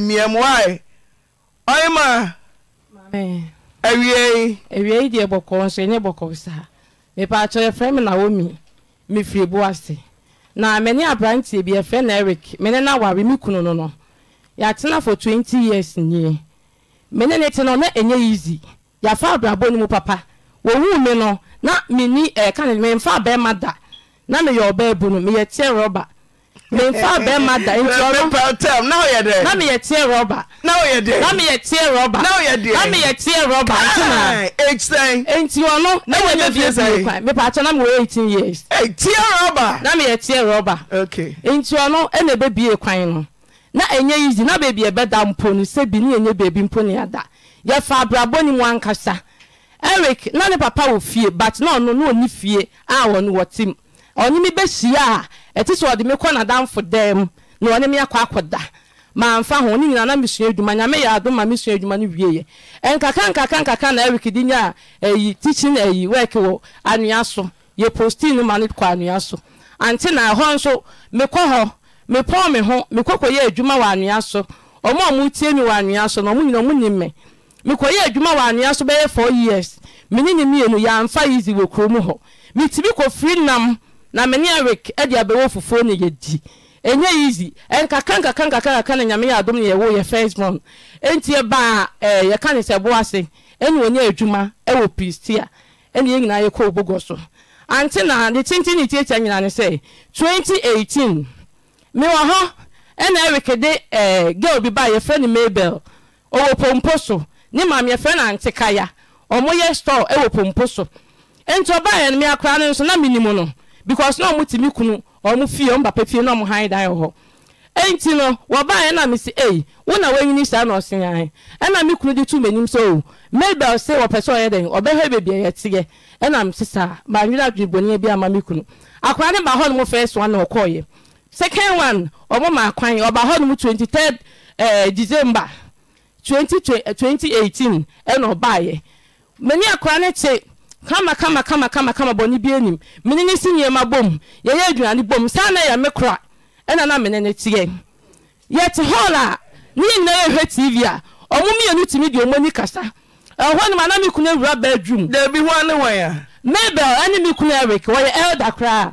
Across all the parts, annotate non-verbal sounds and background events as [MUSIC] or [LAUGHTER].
miam ma wiieɛɔɛ afɛmnamefiriae na mane abrantibifrɛ na rik men nawre me kun no no yatenafo 20yesyimenen te nonayɛ yfa brano mu apa wu m nona mennamemfa bɛmada na meyɛ ɔbaabu no meyɛ teɛ rɔba memfa [LAUGHS] bɛma da nti na meyɛ teɛ rɔba na meyɛ teɛ rɔba na meyɛ teɛ rɔba ntina enti ɔno na wɔnyɛ bie kwan mepaakyɛ na mewɔ eighteen years na meyɛ teɛ rɔba enti ɔno ɛna ɛbɛbie kwan no na ɛnyɛ easy na baabi ɛbɛda mpo no sɛ bi ne ɛnyɛ baabi mpo ne ada yɛfa abrabɔ ne mu ankasa eric na ne papa wɔ fie but na ɔno na ɔni fie a wɔn wɔ tem ɔne me bɛhyia a ɛte sɛ ɔde me nadamfo daa mu na ɔne me akɔ akɔda mamfa ho ne na mesua adwuma nyame yɛ ma mesua adwuma no wieɛ nkaka nkaka nkaka na nya ayi tikyin ayi wɛki wɔ so yɛ no ma no kɔ anua so ante na ɛhɔ nso mekɔ hɔ mepɔn me ho mekɔkɔyɛ adwuma wɔ so ɔmo a ɔmo tie mi wɔ anua so na ɔmo nyina ɔmo mekɔyɛ adwuma wɔ so bɛyɛ four years mene na mene eric de abɛwɔ fufuo ne yɛdi ɛnyɛ easy nkakakakakaka na nyame yɛ adom ne yɛwo yɛ first born enti ɛbaa e e, yɛka ne sɛ boa ase ɛne ɔnyɛ adwuma ɛwɔ e pistia ɛne yɛn nyinaa yɛkɔ obogɔ so ante na ne tenten ne tietia nyina ne sɛ 2018 mewɔ hɔ ɛna eric de eh, girl bi baa yɛfrɛ no mabel ɔwɔ pompo so ne maame yɛfrɛ no ante kaya ɔmo yɛ store ɛwɔ pompo so nti ɔbaa yɛn me akora no nso na menimu no because na ɔmo tumi kunu ɔmo fie ɔmo papa fie na ɔmo han dan wɔ Enti ɛnti no wɔbaa na mi si ɛyi wo na wɔnyini saa na ɔsi yan ɛna mi kunu di tu m'anim so o oh. mabel sɛ wɔpɛ sɛ ɔyɛ dɛn ɔbɛhwɛ beebi ɛyɛ teɛ ɛna mi si saa maa nwira adwiri bɔnni bi ama mi kunu akwadaa ne ba hɔ nom first one na ɔkɔɔ second one ɔmo ma kwan ɔba hɔ nom twenty third ɛɛ eh, december twenty eh, twenty eighteen ɛna ɔbaa yɛ mɛni ne kama kama kama kama kama kamakamamaama bɔne bi anim mene ne si nneɛma bom yɛyɛ adwuane bom saa na yɛ mekora kora ɛna na mene ne teɛ yɛte hall a ne yɛ nyina yɛhwɛ tv a ɔmomienu tumi deɛ ɔmani kasa ɛhɔ nom ana mekunu awura baadwum dabi ho ane wan a mabel ɛne me kunu eric wɔyɛ elda koraa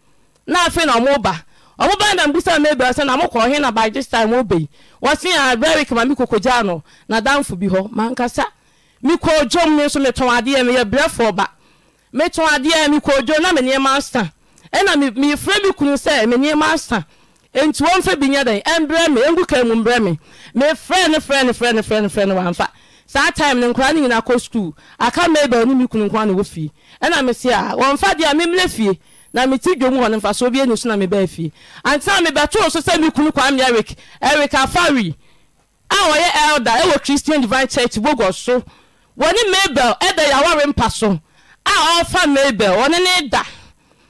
na na ọmụba ọmụba na mgbisa mebere sị na mụ kọ ihe na by this time obei wasi ya berik ma mikoko jano na damfu bi ma nkasa mikɔ dwo mu nso metɔn adeɛ meyɛ brɛfo ba metɔn adeɛ na e kunu sɛ nneɛma asa wɔn fɛ bi nyɛ dɛ ɛmbrɛ mu mbrɛ ne ne ne saa ne ne nyinaa kɔ na mete dwom hɔ no mfasoɔ bianu so na mebaa fie antena mebɛtoo so sɛ me kunu kwame eric eric afari a wɔyɛ elder ɛwɔ christian divine church bogos so wɔne mabel ɛda yɛaware mpa so a ɔfa mabel ɔne ne da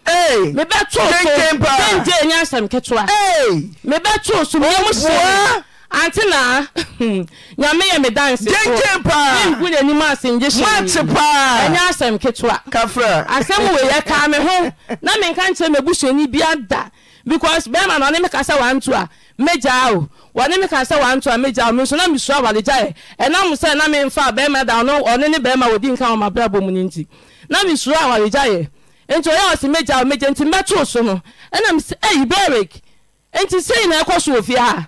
mebɛtoo so gye nyansɛm ketewa mebɛtoo so meyɛ mo hyɛ anti na hmm, nyame yɛ me dansefoɔku nanim asɛmgye hyeɛnyɛ asɛm ketewa asɛm wei ɛkaa me ho [LAUGHS] na m nkyerɛ mabusuani bia da because bɛrima na ɔne meka sɛ wanto a mɛgyaa o wɔne meka a o na mesua ɛnam sɛ na memfa bɛrima da ɔne ne bɛrima wɔdi nka wɔmabrabɔ mu no nti na mesua awaregyaɛ nti ɔyɛ ɔse o nti so no ɛnam sɛ nti na ɛkɔ so ofie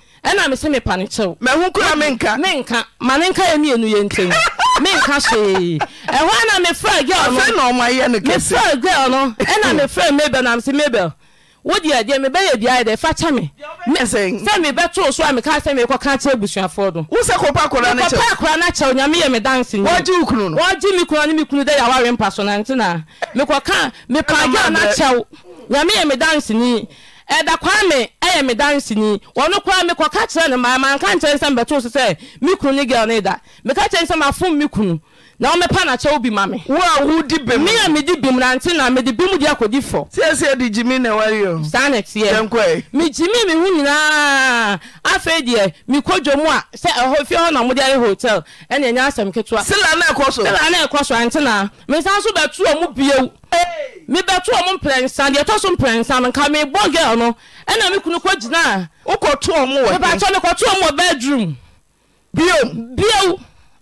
ɛna mese mepa ne menka ma ne nka yɛmienu [LAUGHS] yɛ ntɛm menka hyee ɛhɔ ana mefrɛ no ɛna mm. mefrɛ mabel na mese mabel wode adeɛ mebɛyɛ biaɛ dɛ fakyɛ me sɛ mebɛtoo so a meka sɛ abusuafoɔ no kyɛw nyame yɛ me me kunu ne me kunu dɛ so na mekɔka mepa gil no kyɛw nyame yɛ me danseni ɛda kwame ɛyɛ me danseni wɔno koraa mekɔka kyerɛ ne maa manka nkyɛn sɛ mbɛtoo so sɛ me kunu ne girl ne da meka kyerɛ sɛ mafom me kunu na ɔmɛpa nakyɛ bi ma a nante na bi mu de akɔdi fɔ sɛsɛ de na wario saneteɛ megyimi me ho nyinaa afei deɛ mekɔdwo mu a sɛ ɛhɔ fie hɔ na mode ayɛ hotel ɛnyɛ asɛm ketewa sila na ɛkɔ so sila na ɛkɔ so antenaa mesan deɛ ɛtɔ so nka no ɛna kunu kɔ wɔ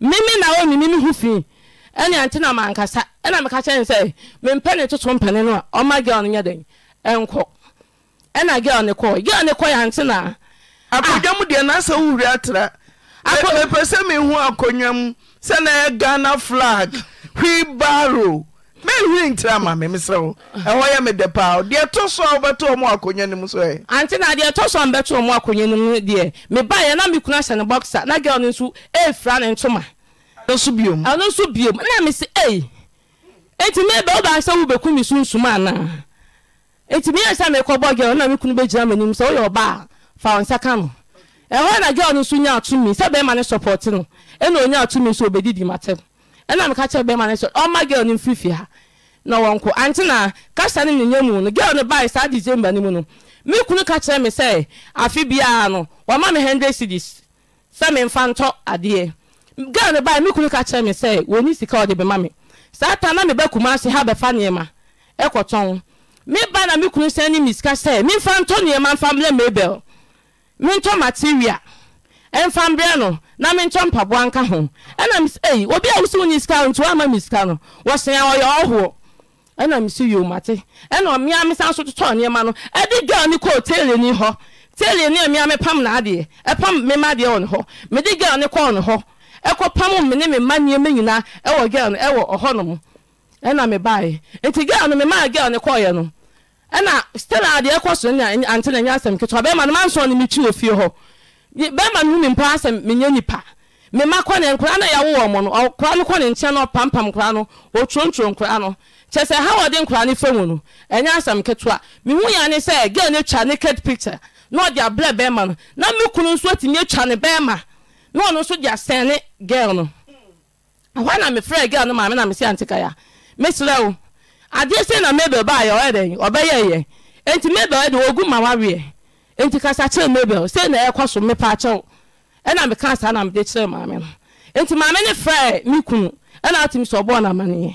meme naomi meme ho fii ɛnea nte na mankasa ɛna meka kyɛ ne sɛ mempɛ ne toto mpane no a ɔma gil no nyɛ dɛn ɛnkɔ ɛna gil ne kɔ gil ne kɔ yɛ ante naa akɔdwa mu deɛ nasɛ wowuri atra mepɛ sɛ mehu akɔnwa mu sɛna ɛghana e flag hwii baro mehwere nkyerɛ ama me mesrɛ wo ɛhɔ yɛ medɛ paa deɛ ɛtɔ so a wobɛtɔ mu akonnwa no mu so ɛ ante na deɛ ɛtɔ so a mbɛtɔ mu akonnwa no mu deɛ mebaeɛ na mekuna hyɛ no na girl no nso ɛfira ne ntoma ɛno biom ɛno so biom na mese ei enti mebɛ wobaa sɛ wobɛku me sunsum anaa enti meyɛ sɛ mekɔbɔ girl na mekunu bɛgyina m'anim sɛ woyɛ ɔbaa fa wo nsa ka no ɛhɔ na girl no nso nya atumi sɛ bɛrima ne no ɛna atumi nso ɛna meka kyerɛ bɛrima ne ɔma girl no na wọn wɔnko ante na kasa no nenya mu no gil no bae saa december no mu no me kunu ka kyerɛ me sɛ afe biaa no wama me 100 cities sɛ memfa ntɔ adeɛ gil no bae me kunu ka kyerɛ me sɛ wɔni sika ɔde bɛma me saa ta na mebɛkuma ase ha bɛfa nneɛma ɛkɔtɔn meba na me kunu sɛ ne me sika sɛ memfa ntɔ nneɛma mfa mmerɛ mabel mentɔ materia ɛmfa mberɛ no na mentɔ mpaboa nka ho ɛna obi a wosi wo ne sika nti woama me sika no wɔsea ɔyɛ ɔhoɔ ɛna meso yo ati ɛna ɔmea mesa nso totɔ nneɛma no ɛde gal ne kɔɔ teleni hɔ teleni amea mepam naadeɛ ɛpam memadeɛ wɔ ne hɔ mede ne kɔɔ ne hɔ pam mema nneɛma nyinaa ɛwɔ gal no ne no ɛna na asɛm ketewa bɛrima no ne wɔ fie hɔ bɛrima no asɛm nipa mema nkora na no no nkyɛn no ɔpampam kora no nkora no kyɛ sɛ ha wɔde nkora ne fa mu no ɛnyɛ asɛm ketewa mehu ya ne sɛ gil no twa naked pictare na ɔde abrɛ bɛrima no na me kunu nso atumi atwa ne bɛrima na ɔno nso de asɛne gil no hɔ na mefrɛ gil no maame na mesi antekaya meserɛ wo adeɛ sɛ na mabel baa yɛ ɔyɛ dɛn ɔbɛyɛ yɛ enti mabel ɛde wɔgu ma wareɛ enti kasa kyerɛ mabel sɛ na ɛkɔ e so mepa akyɛw ɛna meka saa na mede kyerɛ maame no enti maame ne frɛ me kunu ɛna e atumi sɛ ɔbɔɔ no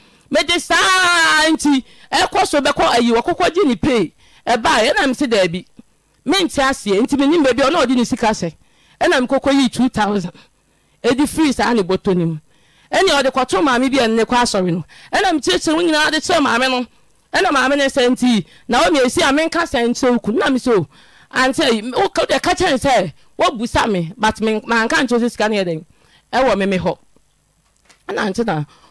mede saa nti ɛkɔ so bɛkɔ ayi wɔkɔkɔ gye ne pei ɛbaa ɛnam se daabi mente aseɛ nti menim baabi ɔna ɔde ne sika sɛ ɛnam kɔkɔ yi 2000 ɛdi firi saa ne bɔtɔ no mu ɛnea ɔde kɔto maame bi ɛnne kɔ asɔre no ɛnam kyerɛkyerɛ wo nyinaa de kyerɛ maame no ɛna maame no sɛ nti na wɔmi esi a menka sɛ nkyerɛ oku nam so oh, ante wode ka kyɛn sɛ wɔbu sa me but manka nkyerɛ sɛ sika no yɛ ɛwɔ meme hɔ ɛna nte na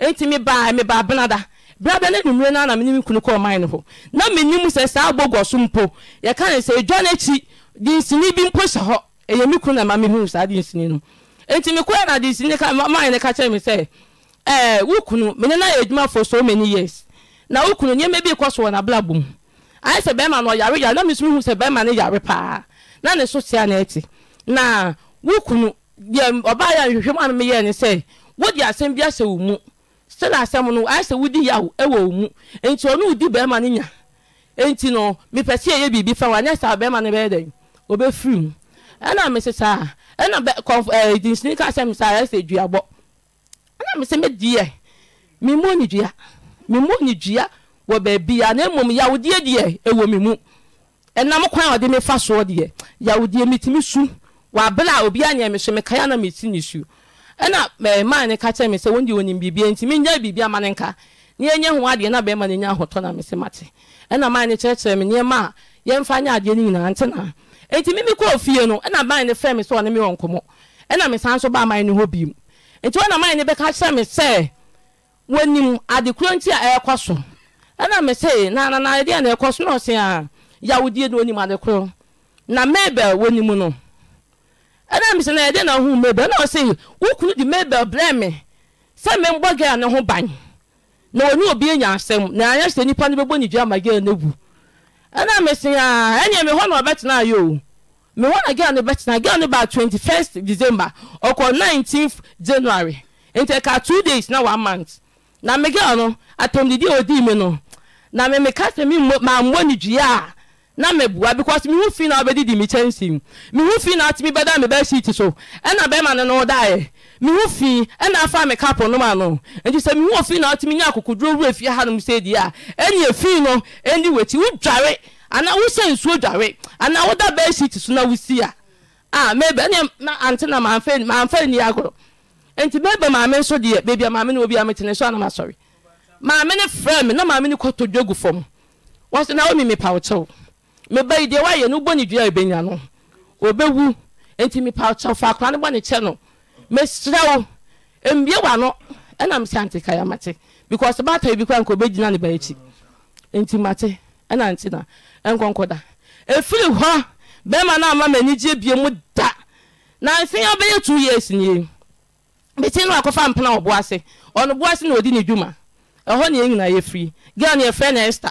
nti mebaa mebaa benada berabɛ no anummerɛ no anamenim kunu kɔ ɔman no hɔ na menim sɛ saa abɔgɔ so mpo yɛka ne sɛ ɛdwa no akyi densini bi mpo hyɛ hɔ ɛyɛ me kunu na ma mehu saa densini no nti mekɔɛ na densini mae no ka kyerɛ me sɛ eh, wo kunu mene na yɛ adwuma for so many years na wo kunu nneɛma bi kɔ so wɔ n'abrabɔ mu ayɛ sɛ bɛrima no ɔyare yare na mesumi hu sɛ bɛrima no yare paa na ne so tea na ɛte na wo kunu deɛ ɔbaa yɛ ahwehwɛ mu a memeyɛɛ ne sɛ wode asɛm bi ahyɛ wo mu sɛde asɛm no ayɛ sɛ wodi yaw wɔ mu nti ɔne wodi bɛrima no nya nti no mepɛ sɛ ɛyɛ biribi fa wanyɛ saa bɛrima no bɛyɛ dɛn ɔbɛfiri mu ɛna mese saa ɛna bɛ kɔnf ɛɛ dinsini ka sɛ mesa ayɛ sɛ duabɔ ɛna mese me diɛ mimu ni dua mimu ni dua wɔ baabi a na mmom yawudie deɛ ɛwɔ mi mu ɛnam kwan a ɔde me fa soɔ deɛ yawudie mi ti mi su wɔ abere a obi anyɛ me so me kaya na me ti ne su. ɛna mmaa eh, ne ka kyerɛ me sɛ wɔn de wɔn nim biribi nti menya biribi ama ne nka ne yɛnyɛ ho adeɛ na bɛrima ne nya ahotɔ na mesi mate ɛna mmaa ne kyerɛkyerɛ me nneɛma a yɛmfa nye adeɛ no nyinaa ntena nti mimi kɔɔ fie no ɛna mmaa ne fɛ me sɛ ɔne me wɔ nkɔmɔ ɛna mesan nso baa mmaa ne hɔ biem nti wɔn na mmaa ne bɛka kyerɛ me sɛ ade adekuro nti a ɛrekɔ so ɛna me sɛ na na na adeɛ na ɛrekɔ so na ɔsɛn a yawudie no wɔnim adekoro na mɛɛbɛ wɔnim no ɛna mi sɛ na yɛde na ho mabel na ɔsɛ wo kunu de mabel brɛ me sɛ membɔ gɛa ne ho ban na ɔne obi anya asɛm na anyɛ sɛ nnipa no bɛbɔ ne dua ma gɛa no bu ɛna me se a ɛnyɛ me hɔ na ɔbɛtena ayɛ o me hɔ na gɛa no bɛtena gɛa no baa 21st december ɔkɔ 19 january nti two days na one month na me gɛa no atɔmdidi a ɔdii me no na me meka sɛ me mammɔ ne dua a na mebua because mi mihu fi na ɔbɛdidi mi kyɛnse mu mihu fi na atimi bɛda mi bɛ siiti so ɛna bɛrima no no mi mihu fi ɛna afa mi kapo no ma no nti sɛ mihu fi na mi ɔtimi nya akokoduro wura fi ha nom sɛ di a ɛni efi no ɛni wɔkyi wodware ana wosɛ nsuo dware ana woda bɛ siiti so na wosi a a mebe ɛni na ante na manfɛ manfɛ ni agorɔ nti mebe maame nso deɛ beebi a maame na obi a mi tene so anam asɔre maame ne frɛ mi na maame ne kɔtɔ dwogu fam wɔsi na omi mi pa ɔkyɛw. mebai deɛ woayɛ no wobɔ ne dua a ɛbɛnya no ɔbɛwu enti mepawkyɛfa akora ne bɔne kyɛ no meserɛ wo mbie wa no ɛna mesɛ ante kaya mate because bata bi kora nka obɛgyina ne baakyi enti mate ɛna nti na ɛnkɔnkɔ da ɛfiri hɔ bɛrima no ama ma gye bie mu da nansi ya ɔbɛyɛ two years ni yie bɛti no akɔfa mpena ɔboase ɔno boase na ɔdi ne dwuma ɛhɔ ne yɛn nyinaa yɛfiri girl ne yɛfrɛ na ɛsta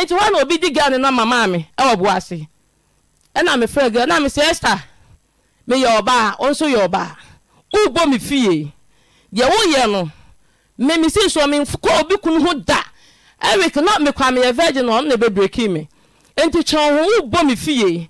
nti hɔ na obi di gal na mama me ɛwɔ boase ɛna na mese ɛsta meyɛ ɔbaa ɔ yɛ ɔbaa wobɔ me fie deɛ woyɛ no memesei so mekɔ obi kunu ho da ɛwik na mekwa meyɛ virgin na ɔno na ɛbɛbreki me nti kyɛn ho wobɔ me fie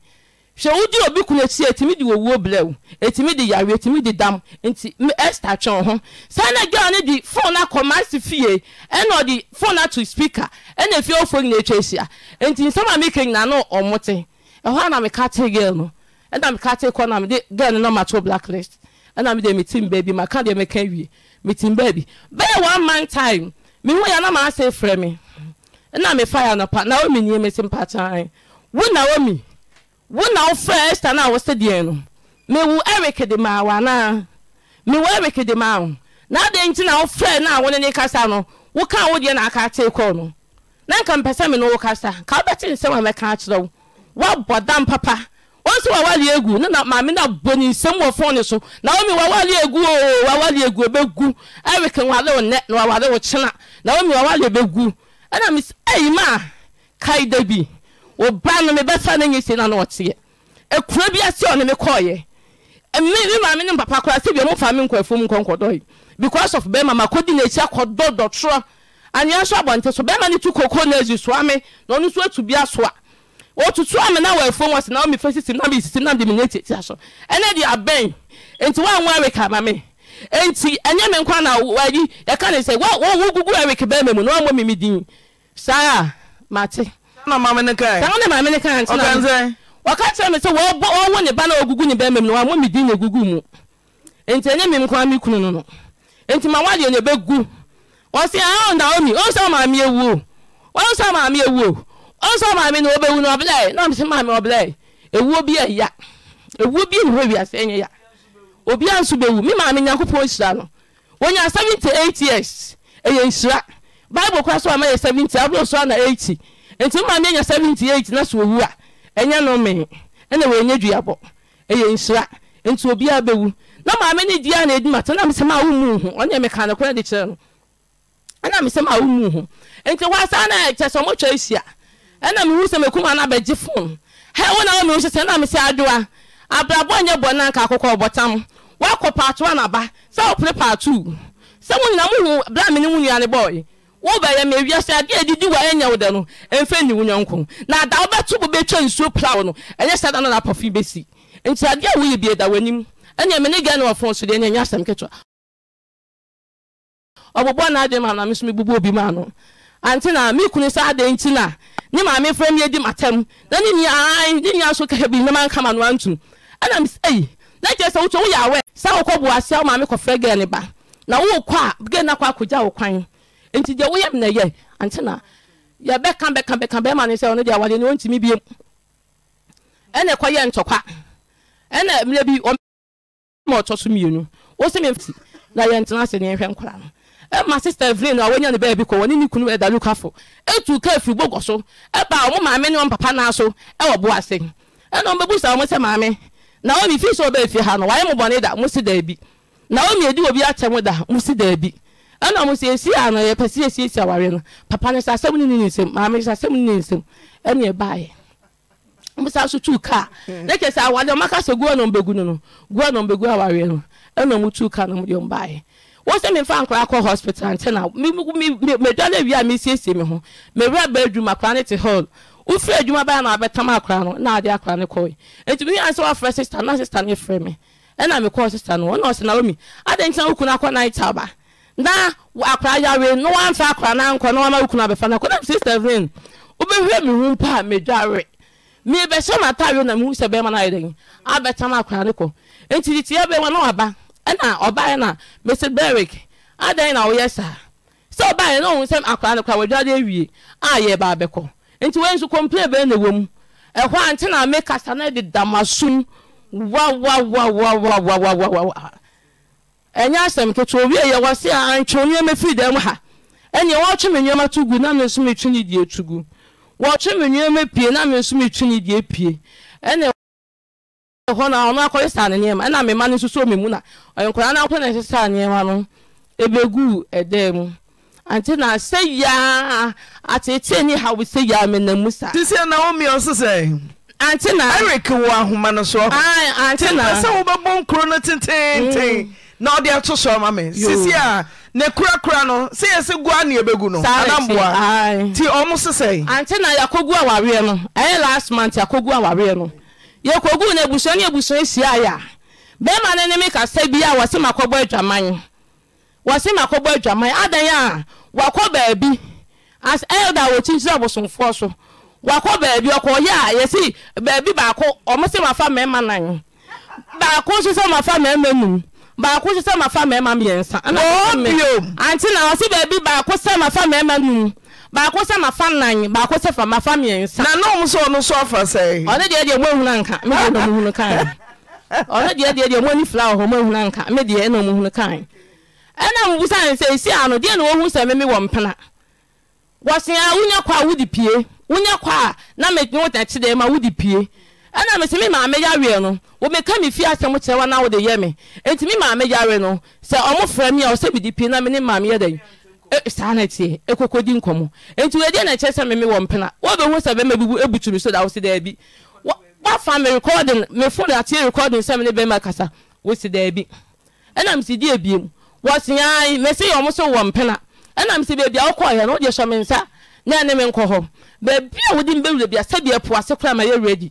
hwɛ wodi obi kunu esi etimi di owuo blɛw etimi di yare etimi di dam nti ɛsta twɛn ho saa na girl ne di phone akɔma si fie ɛna ɔdi phone ato speaker ɛna efie ofo nyina etwa ehyia nti nsɛm a mi ke no ɔmo te ɛhɔ na mi ka te girl no ɛna mi ka te kɔ na mi de girl no nɔma to blacklist ɛna mi de mi ti baabi ma ka deɛ mi ka wie mi ti baabi bɛyɛ one man time mi hu ya na ma se frɛ mi ɛna mi fa ya nɔpa na omi nie mi si mpa kyan wo na omi. wo na wofrɛ esta no a wɔsɛ deɛ no mewo ɛrik de maa wanaa mewo ɛrik de maa wo na adɛn nti na wofrɛ no a wo ne ne kasa no woka wo deɛ na aka tee kɔɔ no na nka mpɛ sɛ me no wo kasa ka wobɛte ne nsɛm a mɛka akyerɛ wo mpapa dam papa wɔn nso wawale egu ne na maame na bɔ ne nsɛm wɔ fɔn ne so na wɔn mi wawale egu ooo wawale egu ebegu ɛrik nwale wo nɛ na wawale wo kyena na wɔn mi wawale ebegu ɛna mi sɛ ɛyi ma kaida bi. oba nomebesa e ne ya seno te kra ba s nm ko aaa o omemede sa mate waka kyerɛ sɛ ne ba na ɔgugu ne ne gugu mu ɛnyɛ kunu no ne ah, naomi maame ewuo maame ewuo maame na ɔbɛwu na maame ewuo bi ya ewuo bi ne ya obiara nso bɛwu maame nyankopɔn nsira no wɔnya 78 years ɛyɛ nhyira bible kora so ama yɛ 70 aboro nti mma mianya 78 na so owu a ɛnya no me ɛna ɛyɛ nsira nti obi na maame di a na ɛdimato na mesɛm a womu ho ɔne meka no kora de kyerɛ no ɛna nti na kyɛ sɛ ɔmɔtwa ɛna sɛ abɛgye na wo mehu sɛ na mesɛ adoa abrabɔ nyɛ bɔ na nka akokɔ ɔbɔtam ọ paatoa naba sɛ sɛ mo nyina bra mo wobɛyɛ ma wiasɛ ade adidi wa ɛnyɛ wo dɛ no ɛmfɛ ni wo nyɔnko na da wobɛto bo bɛtwa nsuo no ɛnyɛ sɛ da no napɔfi bɛsi nti adeɛ a woyɛ bie da w'anim ne gɛ ne deɛ asɛm ketewa na adwe maa na me so obi maa no ante na me kunu sɛ adɛn nti na ne maame frɛ me adi matam na ne na manka ma no ɛna na kyerɛ sɛ wotɔ woyɛ awɛ sɛ na wowɔ kɔ a gɛ na kɔ akɔgya kwan nti deɛ woyɛ menɛ yɛ antena yɛbɛka bɛka bɛka bɛma ne sɛ ɔno deɛ awadeɛ ne ɔntumi biem ɛna ɛkɔyɛ ntɔkwa ɛna mmerɛ bi ɔma ɔtɔ so mmienu wɔsɛ mɛmfi na yɛntena ase ne yɛhwɛ nkora no ɛma sista evelyn a wɔnya ne baabi kɔ wɔne ne kunu ɛda lukafo etu ka efi bogɔ so ɛba ɔmo maame ne ɔmo papa naa so ɛwɔ bo ase ɛna ɔmo bebu sa ɔmo sɛ maame na ɔmo fi so ɔbɛ efi ha no wɔayɛ mo bɔ ne da mo si daabi na ɔmo edi obi akyɛ mo da mo si daabi ɛna sɛ esi ano no papa no sɛ asɛm no ne nsɛm maame sɛ asɛm no ne hmm. na ɔmbɛgu no no na ɔmbɛgu awareɛ no ɛna mo tuu kaa na mode ɔmbaeɛ wọ́n sẹ́ mi nfa nkwadaa kọ́ hospital ntẹ́ na a mi siesie mi ho mẹ́wura bẹ́ẹ̀ dwuma akwadaa ne ti hall wofiri adwuma na abẹ́tam akwadaa no na adi akwadaa ne etu mi sista na sista ne mi mi sista no na ya yare na wamfa akra na nkwa na wama wukunu abɛfa na akwadaa six seven wobɛhwɛ me hu mpa a medware mebɛhyɛ na mehu na ne na ɔba ɛna na mrs berrick adɛn na woyɛ saa sɛ ɔbaeɛ na ɔhu ne ewie a ba nti nso na wɔ mu na mekasa ɛnyɛ asɛm ketewa obi a yɛwɔ se a antwew nneɛma firi dɛm ha ɛnea wɔtwe me nneɛma to gu na me nso metwe ne deɛ to gu wɔtwe me nneɛma pie na me nso metwe ne deɛ pie ɛna hɔ na ɔno akɔyɛ saa ne nneɛma ɛna mema no nso so me mu na nkwadaa no akɔ na ɛhyɛ saa nneɛma no ebegu ɛdan mu ante na sɛ yaa atete ni ha wo sɛ yaa me na mu saa. sisi na wɔn mi ante na. eric wɔ ahoma no so. ayi ante na. sɛ wɔbɛbɔ nkuro no tententen. Mm. na ɔde ato so ma me sisi a ne korakora no si esi gua na ebegu no anamboa ti ɔmo sịsị. ante na yɛakɔgu awareɛ no ɛyɛ last month yɛakɔgu awareɛ no yɛkɔgu no abusua ne abusua siaeɛ a bɛrima no ne me kasa bi a wɔse makɔbɔ adwaman ma makɔbɔ adwaman adan a wakọ beebi. as elda wɔkyinkyiri abosomfoɔ so wakɔ baabi ɔkɔyɛ ya yɛsi beebi baako ɔmo sɛ mafa mmarima nan baako nso sɛ mafa mmarima num baako sɛ mafa mama mmiɛnsa ante na ɔse beebi baako ma fa mama num baako ma fa nan baako ma fa mafa mmiɛnsa na nom sɛ ɔno so afa ɔne deɛ deɛ kan [LAUGHS] deɛ deɛ deɛ hɔ deɛ kan ɛna ano deɛ na sɛ wɔ mpena kɔ a pie kɔ a na ma pie ɛna mese me maame yareɛ no wɔmeka me fie asɛm kyerɛ wa na wode yɛ me enti me maame yare no sɛ ɔmo frɛ me a ɔsɛ bidi pii na mene maame yɛ dɛn e, saa na tie ɛkɔkɔdi nkɔmmɔ enti wɔadiɛ na ɛkyerɛ sɛ meme wɔ mpena wɔbɛhu sɛ bɛma bibu ɛbutu me so da wo se daabi wafa me recording me phone atie recording sɛ mene bɛma kasa wo se daabi ɛna mese di ebiem wɔseae mese yɛ ɔmo so wɔ mpena ɛna mese baabi a wokɔɔyɛ no wode hyɛ me nsa na ɛne me nkɔ hɔ baabi a wode mbɛwura bia sɛdeɛ po ase koraa ma yɛ ready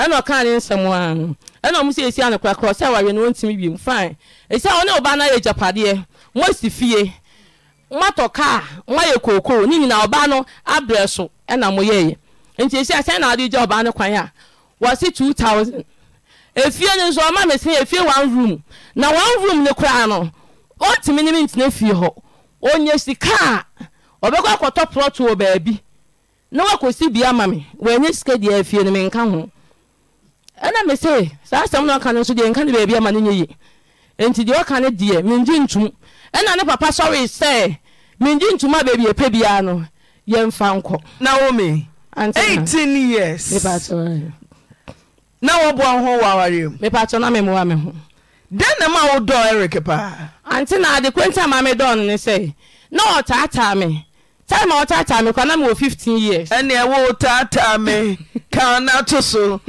ɛna ɔka ne nsɛm a ɛna ɔmo esi ɛsi anokrakora sɛ awareɛ no wɔntumi wiem fine ɛsi a ɔne ɔbaa no ayɛ agyapadeɛ mo asi fie moatɔ kaa moayɛ kookoo ne nyinaa ɔbaa no abrɛ so ɛna moyɛɛ nti ɛsi a sɛn na ade gya ɔbaa no kwan a wɔse 2000 efie no nso ɔma mesin efie one room na one room ne koraa no ɔntumi ne mi ntena fie hɔ onye sika a ɔbɛkɔ akɔtɔ prɔto wɔ baabi na wakɔsi bia ma me wɔanya sika deɛ afie no menka ho ɛna me se saa asɛm no ɔka no nso deɛ nka ne baabi ama no nyɛ yi nti deɛ ɔka no deɛ mengye ntom ɛna ne papa sɔre sɛ mengye ntom a baabi ɛpɛ biara no yɛmfa nkɔ naomi 18 years na wɔboa ho wɔ mu mepatɔ na memoa me ho dɛn na ma wodɔ eric paa ante na ade kwenti a ma no ne sɛ na ɔtaataa me time a wɔtaataa me kwana mewɔ 15 years ɛne ɛwo taataa me ka na atụ so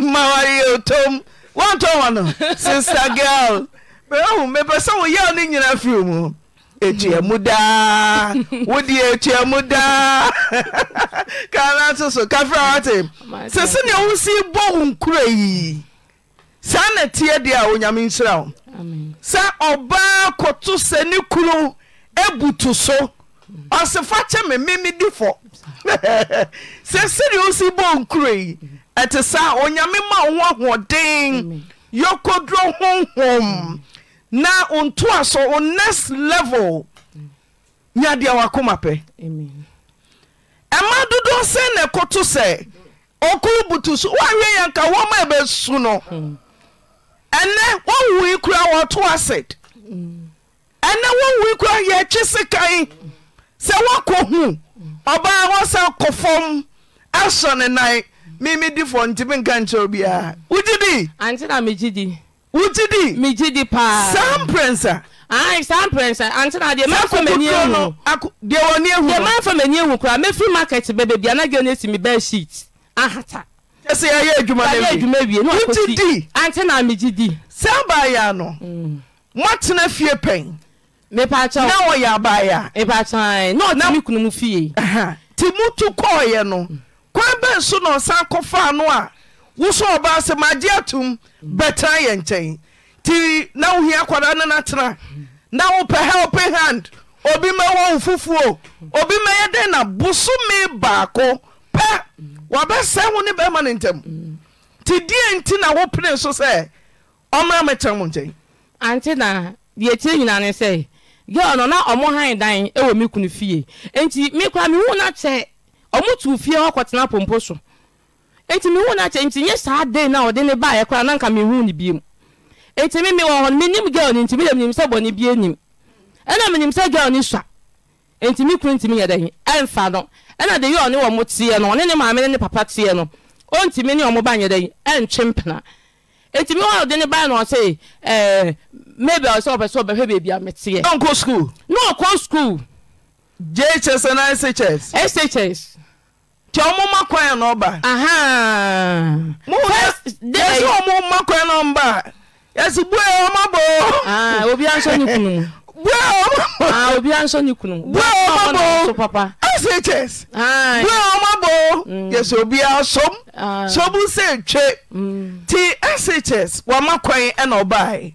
ma wayɛ otom wontɔ wa no sister girl mɛhu mepɛ sɛ woyɛw ne nyina firi mu ɛtuamu daa wode atuamu daa ka na atụ so kafra wate sisi na wo si bɔ wo nkura yi saa na teɛ di a onyame nhyira wo sɛ ɔbaa kɔto sɛ kuro abutu e so ɔsefa kyɛ me memedi fɔ [LAUGHS] sɛ siri osi bɔɔ yi ɛte saa onyame ma wo ho ahoɔden yɔkoduro honhom na ontoa so o next level nyadeɛ wakoma pɛ ɛma dodoɔ sɛ ne ɛkoto sɛ butu so no ɛnɛ wɔto acid mm. ɛnɛ sɛ woakɔhu mm. ɔbaa hɔ sa kɔfɔm asɔ ne nan memedifoɔ ntimi nka nkyerɛ biaa mm. wogye di wogye di saa mprɛnsa saa mprɛnsa antena deɛ mafa m'ani ahu deɛ wɔne ahu deɛ mafa m'ani ahu koraa mefiri market bɛbɛ bia na gɛn esi mi bɛɛ sheet ahata ɛsɛ yɛayɛ adwuma ya yɛ adwuma wie na wakɔsi antena megye di saa baayɛ no mm. moatena fie pɛn naɔyɛ baɛ nti moto kɔɔyɛ no mm. kwa bɛ so noɔsan kɔfaa no a wo soɔbasɛ magye atom bɛtera yɛ nkyɛn nti na wohia kada no notea na wopɛ healping hand obi mawɔ fufuo obi mayɛdɛn na bu so me baako pɛ wobɛsɛ wo ne bɛma ne ntɛm nti deɛ nti na wo pene so sɛ ɔmra mɛtra mɔ nkyɛ girl no na ɔmo han dan ɛwɔ mi kunu fie nti mi kura mi hu na kyɛ ɔmo tu fie hɔ kɔtena pompo so nti mi hu na kyɛ nti nye saa den na ɔde ne ba yɛ e kura na nka mi hu ne biem nti mi mi wɔ hɔ mi nim girl ni nti mi yɛ mi nim sɛ bɔ ne bie nim ɛna mi nim sɛ girl ne sua nti mi kunu nti mi yɛ dɛ ɛnfa no ɛna de yɛ ɔne wɔn teɛ no ɔne ne maame ne ne papa teɛ no ɔntumi ne ɔmo ba nyɛ dɛ ɛntwe mpena nti mi wɔ ɔde ne ba na ɔse eh, maybe ɔsɛ ɔpɛ sɛ ɔbɛhwɛ baabi a meteɛ. na ɔnkɔ school. na ɔkɔ school. jhs and shs. shs. tí ɔmo ma kwan na ɔba. mo first day yasi ɔmo ma kwan na ɔba yasi bue ɔmo abo. obi ansɔ ne kunu mu. bue ɔmo. obi ansɔ ne kunu mu. bue ɔmo abo shs. bue ɔmo abo yasi obi asom. sobu se twe. ti shs wama kwan na ɔba yi.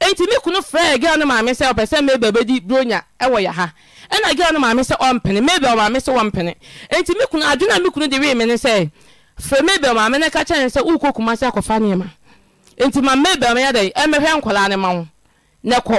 enti me kunu frɛ girl no maame sɛ ɔpɛ sɛ mabel bɛdi bronya ɛwɔ yɛ ha ɛna girl no maame sɛ ɔmpene mabel maame sɛ wɔmpene enti me kunu adwene a kunu de wee me ne sɛ frɛ mabel maame ne ka kyɛn sɛ wokɔ kuma sɛ akɔfa nneɛma enti ma mabel ma yɛ dɛn ɛmɛhwɛ nkɔlaa ne ma wo ne kɔ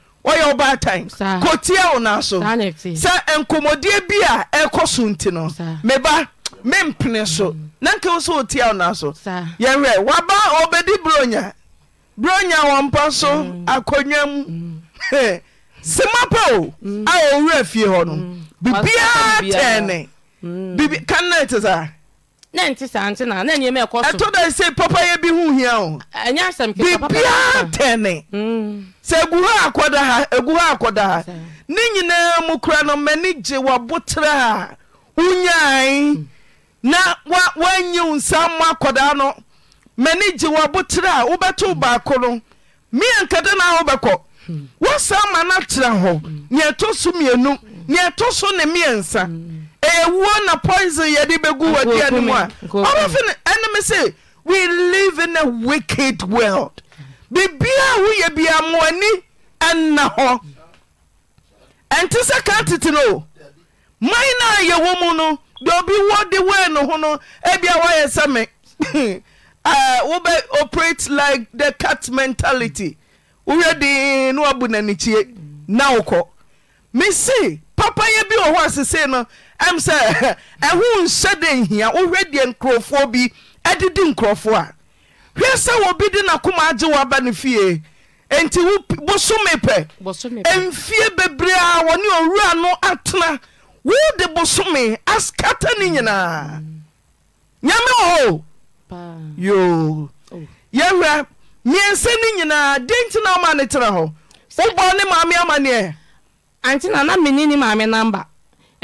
wɔyɛ ɔbaatan kotia wo naso sɛ nkɔmmɔdeɛ bi a ɛkɔ so nti no meba mempene so na nkɛ wo ọ wɔtia wo naso yɛhwɛ waba ɔbɛdi buronya bronya wɔ mpa so akɔnnwam sema pɛo a ɔwura fie hɔ no bibiaa tɛɛne kanna ɛte saa na nti saa nti na na nneɛma ɛkɔ so. ɛtɔ dɛ sɛ papa yɛ bi hu hia o. ɛnyɛ asɛm kɛ papa biribiara tɛne. Mm. sɛ egu hɔ akɔda ha egu hɔ akɔda ha ne nyinaa mu kura no mɛni gye wɔabotire a wonyae na wa wanyi wo nsa mu akɔda no mɛni gye wɔabotire a wobɛto baako no mmea nkɛde na wobɛkɔ hmm. wɔsan ma no akyerɛ hɔ nea ɛtɔ so mmienu nea ɛtɔ so ne mmiɛnsa. ɛnapoisydeɛudn muɔno ɛno m sɛ we live in a wicked world biribiaa woyɛ bi a mo ani ɛnna hɔ ɛnte sɛ ka tete no man naa yɛwɔ mu no dɔ obi wɔ dewɛe no ho no bia woayɛ sɛ me [LAUGHS] wobɛ oprate like the cat mentality woɛ de no wabu nanekyie na wokɔ mese papayɛ bi wɔ hɔ asesei no m sɛ [LAUGHS] ɛho nhyɛ dɛ nhia wohwɛ deɛ nkurɔfoɔ bi ɛdedi nkurɔfoɔ a hwɛ sɛ wɔbi de nakoma agye woaba no fie enti wobosome pɛ mfie bebree a wɔne owura no atena wode bosome askata no nyinaa nyame wɔ hɔ yoo oh. yɛhwɛ miɛnsɛ no nyinaa deɛ nti na woma ne tena hɔ wobɔ ne maame amanneɛ anti na na menni ne maame namba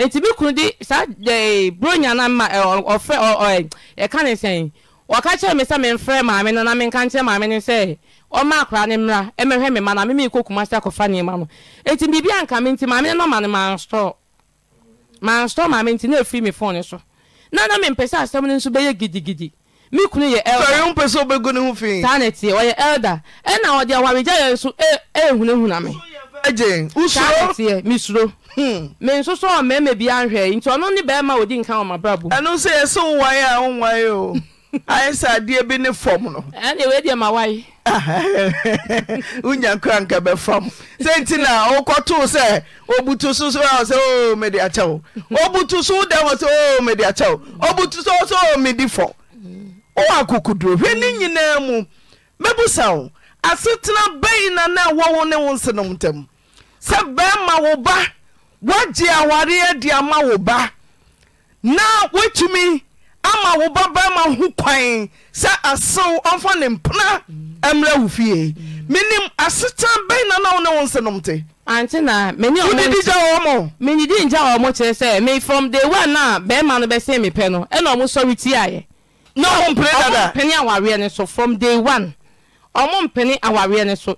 nti bi kunu di saa ee bronya na ma ɛ ɔfrɛ ɔ ɔ ɛka ne sɛn ɔka kyerɛ mi sɛ mi nfrɛ maame no na mi nka nkyerɛ maame no sɛ ɔma akora ne mmra ɛmɛhwɛ e mi ma na mimi kɔ kumasi akɔfa nneɛma no nti biribi anka mi nti maame no ma no ma nsɔ maa nsɔ maame nti na efiri mi fone so na na mi mpɛ sɛ asɛm no nso bɛyɛ gidigidi mi kunu yɛ elder sɔrɔ mpɛ sɛ ɔbɛgu ne ho fi elder ɛna e ɔde awaregya yɛ nso ehunahuna e mi saa mi suro Hmm. menso so ɔmama bia nhwɛ nti ɔno ne bɛɛma ɔdi nka wɔmabrabɔ ɛno sɛ yɛsɛ wowae a wowae o [LAUGHS] ayɛ sɛ adeɛ bi ne fam no ɛne wdiɛ ma wae [LAUGHS] wonya kora anka bɛfam sɛ nti na wokɔtoo sɛ obuto so so a sɛ oh, medi oh, oh, nyinaa mu na na woagye awareɛ de ama wo ba na woatumi ama wo babarima ho kwan sɛ asew ɔmfa ne mpena mmerɛ wo fie menim na na wo ne wo nsenom te na gya kyerɛ sɛ me from day one bɛrima no no ɛna na ɔmompene dada ɔmompene awareɛ no so from day one ɔmo mpene awareɛ so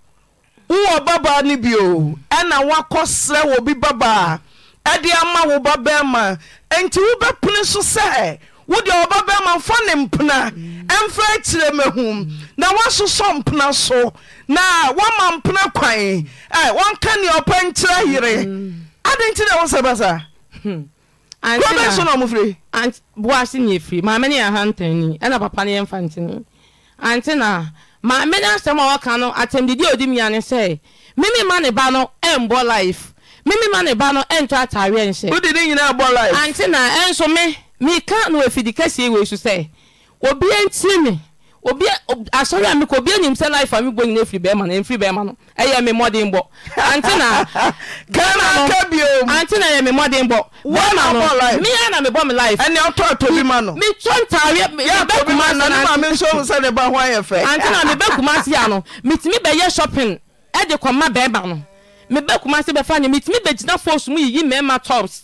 wowɔ babaa no bio ɛna woakɔ serɛ wɔ bi babaa ɛde ama wo ba barima enti wobɛpene so sɛ wode wɔba barima mfa ne mpena ɛmfa akyirɛ mahum na woasosɔ mpena so na woama mpena kwan wɔnka nea ɔpɛ nkyerɛ yere adɛn nti dɛ wo sɛ bɛsa kobɛ so na ɔmofiri boase neɛ firi maamɛne yɛ ahantanni ɛna papa ne yɛmfa ntene ante na maame no asɛm a wɔka no atɛmdidi a ɔdi mia ne sɛ meme ma ne ba no ɛmbɔ life meme ma ne ba no ɛntɔ ataareɛ nhyɛ wode ne nyinaa bɔ life ante na ɛnso me meka na wafidi kɛseɛ wei so sɛ obiara ntiri me obi asɔre a mekɔ obi anim sɛ life a megbɔ nyina ɛfiri bɛrima no ɛmfiri bɛrima [LAUGHS] no ɛyɛ me mmɔden bɔ ante na ante na ɛyɛ me mmɔden bɔ bɛrima no mea na mebɔ me life ɛne ɔtɔ tɔ bi ma no metɔ ntaareɛ ante na mebɛ kuma se a no metumi bɛyɛ shopping ɛde kɔma bɛrima no mebɛ kuma se bɛfa ne metumi bɛgyina fos mu yiyi mmarima tops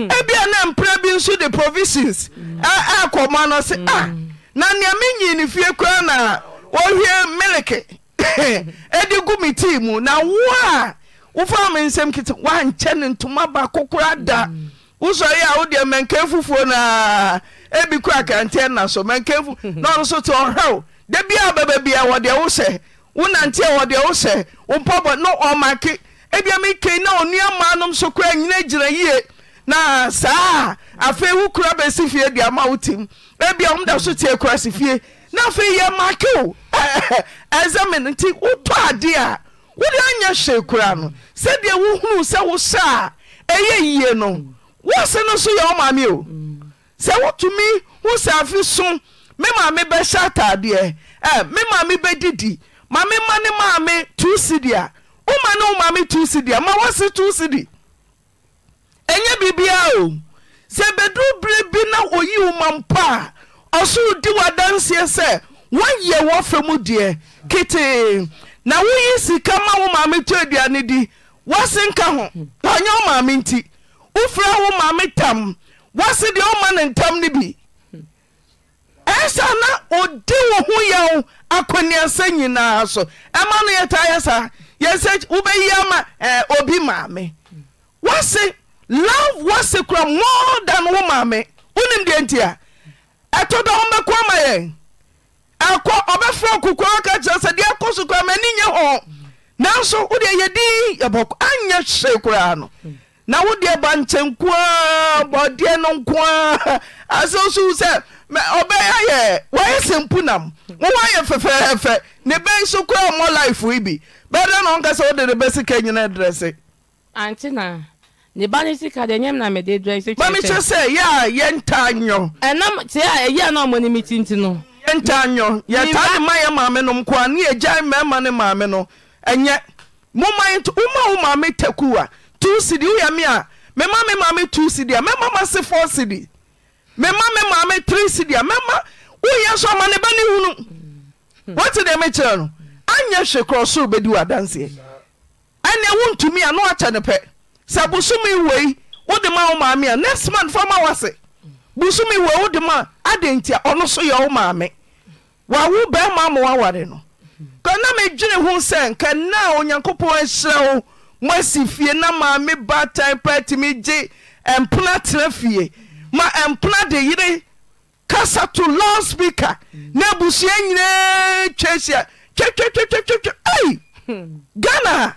Hmm. ebi a na mprɛ bi nso de provisions hmm. akɔma no se ah, hmm. na nea menyi ne fie koraa na wɔhwie meleke ɛde gu me tii mu na wo a wofaa me nsɛm kiti woankyɛ ne ntoma baako koraa da wosɔre a wodeɛ manka fufuo na ebi kora akrante na so manka fu [LAUGHS] na ɔno so te ɔhɛw da biaa bɛba bia wɔdeɛ wo sɛ wonanteɛ wɔdeɛ wo sɛ wo mpɔbɔ ne ɔmake ebia mekei na onuamaanom so koraa nyina gyina yie na saa afei wo kura bɛsi fie de ama wotim ebia ɔm da so tie kura si fie na afei yɛ make o [LAUGHS] ɛzɛmin nti wotɔ adeɛ a wode anyɛ hwee kura no sɛdeɛ wohunu sɛ wo sɛ a ɛyɛ yie no wose no so yɛ ɔmaame o sɛ wotumi wo saafe so me maame bɛhyɛ ataadeɛ me maame bɛdidi maame ma ne maame tuusidi a woma ne wo maame tuusidi a ma wose tuusidi ɛnyɛ biribiaa o sɛ bɛduru berɛ bi na oyi wo ma mpo a ɔsorodi w'adanseɛ sɛ woayɛ wɔfrɛ mu deɛ ketee na woyi sika ma wo maame tɔ aduane di woase nka ho woanyɛ wo maame nti wofira wo maame tam woase deɛ woma ne ntam no bi ɛɛsa na odi wo ho yɛwo akɔneasa nyinaa so ɛma no yɛtaa yɛ saa yɛ sɛ wobɛyi ama eh, obi maame woase love woase kora more than wo maame wonim deɛ nti a ɛto dɔ wombɛko ama yɛn ɛkɔ ɔbɛfrɛ aka ka kyerɛ sɛ deɛ ɛkɔ so koraa ni nye hɔ nanso wodeɛ yɛdi yɛbɔkɔ anyɛ hyee koraa no na wodeɛ ba nkyɛnkoaa bɔdeɛ no nkoaa asɛ sowo sɛ ɔbɛyɛ yɛ wɔyɛ sɛmpu nam wowɔ ayɛ fɛfɛɛfɛ ne bɛn so koraa mmɔ life yi bi bɛdɛ na ɔka sɛ wode de bɛsika nyina drɛse ne ba ne sika de nyem na mede dɔ ɛsɛ kyerɛ sɛ sɛ yɛ a yɛnta nyɔ ɛnam sɛ a ɛyɛ a na mo ni mi tinti no ntanyo ye ta ne ma yɛ maame no mko nkoa ne yɛgya mmarima ne maame no enye mo moma woma wo ma wo maame takua tu sidi wo woyɛ me a me ma me maame tu sidi a me ma ma se for sidi me ma me maame tri sidi a me ma wo woyɛ so ma ne ba ne hunu de me mekyerɛ no anyɛ hwɛ korɔ soro bɛdi wɔ adanseɛ wo ntumi a na wakyɛ ne pe sa busome wei wode ma wo maame a nex mant fama wo se busome wei wode maa adɛnti a ɔno so yɛ wo maame wwo bɛimɔ ama oaware no a na megyere ho sɛ nkɛnaa onyankopɔn ahyerɛ wo moasi fie na maame ba ti paa timi gye mpena tena fie ma mpena de yere kasa to lan spiaka na busua nyina twesia wɛghana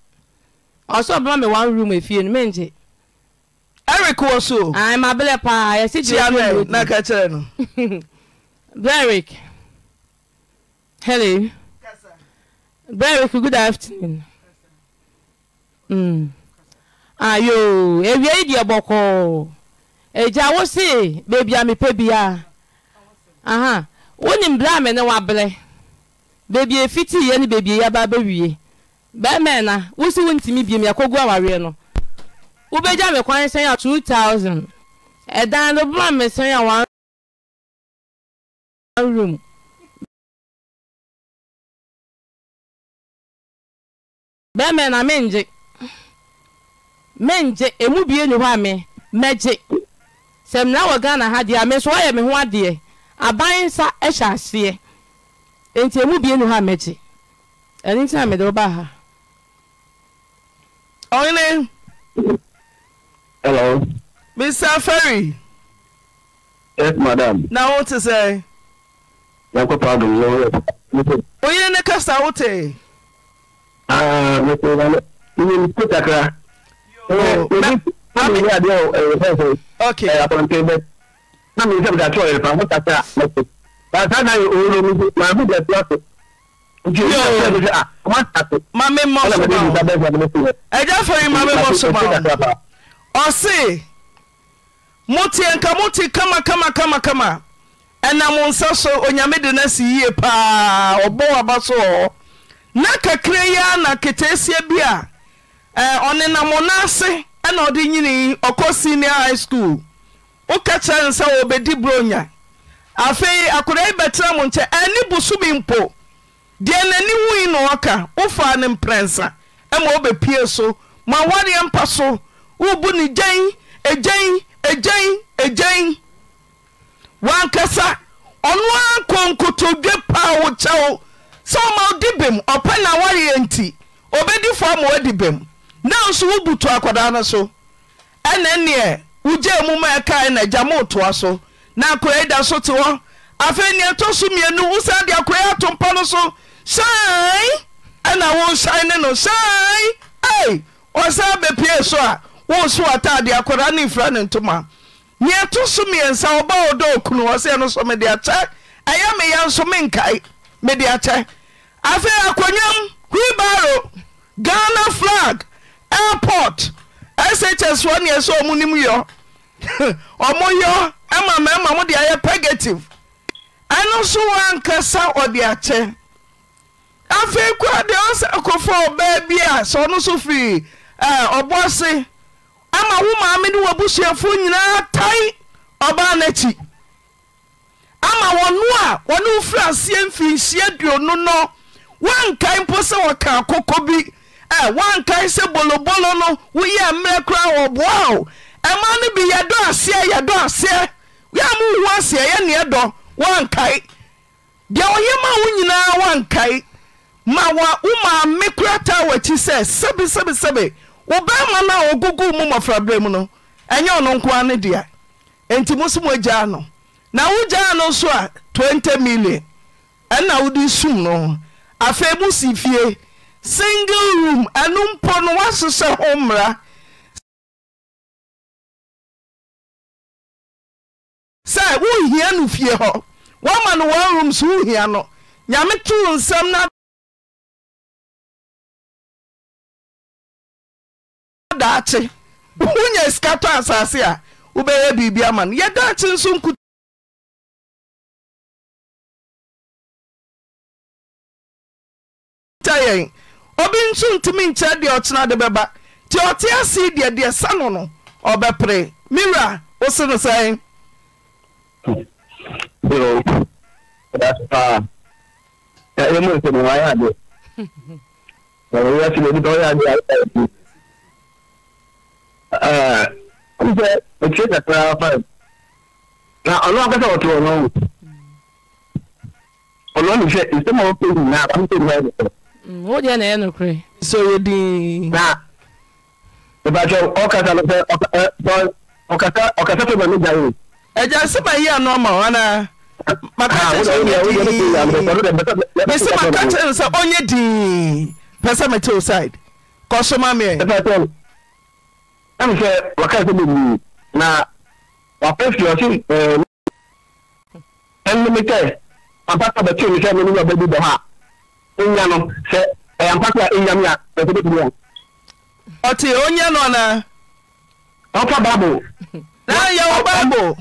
ọsọ bẹrẹ mi one room efie no méje. eric wọ so. ayi ma bẹlẹ paa yẹ si ti o fi mi. na ka kyerɛ no. beric hello beric good afternoon. Mm. ayo ewia yi di ɛbɔkɔɔ egya wosi beebi a mepɛ bia aha wonim bla mi ne wabrɛ beebi efiti yɛ ne beebi yaba abewie. bẹẹmẹ na wusi wo ntumi biem yakogu awareɛ no wobɛgya me kwan sɛn a two thousand ɛdan no bla me sɛn a one room bẹẹmẹ na mengye mengye emu bie ni hɔ a me mɛgye sɛ mena wɔ ghana ha deɛ a nso ɔyɛ me ho adeɛ aban nsa hyɛ aseɛ nti emu bie ni hɔ a mɛgye ɛno nti na mede wo baa ha ɔhene. hello. mr ferry. yes madam. na wo te sɛ. yankun paadum yɛ wɔyɛ. oyin ne kasa wo te. aa mɛ sɛ ɛna mɛ n ko takra. ɛɛ ebi ebi yɛ adeɛ ɛɛ fɛn ok ɛɛ akɔnten bɛ na mi n sɛ ka tɔ yɛlɛ pa n ko takra mɛ sɛ. baasa owó lomi maa mi jɛ fila fɛ. mame mmɔsoma agya fari mame mmɔsoma ɔse moteɛ nka mote kamakamakama ɛnam wo nsa so onyame de no si yie paa ɔbɔ aba so wɔ na kakra yi a na ketaasia bi a ɔne nam ɔno ase na ɔde nyini ɔkɔ senior high school woka kyerɛ ne sɛ wɔbɛdi buronya afei akodaa yi bɛtera mo nkyɛ ani bosomi mpo deɛ n'ani wui na ɔka wofaa ne mprɛnsa ma wobɛpie so ma wareɛ mpa so wobu ne gyan agyan agyan agyan wankasa ɔno ara kɔnkotodwe paa wo kyɛwo sɛ ɔma wode bem ɔpɛ na wareɛ nti obɛdifo ama woadi bem nanso wobuto akɔdaa no so ɛna nneɛ wogyaa mu ma ɛkae na agya mootoa so na akorai da so te hɔ afei nneɛ ɛtɔ so mmienu wo saa de akorai atompa no so sɛi ɛna wosn ne no sɛii ɔsan bɛpue so a wosotaade aknefa ne om neɛto someɛnsa ɔbaɔdɔknuɔsɛomedeyɛ ɛyɛ meyɛ nso menkae ede yɛ afei akwam heibaro ghana flag airport ssnesɛɔmn [LAUGHS] oy mamama mode yɛ pagative ɛno so oankɛsa ɔde ayɛ afei koraa deɛ ɔsɛ kɔfo ɔbaa bi a sɛ ɔno so firi eh, ɔbɔ ama wo maame ne wɔabusuafoɔ nyinaa tae ɔbaa n'akyi ama wɔno a wɔne wo firi aseɛ mfii nhyia no woankae mpo sɛ wɔka bi eh, woankae sɛ bolobolo no woyɛ mmerɛ koraa wɔboa o ɛma no bi yɛdɔ aseɛ yɛdɔ aseɛ yɛ aseɛ yɛneɛdɔ deɛ ɔyɛ ma wo nyinaa ma womaame korataa sebe a ɔguguu mu mmɔfraberɛ mu no ɛnyɛ ɔno nkoa no dea enti mo so mogyaa no na wogyaa no nso a 20 million ɛnna wode sum no afei mu si fie single room ɛno mpo no woahyehyɛ ho mmara sɛ wohia no fie hɔ woama no room so wohia no nyame too nsɛm daakye wonya sika tɔ asase a wobɛyɛ biribi ama no yɛdaakye nso nkut yɛn obi nso ntumi nkyerɛ deɛ ɔkyena de bɛba nti ɔte ase deɛ deɛ sa no no ɔbɛpere mira wo se no sɛn ɛyɛ mu nsɛmɛ wayɛ ade ɛyɛ ase na nipa wayɛ ade ayɛ kusɛ ekyir kakra fain na ɔno akasa wɔtɔ ɔno wo ɔno ne hwɛ nsɛm a wɔpɛ nyinaa kɔmpɛ nyinaa yɛ kɔrɔ. o deɛ na ɛyɛ nokorɛ. so yɛ din. na ìbàjẹ́ ɔkasa no sɛ ɔkasa ɔkasa ɔkasa fẹ́ bọ̀ ne gya yìí. ɛgya sima yi anọ ma wana. maka kyerɛ sɛ ɔnyɛ diin mesi maka kyerɛ sɛ ɔnyɛ diin pɛ sɛ mɛ te o side kɔ so ma mɛ. ame sɛ akaɛ sɛ ɛie na apɛfiɛɔse ɛnome kɛ apabɛtune sɛan bɛbi da fɔ a nya no ɛampa aɛyame a ɔt ɔnya no anaa ɔa bibleayɛwbbaɛɔbaɛ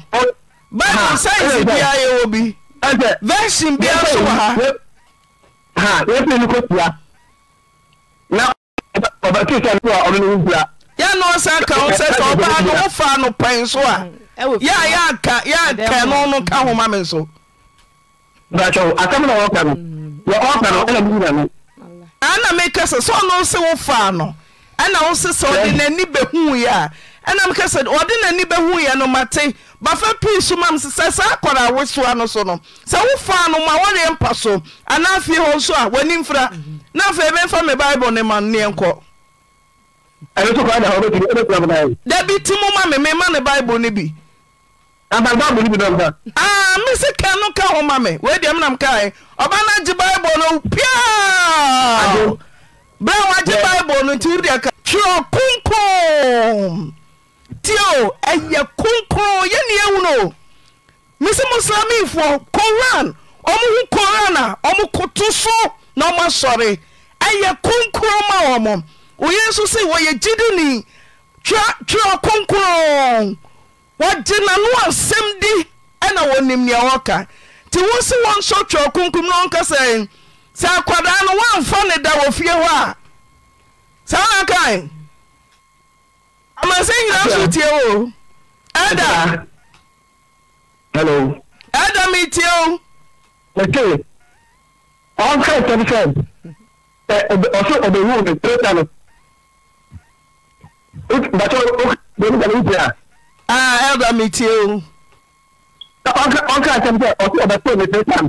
yɛnoɔ sa ka hosɛsɛ ɔbaa no wo faa no pɔi nso a ɛɛkano no ka homa me sona mekɛ sɛ sɛ ɔnonse wo faa no ɛna wosesɛɔne nani bhuɛ aɛnasɛ ɔde nani bɛhuɛ no mate bafa pii soma m so sɛ saa kɔra wosoa no so no sɛ wo faa no ma wɔreɛ mpa so anaa fie hɔ nso a animfra mhm. na afei bɛmfa me bible no anenkɔ dabiti mo ma me mema ne bible no bi mese ka no ka ho ma me weideɛ menam kae ɔba no gye bible no piaa berɛ woagye bible no nti wodeɛ ka twerɛ tio ɛyɛ no mese koran koran a so na ɔmo asɔre ɛyɛ woyɛ nso se wɔyɛ gyidini twerɛ ɔkronkron wɔgye n'ano asɛm di ɛna wɔnim nea wɔka nti wo se wɔ nsɔ twerɛ ɔkronkrom na ɔnka sɛ sɛ akwadaa no woamfa ne da wɔ fie hɔ a saa na kae amasɛ nyina so tie o ɛda ɛda metie o ɔnka sɛm sɛ ɔsɛ ɔbɛwu me three times bàtà ó kí ló ń tẹ a. ẹ bá mi tí o. ọkà àti ẹnìtẹ ọtí ọba tó mi pé tàm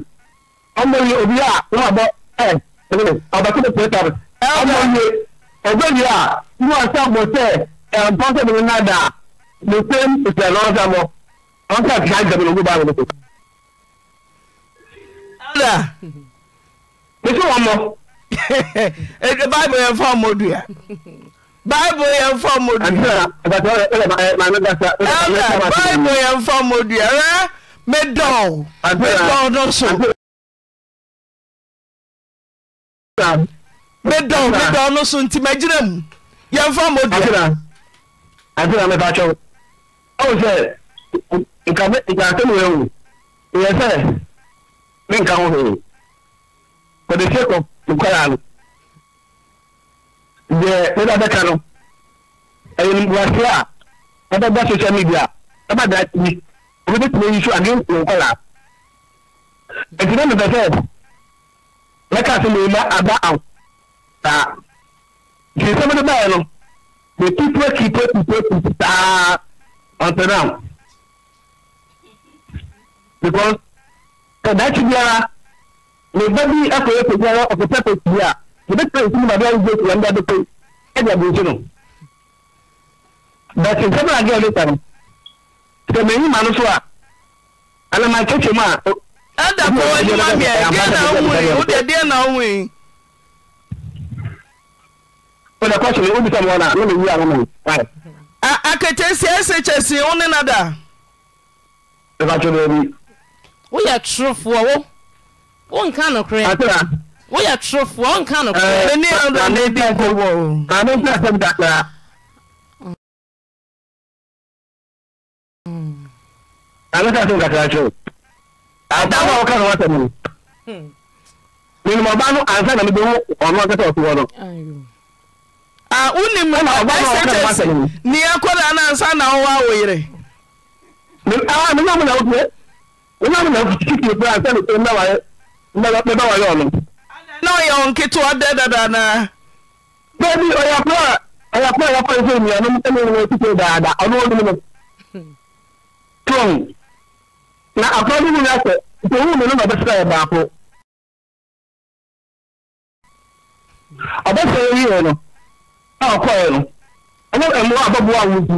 ọmọ yìí òbí à wọn àbọ ẹ ọba tó mi pé tàm ọmọ yìí ẹgbẹ́ yìí à wọn àti àgbọ̀ tẹ ẹ̀ ń pọ́ńsẹ̀ mi náà dà the same ìṣẹ̀lẹ̀ lọ́wọ́ sàmọ́ ọkà àti àjẹmí ló ń gbé báyìí lóko. ọ̀dà. kí sí wọn mọ. [LAUGHS] báyìí bẹ̀rẹ̀ fún ọmọdé yà. [LAUGHS] baibu yẹn fọ mo dua ẹnna baibu yẹn fọ mo dua ẹ mi dọ̀ọ̀ mi dọ̀ọ̀ náà so mi dọ̀ọ̀ mi dọ̀ọ̀ náà so nti ma gyina mu yẹn fọ mo dua. àdúrà mi bá tọ́ ọ sẹ nka nka sẹ́nu yẹn wò ìyẹn sẹ́ mi nka ho hẹ̀ kò dé sẹ́kọ̀ nkwalaa no deɛ meda bɛka no ɛyɛ nimguaseɛ a ɛbɛba social media ɛba da tumi ɔbɛbɛtumi yi so ade nkɔla ɛti na mepɛ sɛ mɛka sɛ meima aba aw saa nti sɛ mede baɛ no mekipue kipue kipue kipue saa ɔnte na because sɛ daakye biara meba bi akɔyɛ kɔbi ara ɔpɛpɛ kɔbi a yɛbɛtena nsu mu na bɛyɛ nsu na ndade pe ɛdi abirikyi no bɛsi nsɛm a agɛ leta no sɛ mɛ enyima no so a anam akyekyɛ mu a. ɛda kɔ wɔn enyima deɛ deɛ na ɔmo yi o deɛ deɛ na ɔmo yi. ɔna kɔ sɛ obi sɛ mo na ne ma yi ano mo ayi. akekyesi esekyesi wo ne nada. ɛfɛ atwere bi. woyɛ torofoɔ wo wo nka no korɛ. woyɛ ndị ndị no menumɔba no ansa na mebɛhu ɔno ankasa ɔsowɔ no wonim nea kɔda no ansa na wowɔ a wo yere menamu na wotuɛ menamu na wotie ndị ansa ndị mebɛwayɛ ɔno na ọya wo nketewa dɛ dadana baabi ɔyɛpra ɔyɛpra yɛpa sɛ nuanom ɛnenwɔtite daada ɔno ɔnom no tron na akora no nyina na ɔbɛsrɛ yɛ baako na ɔkɔɛ no ɔno ɛmmoa abɔboa a wodi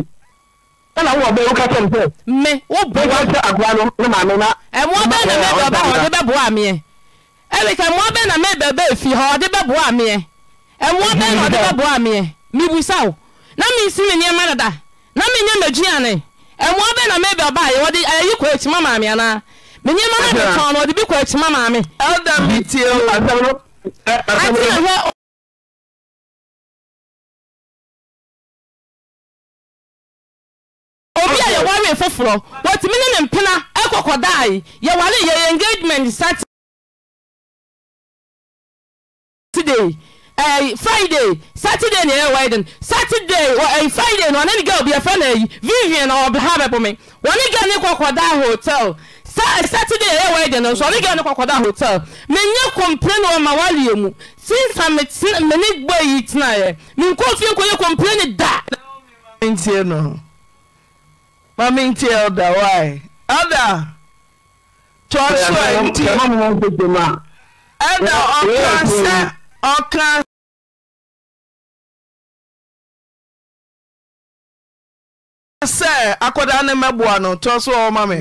ɛna wo ɔbɛ wo ka sɛ me no ne maame na na ɔbɛ meɛ ebika mmoa bɛn na mebɛbɛ fi hɔ ɔde bụọ amịa. E? E moa bɛn na ɔde bɛboa e? meɛ mebusa wo na mensi me nneɛma dada na menyɛ madwuane moa bɛn na mebɛbaayɛ ɔde ayi kɔ akyima maame anaa obi a yɛware foforɔ wɔtumi ne ne mpena ɛkɔkɔdae yɛware yɛ engagement friday saturday ne ɛyɛ w den saturday friday n ɔnen ga obiafa no vivionn ɔɔbaha bɛbome ɔne ga ne kɔkɔda hotel saturday ɛyɛ wa de no so ɔne gane kɔkɔda hotel menya komplane wɔ ma waleɛ mu sinse amene gbɔ yi tenaeɛ menkofienkɔ yɛ complane da ọka sɛ akɔdaa ne mɛboa no toa so ɔwɔ ma me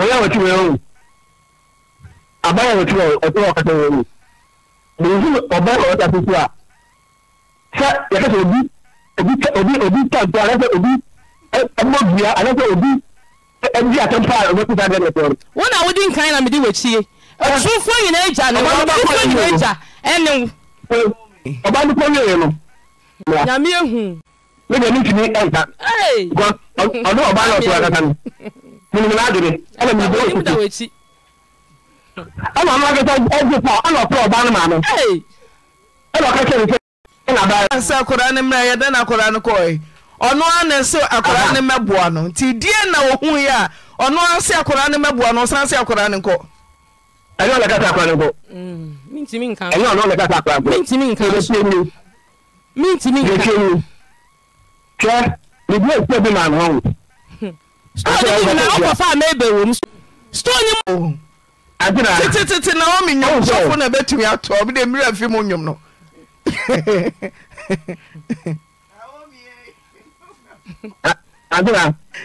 ɔyɛ wɔtwe wɔ aba yɛ wɔtwe ɔtɔ ɔkata wɔ o bɛnsu ɔba ɔta soso a sɛ yɛkɛ obi obi obi obi anasɛ obi anasɛ obi wo na wode nkan na mede watie ɔtomfoɔ nyina na newtomfoɔ nyina agya ɛne ɔba no kɔwieɛ no nyame hu mede ne ntumi ɛnka ɔne ɔba no ɔtoa kasa no menimena adwene ɛna mede wɔkyi ɛna ɔno akasa pa na ɔno a na se akwaraa ne mɛboa no nti die na wɔhuiɛ a ɔno a se akwaraa ne mɛboa no ɔsan se akwaraa ne nkɔ ɛne ɔna kasa akwaraa ne nkɔ ɛne ɔna ɔna kasa akwaraa nkɔ nka ɔna mintimi nka twɛ mebi ɛkua bi ma no hɔ wokɔfa a mɛbɛwɔ Ah,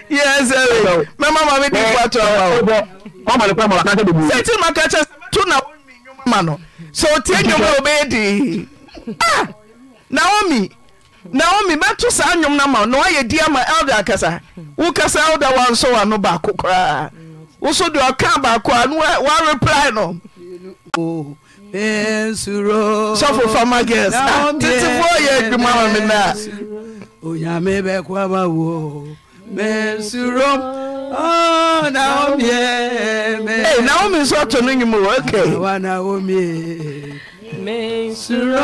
yes ɛwɛ eh, mɛma ma mi di nkwa to awa o sɛti ma ka kyɛ to na wɔn mi nyoma no so o tie nyoma ah! naomi naomi bɛto saa nyom na ma na wayɛ ama elder kasa elder wa nso wa no baako koraa woso deɛ ɔka baako a wa reply no. E sɔfo fama girls tete fo yɛ adwuma onyame na mesuro ah, naomi e, hey, naomi nso ɔtɔ eh? wa naomi mesuro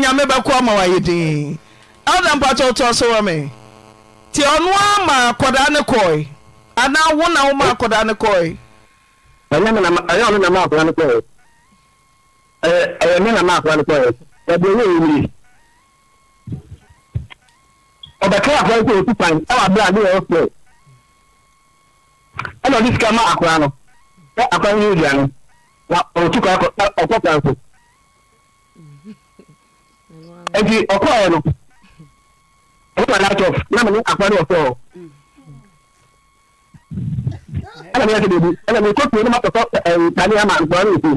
nyame bɛkoa ma wa yɛdin ɛwoda mpatɔ wotɔ so wɔ me nti ɔno ama akɔdaa ne kɔe anaa wo na woma akɔdaa ne kɔe ɛyɛ ɔno nam akora no kɔɛ ɛyɛ ne nam akora no kɔɛ ɛbi ne ewiri ɔbɛka akora no kɔ otu kwan ɛwɔ abira adi ɛwɔ fɛ ɛna ɔde sika ma akora no ɛ akora no yɛ dua no na otu kwan kɔ ɔkɔ kwan so eti ɔkɔɛ no ɔkɔ laptop na mo ne akora no wɔ fɛ hɔ ana m eke bebu ana m ekotu onye matọtọ kpanye ya ma mkpọrọ n'ekwu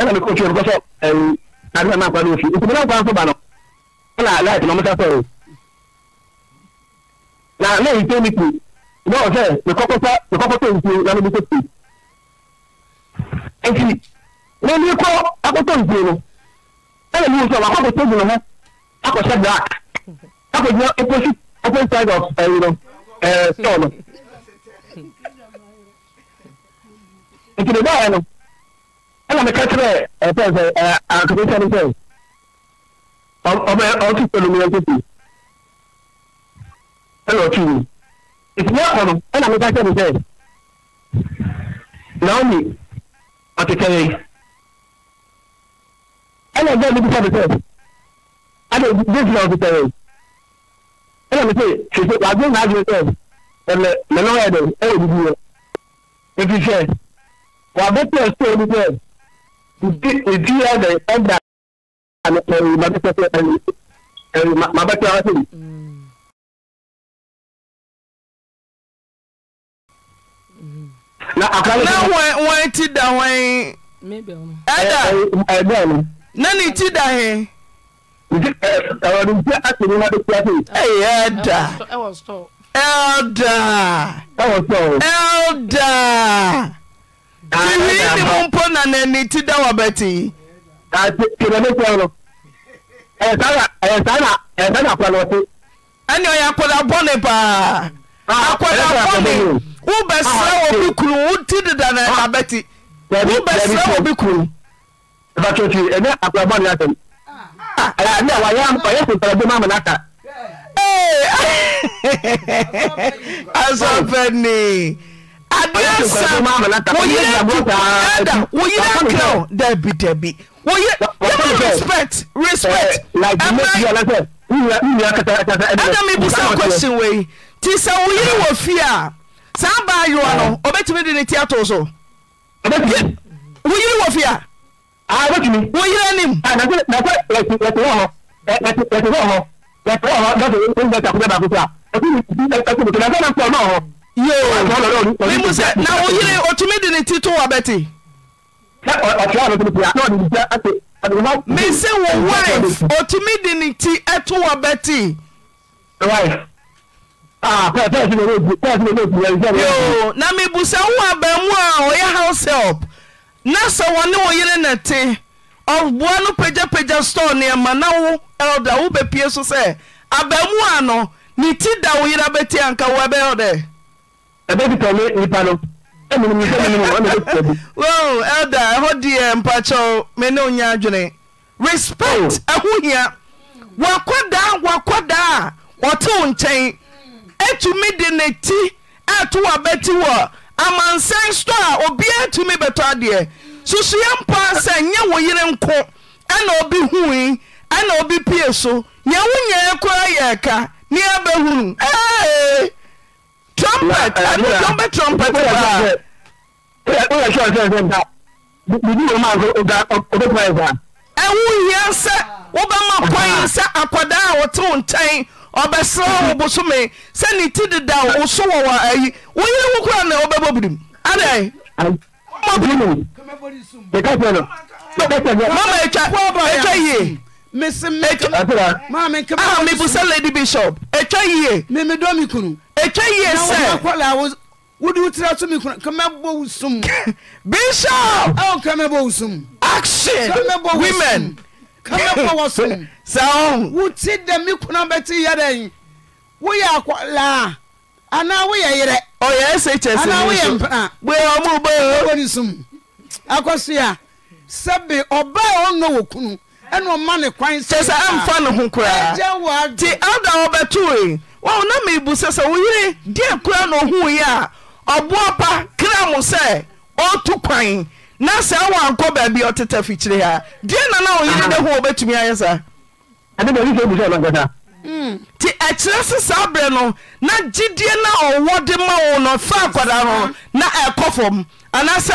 ana m ekotu onye nkọsọ adịghị ma mkpọrọ n'ekwu ekwu mmadụ nkwara nsọbanọ ọ na laịtị na ọmụsa sọrọ na na-eyi ite mikpu mgbe ọzọ mekọkọta nkwu na n'ugbo kotu eti n'elu ịkọ akwụkwọ nkwu elu ana m ụzọ akwụkwọ tebụl ha akọcha blak akọjụ opposite opposite side of stọọlụ nti ne baayɛ no ɛna meka kyerɛ ɛfɛ sɛ ɛɛ akademia no sɛ ɔbɛ ɔtu pɛlu mu yɛn kofi ɛna ɔtu mu nti ne akɔ no ɛna meka kyerɛ no sɛ naomi ɔtekɛyɛ yi ɛna ɛgbɛ mi bisa no sɛ ɛna jesu na ɔtekɛyɛ yi ɛna mi sɛ sɛ wadze na adwene sɛ ɛnɛ mɛ na ɔyɛ dɛ ɛyɛ bibi yɛ efi sɛ. wabɛtɛsɛ mu dɛ di di yɛ dɛ ɛda ɛɛ mabɛtɛsɛ ɛɛ ɛɛ mabɛtɛsɛ mu. na akara na wɔn wɔn ti da wɔn. ɛda ɛda no. na ne ti da he. nti Tihini mumpona na nitida wabati. Ani oya akwada bɔne paa. Akwada bɔne. Wobɛsrɛ wɔ bi kuru na abɛti. Wobɛsrɛ wɔ bi kuru. Bakiti ɛni akwada bɔne asɛm. Ɛyà ni àwọn ayé ọyẹ sèpèrè bí Ee adeɛ sɛ woyɛ ɛda woyɛ akra o dabi dabi woyɛ yɛma respect respect ɛmɛ ɛda mi bisa question wei ti sɛ woyere wɔ fie a saa baa yowa no ɔbɛtumi de ne ti ato so woyere wɔ fie a woyere anim ɛtɛ hɔ dowbemese wowi otumi de ne ti towa bɛtena mibusa wo aba mu a ɔyɛ house help na sɛ wɔne ɔ yere note ofboa no pagyapagya store ne ɔma na wo ɛlɔda wo bapie so sɛ aba mu a nɔ ne ti da wo yera bɛ te anka woabɛldɛ ɛbɛbi tɔ ne nipa no well elda ɛhɔ deɛ mpakyɛw me ne onya adwene respect ɛho hia wakɔdaa wakɔdaa a ɔte wo nkyɛn atumi de ne ti ato wabɛti wɔ amansɛn so a obiara atumi bɛtɔ adeɛ susua mpa sɛ nyɛ wo yere nko ɛna obi hui ɛna obi pie so yɛn wo nyɛ koraa yɛ ɛka ne yɛbɛhunu ee trumpet ẹni trumpet trumpet wa. ó yẹ sọ ẹsẹ ẹsẹ nta bíbí yóò máa ọgá ọgá ẹfà. ẹ̀hún yẹ sẹ́ wọ́n bá máa kọ́ yín sẹ́ akwadaa a wọ́n ti wọ́n nkyɛn ɔbɛsrɛ wo bosome sɛ ne ti deda wo so wɔ wɔ ayi woyere wo kora na wobɛbɔ birim adɛn mama atwa atwa yie mebusa ah, lady bishop ɛtwa yie memedɔ me kunu ɛtwa yie sɛ wode wotira so mekunu kamɛbɔ wo som [LAUGHS] bishop ɛwo kamɛbɔ wo action women kamɛbɔ [LAUGHS] wo som sɛ wote dɛ me kunu bɛte yɛdɛn woyɛ akɔlaa anaa woyɛ yerɛ ɔyɛ shs anaa woyɛ mpena woyɛ ɔmo bɔ akɔ so a sɛbe ɔbaa ɔnga wɔ kunu kyɛ sɛ amfa ne ho koraa nti elda wɔbɛtoe wɔwo na ọhụụ sɛ sɛ wo yere deɛ koraa na ɔhuuei a ɔboa pa kra mo sɛ ɔtu kwan na sɛ awɔ ankɔ baabi a ɔteta fikyire a na na ɔyere dɛ ho wɔbɛtumi ayɛ sa nti hmm. ɛkyerɛ se saa no na gyidie na ɔwɔ de ma wo no fa akɔda no hmm. na ɛkɔ fam anaasɛ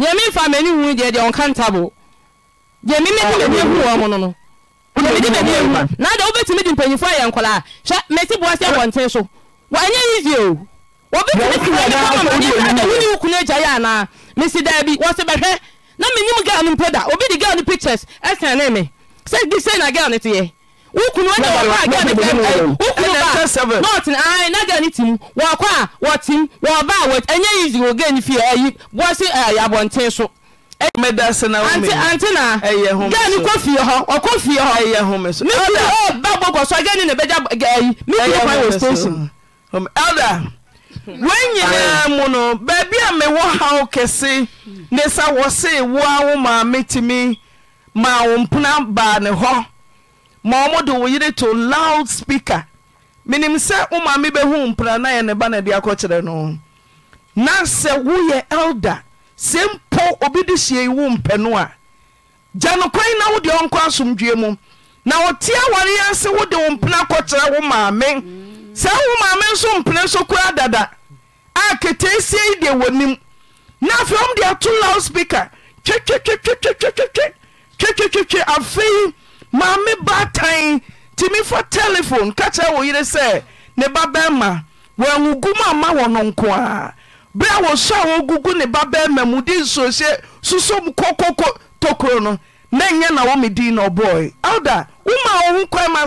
deɛ memfa m'ani hu deɛ deɛ ɔnka ntabo deɛ memedi m'ani ahu wɔ mo no no deɛ medi m'ani ahu na deɛ wobɛtumi de mpanyimfo ayɛ nkɔlaa hwɛ mete boa sɛ abɔnten so wɔanyɛ yidie o wɔbɛtumiwone wo kunu agya yɛ anaa mesi daa bi wɔse bɛhwɛ na menim gal no mpo da obi de gal no pictures ɛsɛne me sɛ di sɛ na gal no teyɛ wukunu ɛna wɔkɔ a gɛɛ ne wukunu ba nɔɔtin ayi na ti mu wɔkɔ a wɔti mu wɔba a wɔti ɛnyɛ yi zi o gɛɛ ne fie ɛyi bɔsi ɛɛ eh, abɔnten so. mɛdase na wɔn mi ante na gɛɛ kɔ fie hɔ ɔkɔ fie hɔ ɛyɛ home so ne fie ba bɔ kɔ so gɛɛ ne na ɛyi ne fie hɔ wɔ station. elda wɔn nyinaa mu no baabi a mewɔ haw kɛse ne sa wɔ se wo a wo maame timi ma wo mpona baa ne hɔ. ma ɔmode wo yere to loud speaker menim sɛ woma mebɛhu mpra na yɛ ne ba no de akɔkyerɛ no na sɛ woyɛ elda sɛ mpo obi dị hyie wo mpɛ a gya na ụdị ɔnkɔ asomdwe mụ na ọtị awari ase wode wo mpena akɔkyerɛ wo maame sɛ wo mpụrụ nso kụrụ so a kete a ịdị deɛ wɔnim na afei ɔm de loud speaker twetwetwetwetwetwetwetwetwetwetwetwe maame me baatan timifa telefone ka kyerɛ wo yere sɛ ne babɛrima wɔanwugu ama wɔ a berɛ a wɔsɔ a wɔgugu ne babɛrima mu de nsuohyɛ na enye na wɔ medin na ɔbɔe awda woma wo ho kwan ma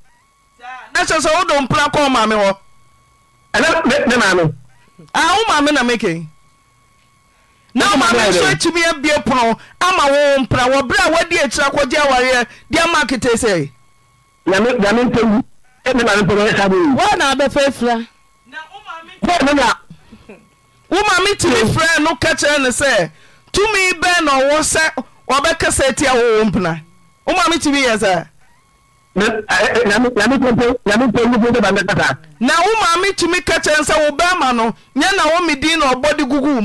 nɛkɛ sɛ wodo mpa k ɔmame wɔ womaame na meke na omaame hɛ akimi abie pono ama wowo mpena wɔberɛ a woade akyira kɔgye awareɛ deamaketesɛb frawo mame timi frɛ no kɛ kyerɛ ne sɛ tumi bɛɛ nɔ ɔwɔ sɛ ɔbɛkɛsa atia wowo mpena womametimi yɛ sɛ na womaa metumi ka kyɛ n sɛ woba ama no nyɛ na wo medin na ɔbɔde guguu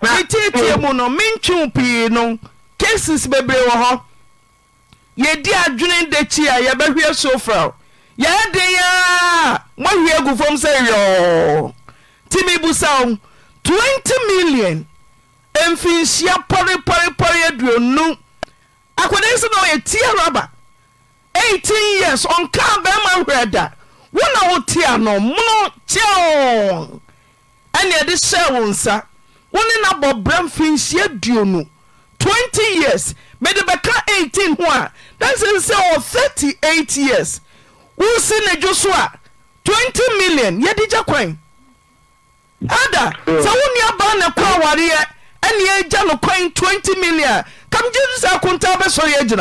muititie ah, mu no mentwi pii no cases bebree wɔ hɔ yɛdi adwene da kyi a yɛbɛhweɛ so fraw yɛa deni a moahwiɛ agu fam sɛ yɔ ntimi busao 20 million mfinhyia pɔrepɔrepɔre aduonu akwadaa sɛ na ɔyɛ tia raba 18 years ɔnkaa bɛrima hwerɛ da wo na wotia no mono kyeɛw ɛneɛ de hyɛɛ wo nsa wo ne na bɔbra mfinhyia duonu 20 years mede bɛka 18 ho a dansɛn sɛ ɔ 38 years wosi ne dwo so a 20 million yɛde gya kwan ada sɛ wo nnuabaa na kɔ awareɛ nyeank 0 million amseoas yiailli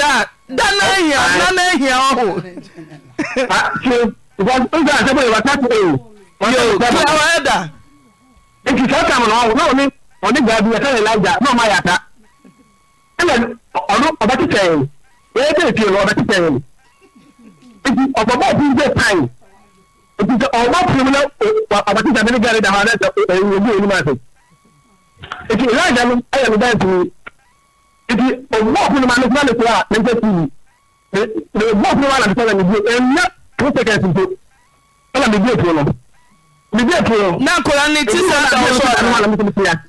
a ame ah, nti saa tam no ɔwɔ na ɔne ɔne gyaa bi yɛsɛ ne lagya na ɔma yata ɛna ɔno ɔbɛtetɛn wɔyɛ tɛ efie no ɔbɛtetɛn nti ɔbɛbɔ ɔbi nse pan nti sɛ ɔbɔ pirim na ɔbɛtetɛn ne ne gyaa ne da hɔ ana sɛ ɛyɛ bi onim ase nti lagya no ɛyɛ ne dan tumi nti na nkora ne ti sa da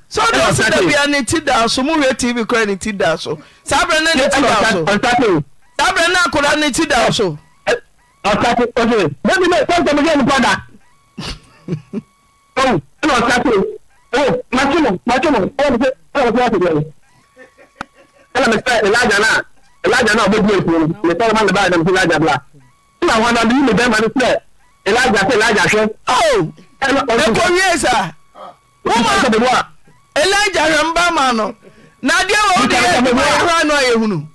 so so de o si da bia ne ti da so mu hwɛ tv kora ne ti da so saa abirɛ ne ne ti da so saa abirɛ ne akora ne ti da so. ɔsate ɔsate bẹẹbi bẹẹ sọ mi yẹ nípa ọwọ ẹna ɔsate ọwọ màtí mu ọwọ mi sẹ ọwọ mi sẹ ọsẹ bẹẹ ẹna mi sẹ ìlàjà náà ìlàjà náà ọbẹ bí èkó mi sẹ ọmọ mi báyìí náà mi sẹ ìlàjà bla ẹna wọn náà mi bẹẹ ma mi sẹ ìlàjà sẹ ìlàjà sẹ. ɛkɔwie a, woma ɛlagya mba ma no na adeɛ wɔ wode yɛ adwuma yɛhora no a yɛhunu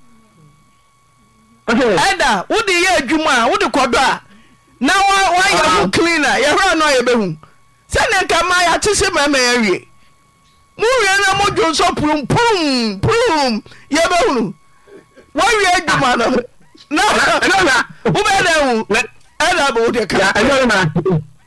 ɛda wode yɛ adwuma a wode kɔdɔ a na woayɛ ho clean a yɛhora no a yɛbɛhu sɛne nka ma yɛakyehye mɛma yɛawie mowie no modwo nsɔ purum purum yɛbɛhunu adwuma no na wobɛda hu ɛda bɛwode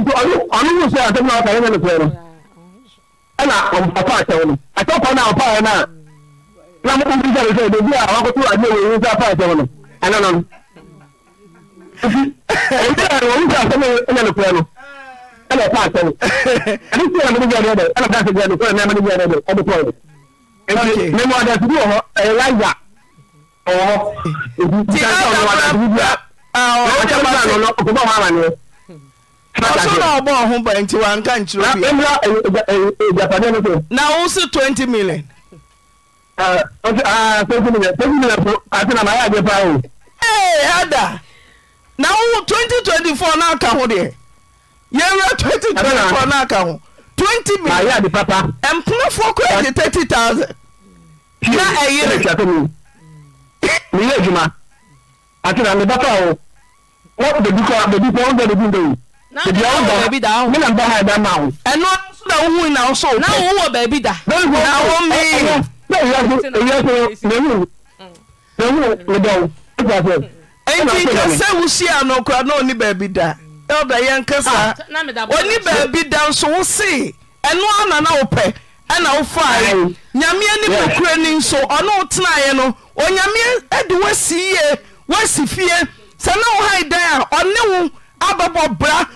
nti ɔno ɔno mu sɛ atɛm na ɔka yɛnyɛ no pɛɛ no ɛna ɔpa akyɛw no akyɛw pa no a ɔpaeɛ no a na mobɛbi sɛ no sɛ bɛbi a wakɔto adeɛ wɔ sɛ apa akyɛw no ɛno no nti ɛbi a wɔn sɛ asɛm ɛnyɛ no pɛɛ no ɛna ɔpa akyɛw no ɛno sɛ ɛna mobɛbi adeɛ dɛ ɛna ɔka akyɛw no kɔɛ nɛɛma no bi adeɛ dɛ ɔde kɔɛ no nti mɛmu adɛsi bi wɔ hɔ ɛyɛ laza ɔwɔ hɔ nti nka sɛ ɔno adɛsi bi bi a ɔkyɛw no ɔkɔbɔ hɔ amaneɛ ọsọ na ọbọ ọhún bẹ nti wa nka nkyerɛ bi. na ebi japaade ni na o si twenty million. Ah, ah, twenty million twenty million fo ati na maa yà o. ee ada na o twenty twenty four náà ka ho deɛ yẹn wura twenty twenty four náà ka ho twenty million. maa yà di papa. mpunafo kọ ẹ di thirty thousand. na ẹ e yiri. mi yẹ juma ati na mi bàtà o wọ́n bèbí kọ́ bèbí kọ́ ọ́n bẹ́ẹ̀ bèbí bẹ́ẹ̀ o. ebi awo da baabi da awo mi na mbɔ ha ɛda ma awo. ɛnu na ohun na so. na ohun wɔ baabi da. na awo mi. na eya so eya so n'ewu n'ewu n'edawo ɛgba fɛ. eti nkasa wusi anokura na na ha dan a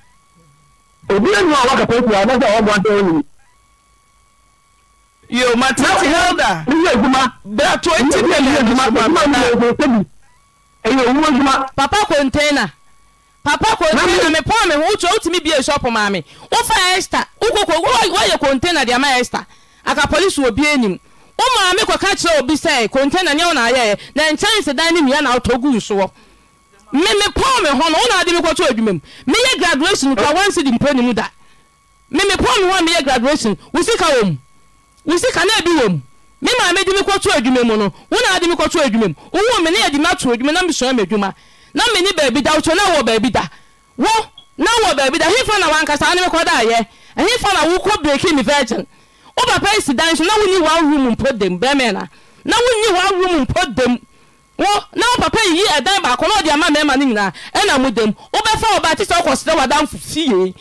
obi enu a waka pɛnti a ɔbɛsɛ ɔwɔ bɔntɛ ɛnu. yo matati helda. ne yɛ edwuma. bra twenty million ne yɛ edwuma papa na. ɛyɛ owó edwuma. papa kɔntena papa kɔntena mi pɔn mi wotu otumi bie shop maa mi wofa ɛsta wokoko wɔyɛ kɔntena de ama ɛsta aka polisi obi enim wo maame kɔka kyerɛ obi sɛ kɔntena ne ɔna ayɛ yɛ na nkyɛnse dan ne mia na ɔtɔ gu nsoɔ. memepomehon onade meka adum meye aaton a aa o in i na papa yiyi ɛdan baako na ɔde ama mmarima no nyinaa ɛna modam wobɛfa wɔba te sɛ wokɔ srɛ wadamfo fie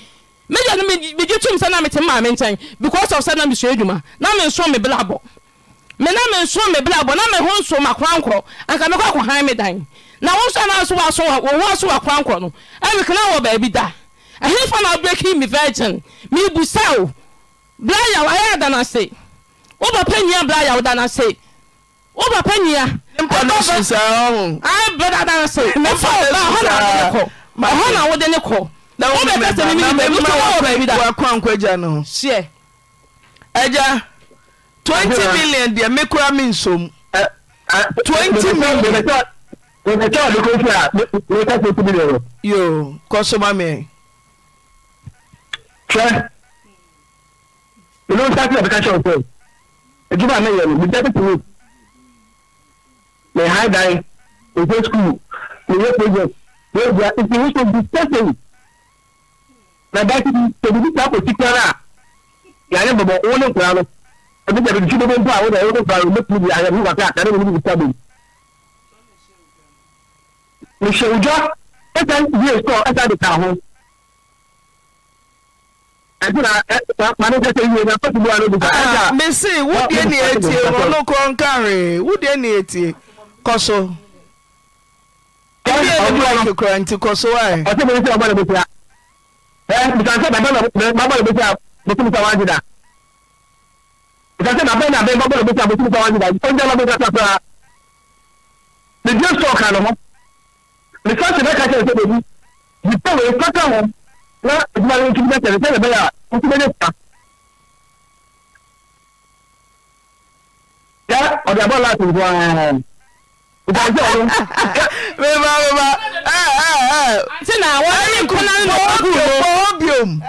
megya no megye tom sɛ na mete maa me nkyɛn because of sɛ na mesua adwuma na menso me me na meho nso makorankorɔ anka mekɔ me dan na wo nso anaso waso wo aso wakorankorɔ no wɔ baabi da ɛhefa na wobreki me virgin mebu sɛ wo bra ayɛ nyia wo papa nyia hɔ na wode ne kɔ wobɛpɛ sɛ memewɔ baabi dawakoankagya ne ho hyɛ agya 20 million deɛ me kora me nsom 20 million yo kɔsoma me twɛ ɛno sa sɛ bɛka kyɛ wo sɛ adwuma mɛyɛ no medate to mɛ ha dan mɛ yɛ sukuu mɛ yɛ project mɛ yɛ bia nti yɛ sɛ bi sɛsɛn na dati bi tɛbi bi taa kɔsi kura na yare bɔbɔ wɔn ne nkura no ebi jɛ bi dusu bebe mpo a wɔn na yɛ wɔn nkura no mɛ bi ayɛ bi wata akadɛ wɔn bi ta bɛyi mɛ hyɛ ojɔ ɛsan yie sɔɔ ɛsan de ta ho mese wodeɛ ne atie no no kɔ nkare wodeɛ ne atie kɔ so. ọbẹ̀ yẹn ni bíi kura nti kɔ so wa yẹ. ọtí mi ní sẹ́ ọgbọ́n lè bẹ̀ sí a ẹ bìtànsẹ́ bàbá lè bẹ̀ sí a bẹ̀tí mi sọ wá ń jìdá bìtànsẹ́ bàbá lè bẹ̀ bọ́bọ̀ lè bẹ̀ sí a bẹ̀tí mi sọ wá ń jìdá ó ń jẹ́ lọ́gbẹ́ sọ́kà sọ́ra lè díẹ̀ sọ̀ kà lọ́mọ́ lè sọ́ọ̀sì bẹ́ẹ̀ kàṣẹ́ ìṣẹ́ bèbí yìí pé wòye kọ́kà wọn ná ìdúmọ̀ ní kí bẹ́ẹ̀ tẹ̀lé tẹ́lẹ̀ bẹ́ẹ̀ yà ó ti bẹ́ẹ̀ fà. yẹ ọ̀dà bọ́ọ̀lù àti ìbọn snaw 你 konbiom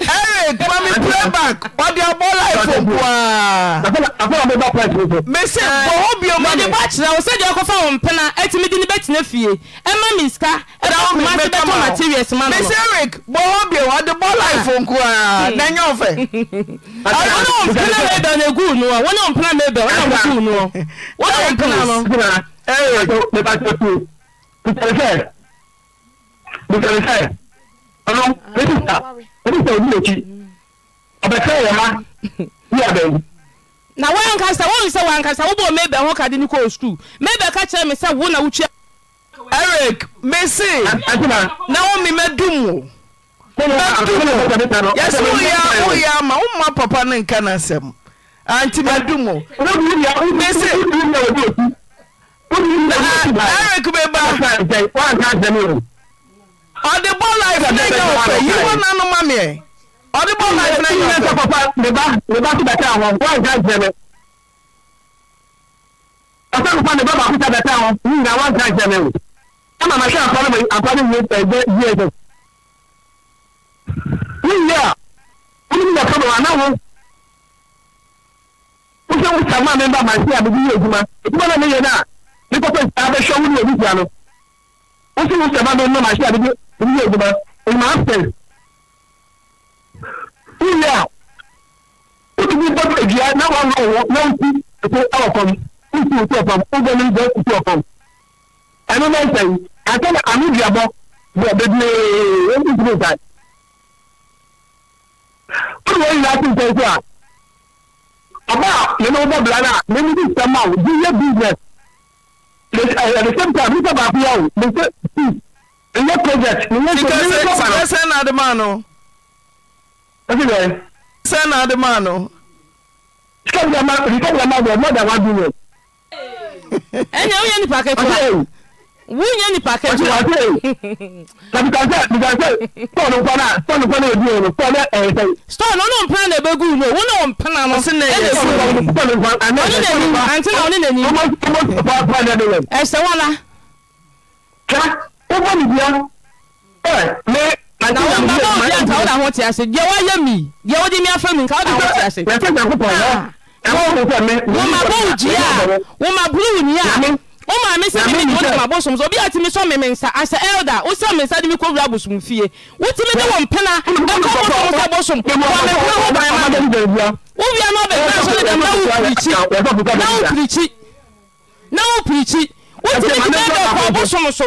eric mami playback ọdi abọ láìfò bua. àfọwọ́ mi bá price mi fẹ́. mèsì bọ̀wọ́ bí omi. mọ̀dé bá kyerẹ́ o sẹ́dí ọkọ̀ fáwọn mpẹ́nà ẹtì mi di ní bẹ́ẹ̀ tìǹẹ́ fìyè ẹ má mi nsika ẹ bá kò má ti bẹ́ẹ̀ tó materials má nù. mèsì eric bọ̀wọ́ bí omi ọdi bọ́ láìfò nkú a n'ẹ̀yẹ́ ọ̀fẹ́. àwọn náà mpẹ́nà mẹ́bẹ̀ ọ̀nà egwu nù wọn náà mpẹ́nà mẹ́bẹ̀ ọ̀nà egwu nù wọn náà mpẹ́nà nù. na woankasawo sɛ woankasa wobɔɔ meba hɔ ka de ni kɔɔ skuul mɛbɛ ka kyerɛ me sɛ wo na wotark mese na womi 'adum oysoya ma womoa papa no nka na asɛm anti m'adm o ọdịbọ laif na-enye ofe iwe na anụ mamịa ọdịbọ laif na-enye ofe papa neba n'ịba bata ahụ nwa nka jeme ọsọ nkwa n'ịba ma akwụcha bata ahụ na nwa ama ma sịa akwado akwado ihe ebe ihe ebe n'ihi a onye na-akọ anaghị nwoke nwụcha nwa m mba ma ihe na na a n'ịkpọkwa na obi anụ nwoke mba ebi yɛ adwuma in my absence wúni a wotumi bɔ adua na wɔn wɔ wɔn ti ɛkó ɛwɔ fam nti otu wɔ fam ɔgbɛn mi bɛ otu wɔ fam ɛno bɛ nsɛn ata na ano dua bɔ bɔ bebree ebi tumi nsa wọ́n wọ́n yìí láti nsɛn so a ɔbaa a yɛn bɔ bila na n'ani bi nsɛm a o di yɛ business ɛɛ ɛdesɛm ta mi sɛ baako yɛ o mi sɛ tii nye project nye so nye kɔ kɔ. sɛ na adi maa no. ɛsi bɛ. sɛ na adi maa no. sika bi ama sika bi ama bɛ more than one billion. ɛnna o yɛ nipa kɛkɛ wo nye nipa kɛkɛ. ɔsè wàásù na bìkànsẹ bìkànsẹ stọọ nìkan náà stọọ nìkan náà ebi yẹn no stọọ náà ẹ sẹyìn. stọọ náà ọ̀nà mpẹ́rẹ́ náà ebe gu yìí o wọ́n náà mpẹ́rẹ́ náà ọ̀sẹ̀ náà ẹ̀ gu yìí. ọ̀nì nà ẹ̀yìn àǹtí náà ọ̀nì nà ẹ̀yìn. ẹ̀sẹ̀ wọ́n la wọ́n ní bíá ẹ̀ ní nàìjíríà ní ilé ìmọ̀ ẹ̀ káwọn àwọn ti àṣẹ yẹ wọ́n yẹ mi yẹ wọ́n di mi afẹ́ mi káwọn àwọn ti àṣẹ. yàtọ̀ ìgbà púpọ̀ lọ ẹ̀wọ̀n kò fẹ́ mi. wọ́n máa bó wù jíà wọ́n máa búrú wù níyà wọ́n máa mi sẹ́mi ní wọ́n ti máa bó sùn sọ bí àti mi sọ mi mi nsa àṣẹ ẹ̀ẹ́dà ó sẹ́ mi nsa di mi kó wúlò àbùsùn fìyè wọ́n ti mi dé wọ́n pẹ́ná ẹ̀kọ́ wọ́n sọ wọ́n bó sùn wọ́n mi kúrò wọ́n bá ẹ̀ máa dé. wọ́n wíyá náà bẹ̀rẹ̀ náà sọ́ni dẹ̀ náà wù pìrìkì náà wù pìrìkì náà wù pìrìkì wọ́n ti mi ti bẹ́ẹ̀ bẹ́ẹ̀ kọ́ bó sùn so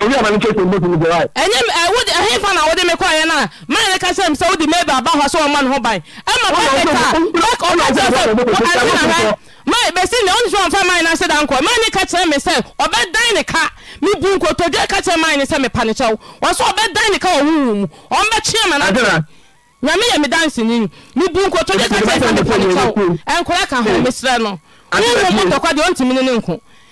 orí àmà ní kéèké mbó tìmí jẹrà. ẹ̀yẹ́ mi ẹ̀wọ́ di ẹ̀hìn fan àwọn ọdún mi náà máa yẹ kásẹ̀ mi sẹ́ wọ́n di mẹ́bà bá wa sọ hó báyìí ẹ̀ máa bẹ̀sí ní ká mi bu nyame yẹ mi dansi ni mi bu nkotodwe kẹ́kẹ́ sẹ́ mi panikyɛw ka ho mi hmm. no wúwo mu ntọ́kọ́ de ọ̀ntìmí ni ne nko.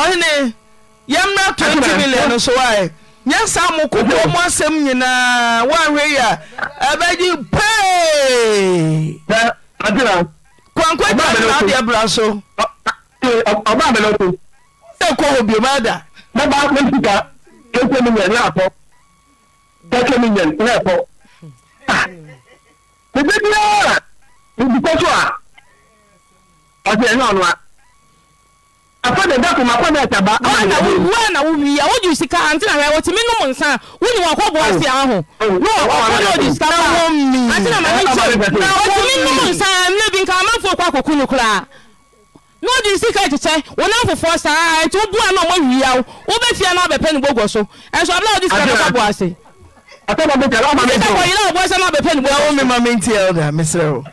ɔhene yɛmmra 20 million so wae nyɛ sa mo kokoɔ mu asɛm nyinaa woahwɛ yi a ɛbɛgye pee kwankwagyanadeɛ bra so ɛkɔ hɔ biom ada Bébé bí wá, bébí pẹ́tù à, ọ̀sẹ̀ ẹ̀ náà nù afɔ de da kuma kɔ wọn na wọn wọn na wọn wi awo ju sika anti na hɛ wɔti mi numu nsa wọn ni wọn kɔ bɔ ɔsi ahɔ ne wɔn kɔ kɔ de o ju sika pa anti na ma mi jɛ na wɔti mi numu ah, ah. nsa ne bi nka a ma fɔ kɔ akɔku nu kura ne o ju sika kyekyɛ wɔn na fufuo saa ah, nti o bu a na ɔmo wi awo o bɛ fia na abɛpɛ ne gbogbo so ɛnso abila o ju sika kɔ bɔ ɔsi. ataba bɛ tɛ ɔma mi jɔ. o ti sɛ kɔ yi na ɔbɔ ɛsɛ na abɛpɛ ne gbogbo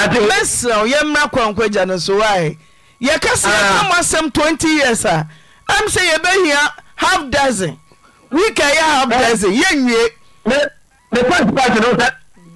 Eh, kymmeserɛ wo yɛmmra kwanka gya n so w yɛkɛsa yɛmaa ah. mɔ asɛm 2w0 years a m sɛ yɛbɛhia half dosen weeka yɛ ha senyɛ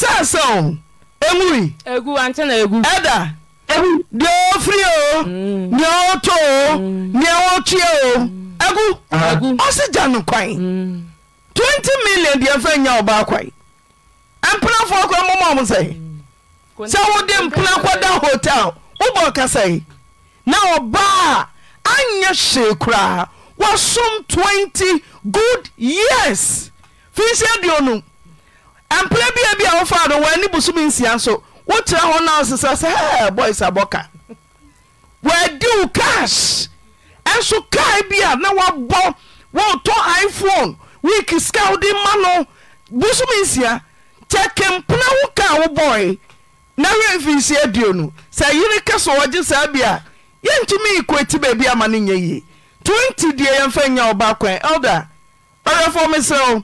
sɛsɛ ɛwui ɛda deɛ ɔfiri o neɛ ɔtɔ o mm. neɛ ɔtweɛ o agu ɔse gya no kwan mm. 20 million deɛ mfa nya ɔbaa kwan mpenafoɔ kora moma mo mm. sɛ sɛ wode mpena kɔda hotel wobɔ ɔka na ɔbaa anyɛ hyee koraa wɔsom twenty good years finhyia deɛ onu mprɛ bia bi a wofaa no wɔani bosom nsia nso wokyerɛ hɔ no sesa sɛ boys abɔka wɔadi wo cash ɛnso kar bi a na woabɔ wɔretɔ iphone week sika wode ma no bosom nsia kyɛke mpena wo kaa boy. na hwɛ mfinhyia aduonu sɛ yere kɛ so wɔgye saa bi a yɛntumi kɔ ati baabi ama no nyɛ yie Twenty deɛ yɛmfa nya wɔba kwan elda ɔrɛfo mesrɛ wo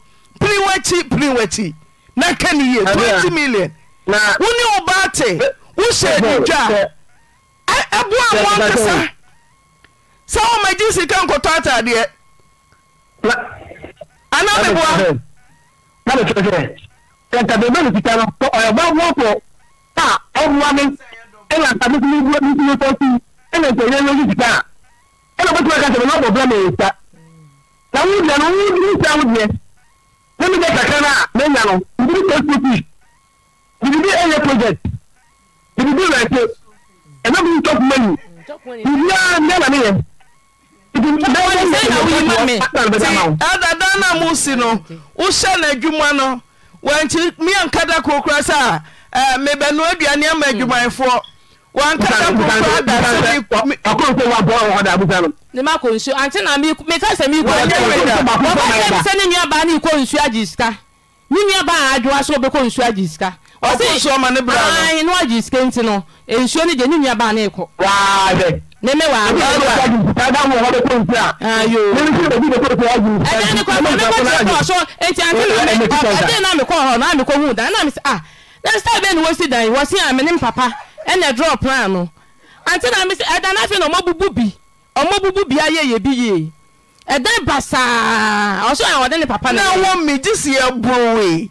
pini w'akyi pini w'akyi na ka ne yie 20 million wo ne wo baa te wohyɛ adidwa a ɛboa wo ankasa sɛ womagye sika nkɔtɔ atadeɛ anaa meboa na mekyerɛ sɛ ntabema ne sika no ɔyɛbɔboɔpɔ ni, ɔboa me ɛna ntabetumi bua me sika ɛna ntabenya yɛ sika a ɛna bɛtumi aka sɛ mɛnabɔ bla ma nsa na wo deɛ no wo de nsa wo deɛ ne me gya kakra no a manya no biribi kɔ school fees biribi ɛyɛ project biribi rɛte ɛna bi ntɔp mani biribiaa ndɛ na meyɛ adada na mo si no wohyɛ n'adwuma no wankyi mia nkada kokora sɛ a mebɛno aduane ama adwumayɛfoɔ wankasa koko adasa mi kɔ. ɔkò nse wa bɔ ɔwɔ da abusa no. ne ma ko nsu mi mi ka sɛ mi kɔ ɛdɛ wɛdɛ wɔn mi sɛ ne nua ba ni ko nsu aji sika ne nua ba adwa so bɛ ko nsu aji sika. ɔkò nsu ɔma ne bra no. ayi n'o aji sika nti no nsuo ne jɛ ne nua ba ne kɔ. waa dɛ. ne me wa abu ɛdɛ ɛdɛ mo ɔbɛ ko a. ayo ne ni sɛ ebi de ko nsu aji sika. ɛdɛ mi ɛdɛ na mi kɔ hɔ na mi kɔ mi sɛ ah next time bɛ ni wosi dan mi ni ɛna drop naa no anti na mesi eh, ɛdan n'afɛ na ɔmo bubu bi ɔmo bubu bi ayɛ yɛ bi yie ɛdan basaa ɔsɔ yɛn ɔde ne papa na. na wɔn mi di si ɛbuwe.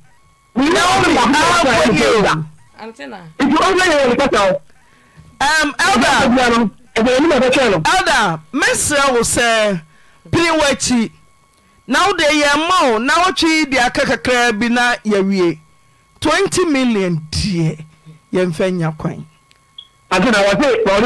Naomi, how are you? Antenna. If you open your portal. Um, Elder. Elder, Mesra will say, Piniwachi. Now they yɛ ma o na wotwe de aka kakra bi na yɛwie 20 million deɛ yɛmfa nya kwan agena wɔse ɔde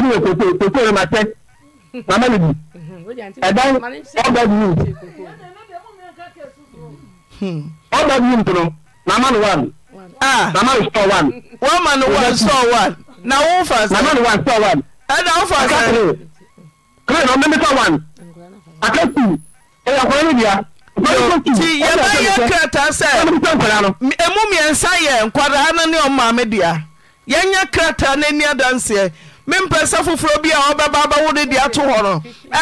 no na man one ah na man store one one man one store one na one fast na man one store one ẹna one fast ẹ kúrẹ́ na ọmọ mẹ́ta one akẹ́kù ẹ̀yà kọ́ ẹni bìá ti yaba yɛ krataa sɛ emu mmiɛnsa yɛ nkwadaa no ne ya na yɛnyɛ krataa n'ani adanseɛ mempɛ sɛ foforɔ bi a ɔbɛba abɛwo de de ato hɔ no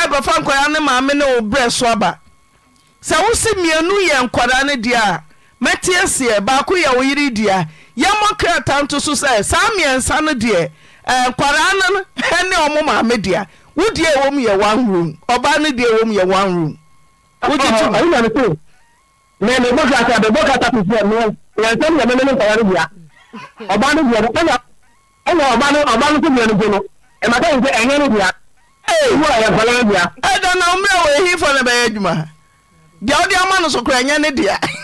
ɛbɛfa eh, nkwadaa ne maame ne so aba sɛ mmienu yɛ nkwadaa no deɛ mɛteɛ seɛ baako yɛ wo yere dea yɛmmɔ nto so sɛ saa mmiɛnsa no deɛ nkwara no [LAUGHS] ne ɔmomaame dea wo deɛ wɔm yɛ one room ɔba no deɛ wɔm yɛ one room na wɔ bɛyɛ adwuma deɛ ama no ɛnyɛ [LAUGHS]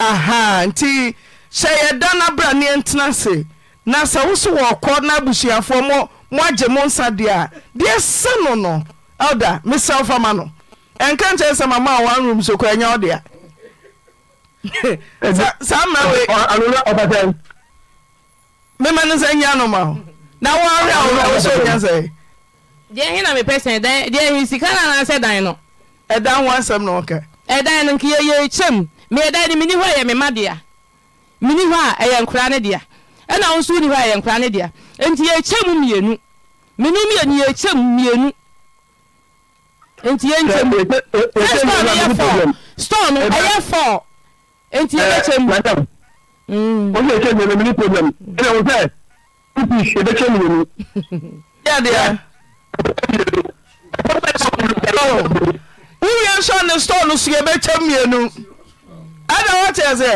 aha nti hyɛ yɛda nabra neɛntena se na sɛ wo so wɔkɔ na abusuafoɔ moagye mo nsa deɛ a deɛ sa no no elda mesɛw fama no ɛnka nkyɛɛ sɛ mama a waanrom so kɔ ɛnyɛ wodea [LAUGHS] saa mmawe mema no sɛ nya noma ho na woawerɛ a wowo sɛ onya sɛ deɛ na mepɛ sɛ deɛ he sika no anaasɛ dan no ɛdan ho asɛm na wɔka ɛdan no nka kyɛm meɛ danɛ no meni hɔ a yɛ me mma dea meni hɔ a ɛyɛ nkora ne dea ɛna wosowni hɔ y nka n de nti yɛkyɛm mn menimenyɛkyɛm ntiɛnti ɛna wokyɛ sɛ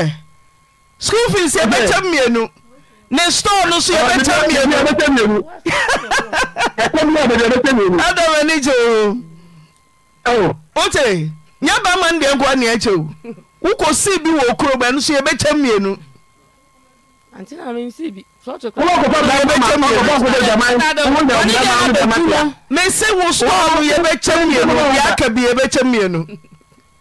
school fees yɛbɛkyɛ mmienu ne store no so yɛbɛkyɛ mmienu adam [LAUGHS] ani kyɛ o wote nyɛ ba ma no nkoa nea kyɛ o sii bi wɔ kuro no so yɛbɛkyɛ mmienu mese wo store no yɛbɛkyɛ mmienu yɛaka bi yɛbɛkyɛ mmienu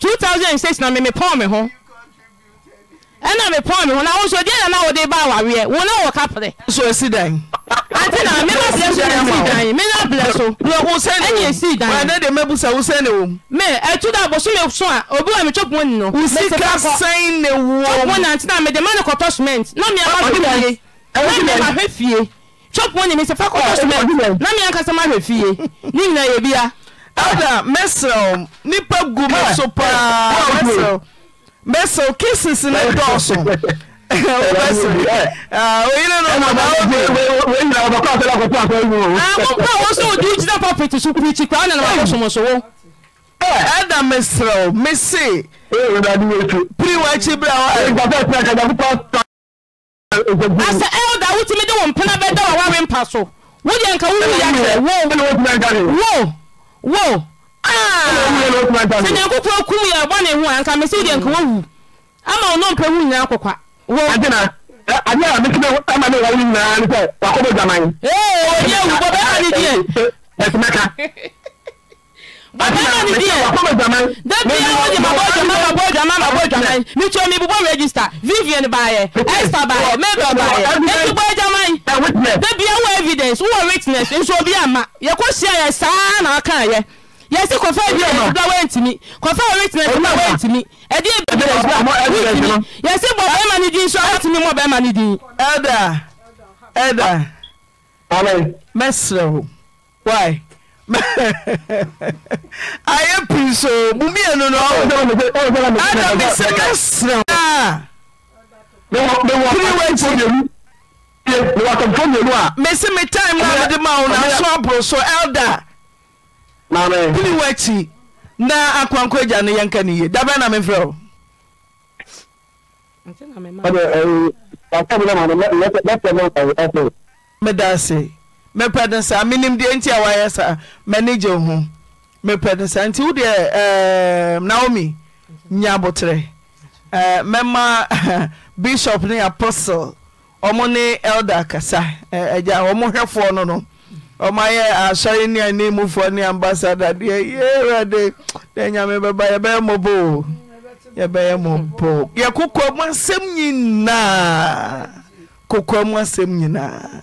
2006 na meme pɔn me ho ɛna me pɔn me ho na woso deɛ na na wode ba awareɛ wo na wɔ kapere so asi dan ante na mema blɛ so na asi dan mena blɛ so ɛnyɛ asi dan ɛnɛ de mɛbu sa wo sɛn ne wɔ mu me ɛtu da bɔ so me so a obi wa metwɛ pon ni no wo sika sɛn ne wɔ mu twɛpon na ante na mede ma ne kɔtɔ cement na me ama fie na me ma hwɛ fie twɛpon ni me sɛ fa kɔtɔ cement na me ankasa ma hwɛ fie ne nyinaa yɛ bia ada mɛserɛw nipa gu me so paa mɛserɛw keses ne so prikyi koraa la namakɔsom so wo ada meserɛw mese piri wakyi berɛ asɛ elda de wo wneankokoa kum yɛ bone hokamɛsɛod ka wowu ama onepɛ ho nyina kokaaɛand bàbá náà ni díẹ̀ débi ẹwọ́ di màbọ̀ jama màbọ̀ jama màbọ̀ jama yìí mi tí omi bubọ̀ rẹ́gísítà vivian báyẹ̀ esther báyẹ̀ mabel báyẹ̀ etugbo jama yìí débi ẹwọ́ evidence wọ́n witness nso obi àmà yẹ kó ṣe yẹ sáá náà kàn yẹ yẹ sí kọfẹ́ evidence bí wọ́n ntìmí kọfẹ́ witness bí wọ́n ntìmí ẹdí evidence bí wọ́n ntìmí yẹ sí bọ̀ bẹ́ẹ̀ ma ni di nsọ́ àti mi mọ̀ bẹ́ẹ̀ ma ni di. ẹ̀dà ẹ̀dà mẹ́sìrẹ̀ o why. [LAUGHS] ayɛ pii so momia nu noamɛ se me tim nade maonoaso abor so eldapii waki na akoanko agya ne yɛnka ne ye daba na memfrɛ o mepɛ no saa menim deɛ nti a woayɛ saa m'ani gye ho mepɛ no saa nti wodeɛ ehm, naomi nya ehm, mɛma [LAUGHS] bishop ne apostle ɔmo ne elder kasa agya ɔmo hwɛfoɔ no no ɔma yɛ asɔre ne animufoɔ ne ambassador deɛ nyame bɛba yɛbɛyɛ yɛbɛyɛ yɛ asɛm nyinaa asɛm nyinaa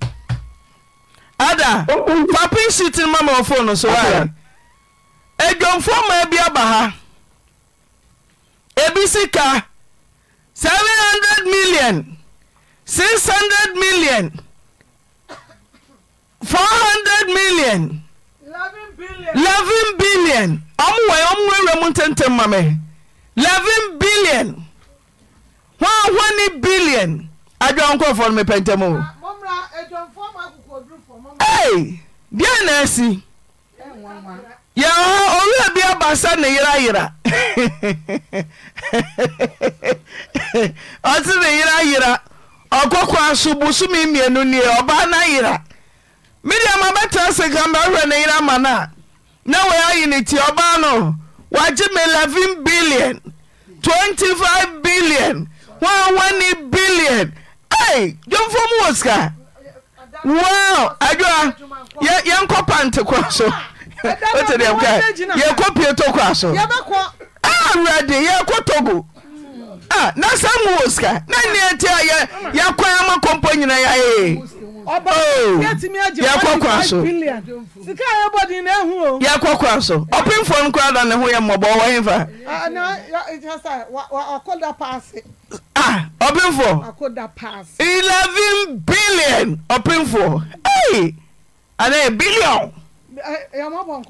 fapinsi ten mamfo no so adomfo ma bia baha ebisika 00 mi 600 milin 00 mil billion omw omwrmu temtemmame 1 billion a hen billion ada kɔfone me pɛntam deɛ na [LAUGHS] esi ya hɔ owia bi aba na ne yera yera na ne yera yera ɔkɔkɔa so mmienu nie ọba na yera medeɛ ma bɛtra se mba mbɛhwerɛ na yera ma na a na wɔayi ne ti ọba no wɔagye me 11 billion billion billion dwomfo wow adwoa yɛnkɔ pa ntekwa so wote deɛm ka yɛkɔ pie tokwa so ah, awurade togo ah, na sa mu wɔ sika na nneɛ ti mm. a yɛakwan ama nyina ɛayɛk koa so ɔpenfoɔ no koraa da ne ho yɛ mmɔbɔ wɔ hi faɔpefo 11 billiɔn ɔpenfoɔ ana billiɔnen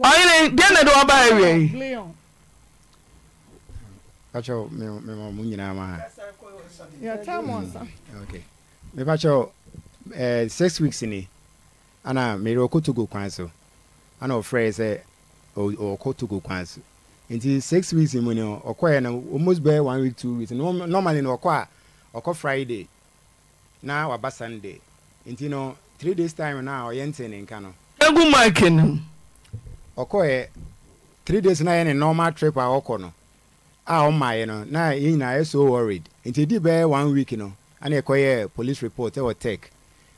biɛ nne de wɔbaawiieɛ Eh, six weeks ni ana mmeri ɔkɔ togo kwan so ana ɔfrɛ yɛ sɛ ɔkɔ kwan so nti six weeks mu ni ɔkɔɛ na almost bɛɛ one week two weeks normally na ɔkɔ a ɔkɔ friday na waba sunday nti no three days time na ɔyɛ nti ne nka no. egu maaki no. ɔkɔɛ three days na yɛ ne normal trip a ɔkɔ no a ɔmaayɛ no na yɛn nyinaa yɛ so worried nti di bɛɛ one week no ana ɛkɔyɛ police report ɛwɔ tech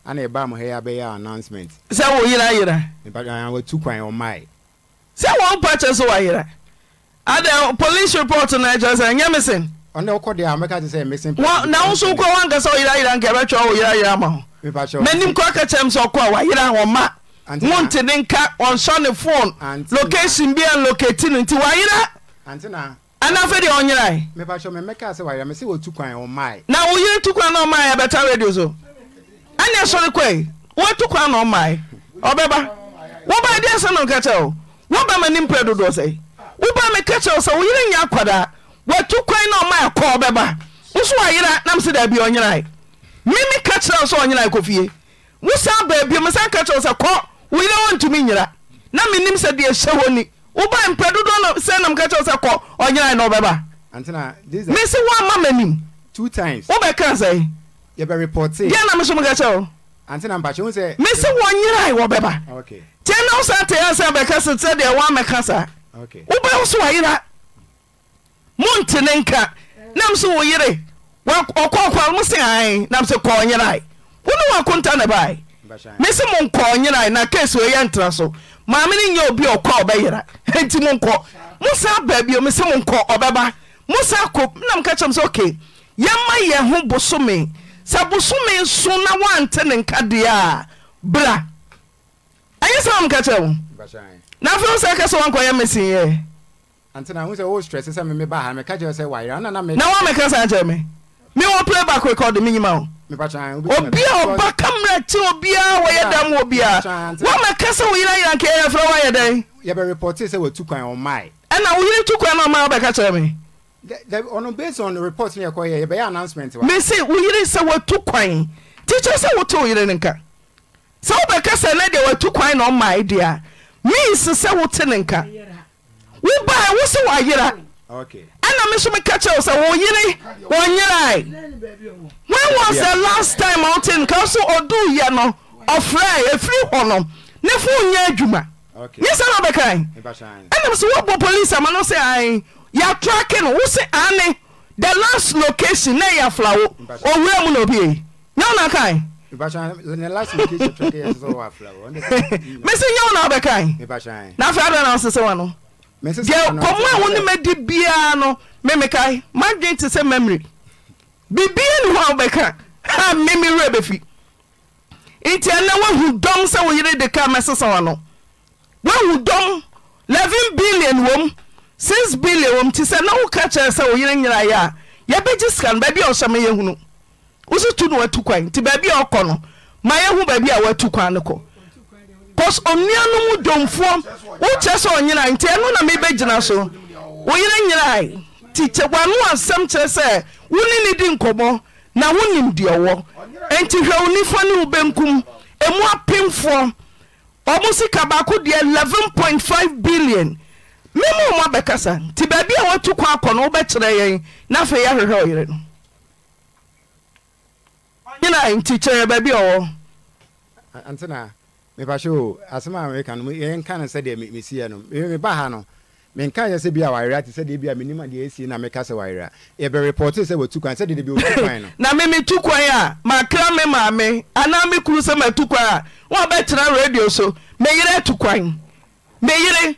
ana ɛba mo ha yi abɛyɛ announcement. sɛ wò yira yira. nipadà eh, wò tu kwan ɔmá yi. sɛ wɔn pàṣẹ so wà yira adé police report náà ɛkyɛ sɛ ɛnyɛ missing. ɔnà ɔkọ de amẹka ti sɛ missing. wọn n'ahun so kọ wọn kasa ɔyira yira nkà ɛbɛtwa ɔwɔ yira yira ma ho. nipadà mɛnim kọ kɛkyɛ mi sɛ ɔkọ a wà yira wɔn ma wọn ti ne nka ɔnsɔ ne phone location bi a locate ne ti wà yira. antina anafe de ɔnyira yi. mipadà mɛmɛka sɛ wà yira mɛ sɛ wò tu kwan ɔmá yi. na wò yira tu kwan náà ɔmá yi ɛbɛta radio so. ɛne sɔre kɔe woatu kwa na ɔmae ɔbɛba woba deɛ sɛ no ka kyɛwo woba m'animprɛ dodoɔ sɛe woba meka kyɛwo sɛ wo nya akwadaa watu kwan na ɔma ɛkɔ ɔbɛba woso wayera nam sɛ daabi ɔnyerae meme ka kyerɛ wo sɛ ɔnyerae kɔfie wosan baabiom san ka kyerɛ wo sɛ kɔ wo yere wɔntumi nyera na menim sɛ deɛ hyɛ hɔ ni woba mprɛ dodoɔ sɛ nam ka kyerɛ sɛ kɔ ɔnyerae na ɔbɛba mese woama m'anim wobɛka sɛe yɛbɛ report se. diẹ na musu mu kẹsẹ o. ante na mpakyɛ hun sɛ. mesi wɔn nyina yi wɔ bɛba. tiɛ na wosan tɛ yansi abɛka se tɛ deɛ wɔn amɛka sa. wobɛ woso wa yira mu nti ne nka nam so wo yere ɔkɔɔkɔ mo se ae nam so kɔɔ nyina yi wo ne wɔakonta ne bae mesi mo nkɔɔ nyina yi na keesi oyɛ ntena so maame ne nyɛ obi ɔkɔ ɔbɛyera [LAUGHS] enti mo nkɔ mo san baabi o mesi mo nkɔ ɔbɛba mo san kɔ nam ka kyɛm sɛ okay yɛma yɛn ho bosome sɛ bosome nso na woante ne nka deɛ a bra ɛnyɛ sɛ wamka kyerɛ wo na afei sɛ kɛ sɛ woankɔyɛ mesiiɛ na woameka saa kyerɛ me mewɔ play back record menyima wo obia ɔba kamera kye obiaa wɔyɛ dam wɔ biaa woamɛka sɛ wo yera yera nkɛyɛfrɛ woayɛ dɛn ɛna wo yere tu kwan na ɔma wobɛka kyerɛ me ɔno based on report ne yɛkɔyɛ yɛbɛyɛ announcement wa. mesi woyere sɛ watu kwan tikyɛ sɛ wote woyere ne nka sɛ wobɛka sɛ ne deɛ watu kwan na ɔmaa deɛ a means sɛ wote ne nka wobae wo sɛ wayera ɛna me so meka kyerɛ wo sɛ woyere wɔnyerae when was the last time a wote nka wo so ɔduu yɛ no ɔfrɛ ɛfiri hɔ no ne fo nyɛ adwuma nyɛ sɛ na wobɛkae ɛnam sɛ woabɔ police ama no sɛ ae yɛatrake tracking wo se ane the last location na ɛyɛ afla wo owura mu na obi nyɛwona kae [LAUGHS] mese nyɛwo na wobɛkae na afei adɛ na wosese wa no deɛ kɔmmɔ a wo ne madi biara no memekae madwen te sɛ memory biribia ne hɔ a wobɛka a meme werɛ bɛfi nti ɛnɛ woahu dɔm sɛ wo yere de ka mɛsesa wa no woahu dɔm Eleven billion wom six billion wɔ m um, nti sɛ na woka kyerɛ sɛ wo yere nyerayɛ a yɛbɛgye sika no baabi a ɔhyɛma yɛhunu wo so tu no watu kwan nti baabi a ɔkɔ no ma yɛhu baabi a woatu kwan no kɔ bcause ɔnnua no mu domfoɔ wokyerɛ sɛ ɔnyera nti ɛno na mebɛgyina so wo yere nyerae nti kyɛ wano asɛm kyerɛ sɛ wo ne ne di nkɔmmɔ na wonim deɛ ɔwɔ enti hwɛ wo nifa ne wo benkum ɛmu apemfoɔ ɔmo sika baako deɛ billion memo ma bɛkasa nti baabi a woatu kwan akɔ no wobɛkyerɛ yɛn na afei yɛahwehwɛ ɔyere no nyina nti kyerɛ baabi ɔwɔ antena mepahyɛ o asɛm a meka no yɛnka no sɛdeɛ mesiɛ no meba ha no menka yɛ sɛ bi a wayera te sɛdeɛ bi a menim adeɛ ɛsie na meka sɛ wayera yɛbɛrepɔte sɛ watu kwan sɛdeɛ de bi wɔtu kwan no [COUGHS] na memetu kwan a makra me maame anaa me kuru sɛ matu kwan a woabɛtena radio so meyere atu kwan meyere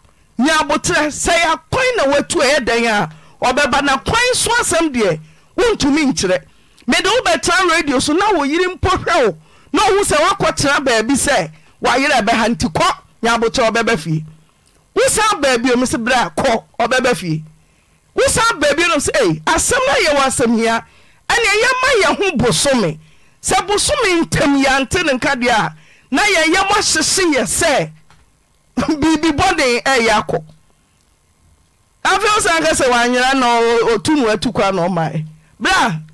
nya aboterɛ sɛ yɛ akwan na watu ɛyɛ dɛn a ɔbɛba na kwan so asɛm deɛ wontumi nkyerɛ mede wobɛtera radio so na wo yere mpo hwɛ wo na ɔhu sɛ woakɔtera baabi sɛ wayerɛ bɛha nti kɔ nya aboterɛ ɔbɛba fie wosan baabi om sɛ berɛ a kɔ ɔbɛba fie wosan baabi nom sɛ e asɛm no yɛwɔ asɛm hia ɛneɛ yɛma yɛ ho bosome sɛ bosome ntam yɛante ne nka deɛ a na yɛn yɛmɔ hyehye yɛ sɛ biribi bɔne eh, ɛyɛ akɔ afei wosa anka sɛ wanyera na ɔtum atukwa na ɔmae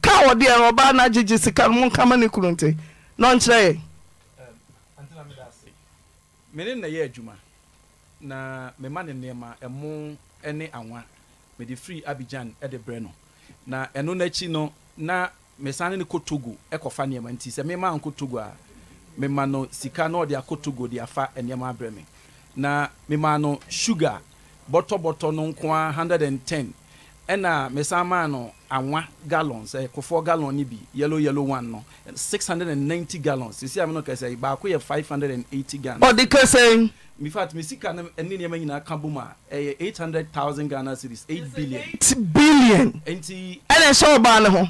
ka wɔdeɛ ɔbaa no agyegye sika no mo nkama e. ne kunu nti na ɔnkyerɛ yɛ mene na yɛ adwuma na mema ne nneɛma ɛmo ne awa mede firi abidjan de brɛ no na ɛno n'akyi no na mesane ne kɔ togo kɔfa nneɛma nti sɛ mema nkɔ togo a mema no sika na ɔde akɔ togo de afa nneɛma abrɛ me na mema no sugar bɔtɔbɔtɔ no 110 ɛna mesan maa no anwa gallons ɛ kofoɔ gallon ni bi yellow yellow one 690 gallons sisi amino kɛsɛ baako yɛ 580 ghana. ɔdi kɛsɛ. in fact mi sika ne ne nneɛma nyinaa a 800000 ghana series 8 billion. 8 billion. nti. ɛna ɛhyɛ ɔbaa ne ho.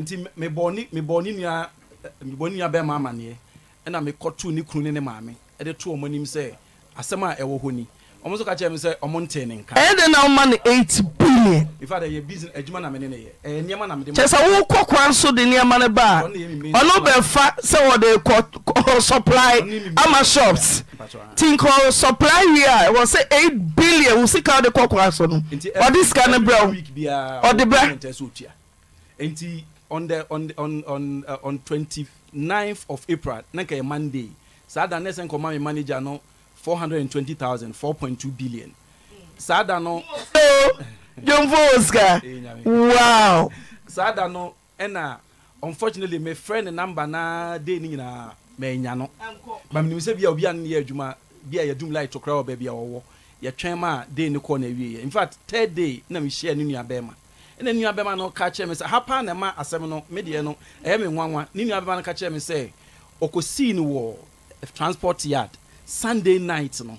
nti nua ma ɛna kunu ne maame ɛde n'im sɛ. asɛm a ɛwɔ hɔ ni ɔmo nso ka kyerɛ mi sɛ ɔmo nte ne nka. ɛyɛ de na ɔma ne eight billion. ifa de yɛ business adwuma na mi ne ne yɛ ɛyɛ nneɛma na mi de. kyesa wo kɔ kwan so de nneɛma ne ba ɔno bɛ fa sɛ wɔde kɔ supply ama shops ti supply wia wɔ sɛ eight billion wo sika de kɔ kwan so no ɔde sika ne brɛ o ɔde brɛ. on the on on uh, on on twenty ninth of april na kɛ monday saa da ne sɛ nkɔma mi manager no four hundred twenty thousand four point two billion saa da no. jomfo oscar [LAUGHS] wow. saa da no ɛna unfortunately my friend number na day ni nyinaa mɛnya no baminim sɛ bia obi a ne yɛ adwuma bia yɛdum light tokora wɔ baabi a wɔwɔ yɛtwɛn ma a day ne kɔɔ na awieɛ in fact third day na mehyia ne nua bɛrima ɛna nua bɛrima no ka kyerɛ me sɛ hapa na ɛma asɛm no medeɛ no ɛyɛ me nwanwa ne nua bɛrima no ka kyerɛ me sɛ ɔkɔsii no wɔ transport yard sunday night no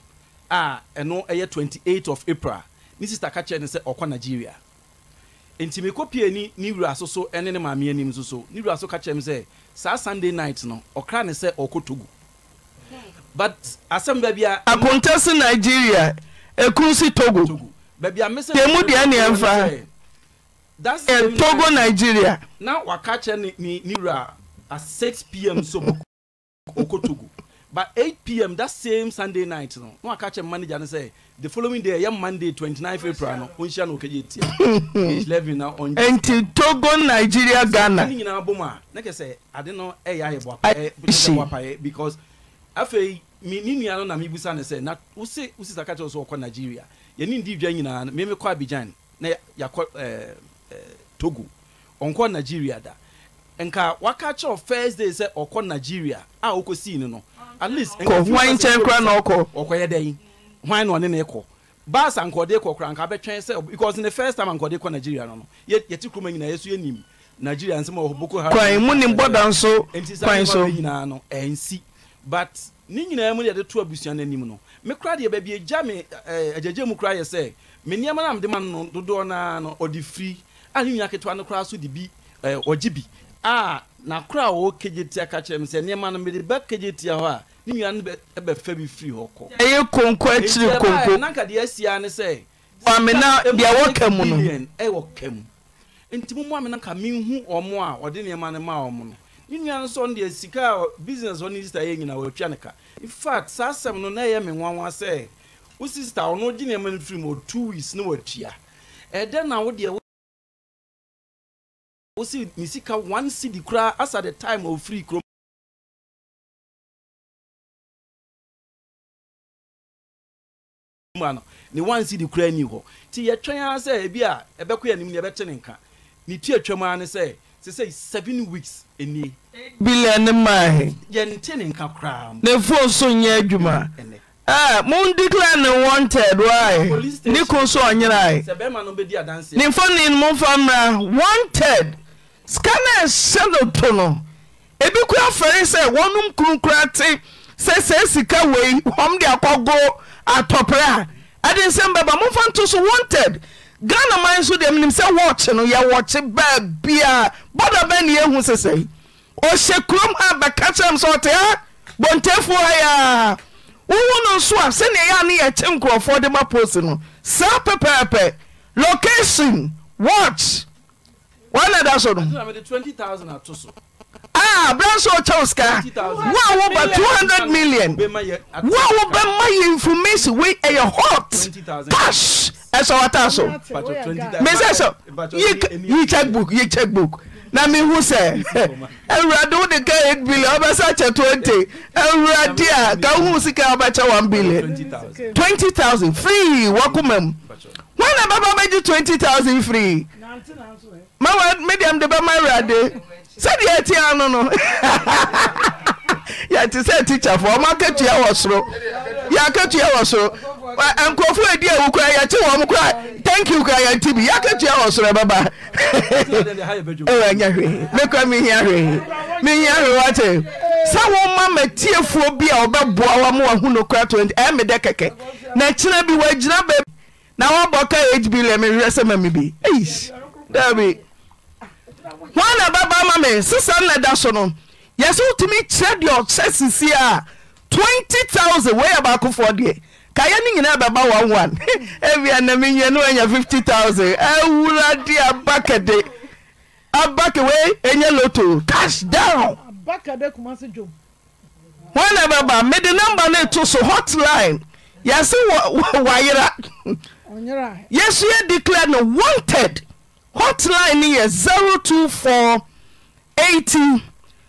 a ɛno ɛyɛ twenty eight of april ne sista ka kyerɛ ne sɛ ɔkɔ nigeria nti mi kopie ni ne wura so so ɛne ne maame anim so so wura so ka kyerɛ sɛ saa sunday night no ɔkra ne sɛ ɔkɔ togo but asɛm baabi a. akunta si nigeria ekun si togo baabi a mesɛ. temu deɛ ne yɛn fa ɛ togo eh, nigeria. na waka ni ne ne wura a six pm so ɔkɔ togo. by 8 p.m. that same Sunday night, no, no, the following day, Monday, 29th April, no, Eleven [LAUGHS] on. Togo, Nigeria, Ghana. na Na ke say I don't know eh ya ebo apa because afei mi ni nua no na mi busa ne na Nigeria. ni ndi nyina Abidjan na eh, eh, Togo. Nigeria at least. kɔ hwan nkyɛn kura na ɔkɔ. ɔkɔyɛ dɛ yi hwan na ɔne na ɛkɔ bas nkɔde kɔ kura nka abɛtwɛn sɛ because ne first time nkɔde kɔ nigeria no no yɛti kuroma nyinaa yɛso yɛ nim nigeria nsɛm a ɔbɔ boko haram. kwan mu ni bɔda nso kwan so. nti saa nyinaa no ɛnsi but ne nyinaa mu yɛde to abusua n'anim no me kura deɛ baabi egya me ɛɛ agyagya mu kura yɛ sɛ me nneɛma na mede ma no dodoɔ naa no ɔde firi a ne nyinaa ketewa no kura so de bi ɛɛ ɔgye bi a na kora a wɔwɔ kegye tia ka kyerɛ me sɛ nneɛma no mede ba tia hɔ a ne nua no bɛfa bi firi hɔ kɔ ɛyɛ konko akyiri konko na nka deɛ asia ne sɛ ame na deɛ ɛwɔ ka mu no ɛwɔ ka mu nti mo mu na ka menhu ɔmo a ɔde nneɛma no ma ɔmo no ne nua no sɛ sika a business ɔne sista yɛ nyina wɔatwa ne ka infact saa asɛm no na ɛyɛ me nwanwa sɛ wo sista ɔno gye nneɛma no firi mu weeks ne watua ɛdɛ na osi ne sika one cd koraa as at the time of free kurom ano ne one cd koraa ni hɔ nti yɛtwɛn ara sɛ ebi a ɛbɛkɔ yɛn anim ne yɛbɛte ne nka ne tu atwam ara ne sɛ sese seven weeks enie. billion ne maa he. yɛn te ne nka koraa. ne fone so nyɛ adwuma. Mm, ah, mun declare ne wanted why? Right? Ni ko so anyira. Sɛ bɛrima no bɛ di adanse. Ni fɔ ni fa mura wanted sika na ɛhyɛ no to no ebi kora fɛre sɛ wɔnom kurukura te sɛ sɛ sika wei wɔm de akɔgo atɔprɛ a ɛde nsɛm bɛba momfa nto so wanted ghana man nso deɛ menim sɛ wɔɔkye no yɛwɔkye baa bia bɔda bɛ ne yɛhu sɛ sɛi ɔhyɛ kurom ha bɛka kyerɛ m sɛ ɔte ha bɔntafoɔ ha yɛa wohu no nso a sɛnea yɛa ne yɛkye nkurɔfoɔ de ma posi no saa pɛpɛɛpɛ location watch wọn na da so no. a abirante sọ ọkyẹw sika wo a two hundred million wo a wo bẹ ma yẹ information wey ẹ yẹ hot cash ẹ sọ wọta so mẹsẹ sọ yi check book yi check book. na mehu sɛ [LAUGHS] awurade wo de ka 8 bilion ɔbɛsɛ kyɛ 20 awurade a kawohu sika wobɛkyɛ 1 bilion 20000 frii wɔkomam ho na bɛba mɛgye 20000 frii mediam de bɛma awerade sɛdeɛ ati a no no [LAUGHS] yɛte sɛ teachafo ɔma akatua wɔ soro yɛ akatua wɔ soro nkurɔfo adi awu kora yɛkye wɔ m kora thank you kora yɛnti bi yɛ akatua wɔ soro bɛba ɛnyɛ mi mekora mehia hwee mehia hwee wate sɛ bi a wɔbɛboa wa ma wahu no kora 20 ɛyɛ medɛ kɛkɛ na kyena bi wɔagyina baabi na wɔbɔ ka age bi lɛ mehwɛ sɛ ma me bi ei daabi hɔ na bɛba ma me sesam na da so no yɛsɛ wotumi kyerɛdeɛ ɔsɛ sesie a 20,000 wɔyɛ baakofo deɛ kayɛ [LAUGHS] no nyinaa baba 1 vianam yn anya50000 awurade abake de abak w nya notoo cash down na baba mede numba no to so hotline yɛse wyera yeso yɛ declare no wanted hotline no yɛ 0248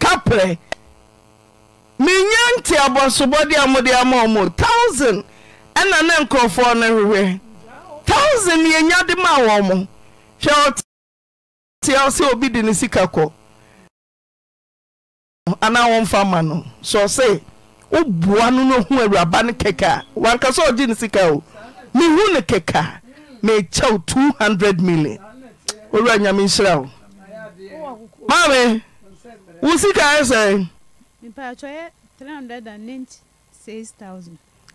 kaprɛ menya nte abɔsobɔde a mode ama mu tousand ɛna ne nkurɔfoɔ no hwehwɛ tousand yɛnya de maa wɔ mo hwɛ sɛ obi de ne sika kɔ anaa wɔmfa ma no sɛ ɔse woboa no no hu awuraba no a wanka sɛ ɔgye ne sika o mehu ne a mekyɛw 200 million owura nyame nhyira wo maame wo sikae sɛ kyɛrɛ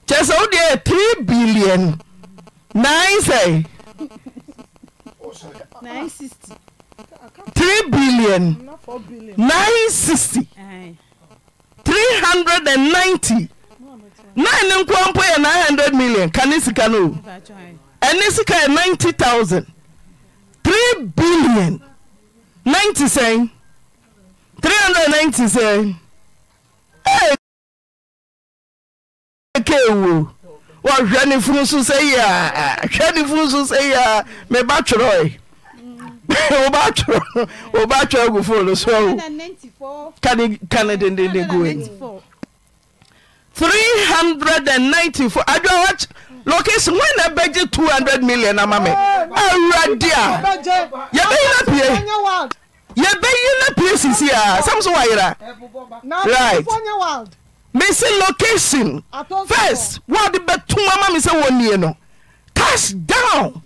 sɛ wo deɛ ɛ 3 biliɔn na sɛ 3 biliɔn 960 39in0 na ɛne nkoa npo yɛ n00 milion ka ne sika no o ɛne sika ɛ 9i0 ,000 3 bilion ninsɛn three hundred ninety sẹ ẹ ké wo wọ́n hwẹ́ ni funu so sẹ́ yìí à hwẹ́ ni funu so sẹ́ yìí à mẹ bá twerọ ẹ̀ [LAUGHS] wọ́n bá twerọ wọ́n bá twerọ gu fóònù sọ́wọ́ kàní kàní dendende gu ẹ̀ three hundred and ninety four adwa wọ́n location wọn na bẹ gye two hundred million amami awuradi a yẹ bẹ yẹ bẹ pie yɛbɛyi no psc a sɛm so wayera right mese location first wode bɛtom ama me sɛ wɔnnie no cash down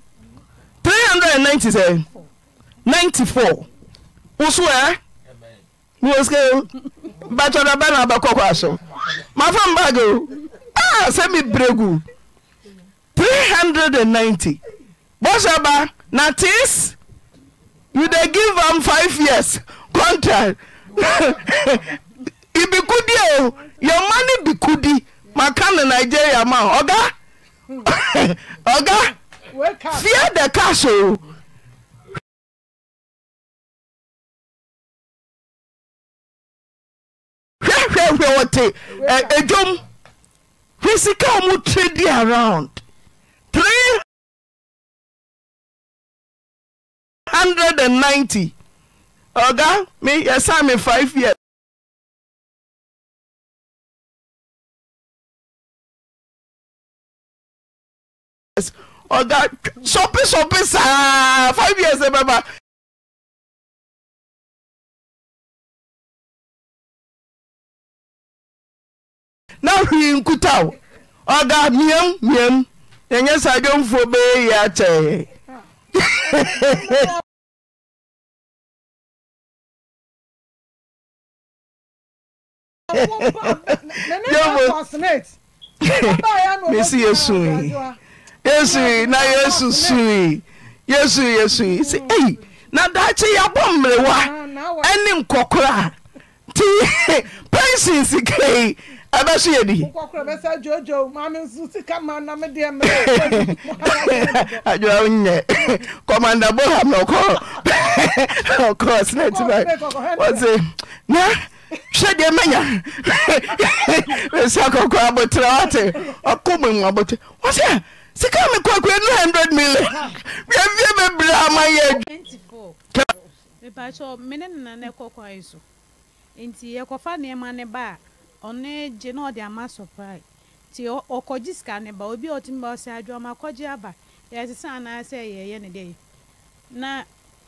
three hundred and 390 sɛ 94 wo so ɛ mewɔsika batɔdaba na abɛkɔkɔ aso mafam bag o a ah, sɛ mebrɛ gu 390 bɔhyɛ ba na tes you dey give am five years contract [LAUGHS] ibikudi o your money bikudi maka na nigeria man oga [LAUGHS] oga fear the cash o. hwehwehwe wɔte ɛdwom eh, hwesika a wɔn trade around three. 90 ɔga me yɛsan me fiv years ɔgasɔpesɔpe saa 5ive years eh, bɛba na hei nkutaw ɔga mmiamiam ɛnyɛ sa adwomfoɔ beɛyiatɛ mesi yɛsui yɛsui na yɛsu sui yɛsui yɛsui sɛ e na daakye yɛabɔ mmerewa ɛne nkɔkoraa nti [LAUGHS] pɛse nsikei ɛbɛso yɛ diiadwoawonyɛ commanda boham na ɔkɔɔ sena tibaɔse na hwɛ deɛ manya mɛsɛ kɔkɔ abotra wate ɔko mu mu abotra wɔsɛ sika me kɔkɔ no hundred million biavie e bebree ama yɛ adwu Ọ na na ọdị ama sọprai ti ọkọji na ba obi otu mba ọsị ajụ ọma kọji aba ya sisa na asị ya eye ne dei na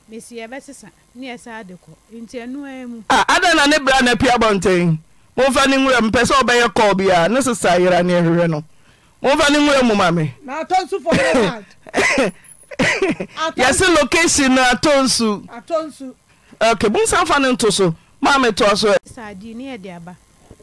mesi ya besisa ni ya sa adekọ nti enu mu. a ada na ne bra na pia bọnten mo mfa ne nwura mpɛ sɛ ɔbɛyɛ kɔɔ bia ne sesa yera ne ahwehwɛ no mo mfa ne nwura mu ma me yɛse location na atɔ nsu ok mo nsa fa ne nto so maa metɔ so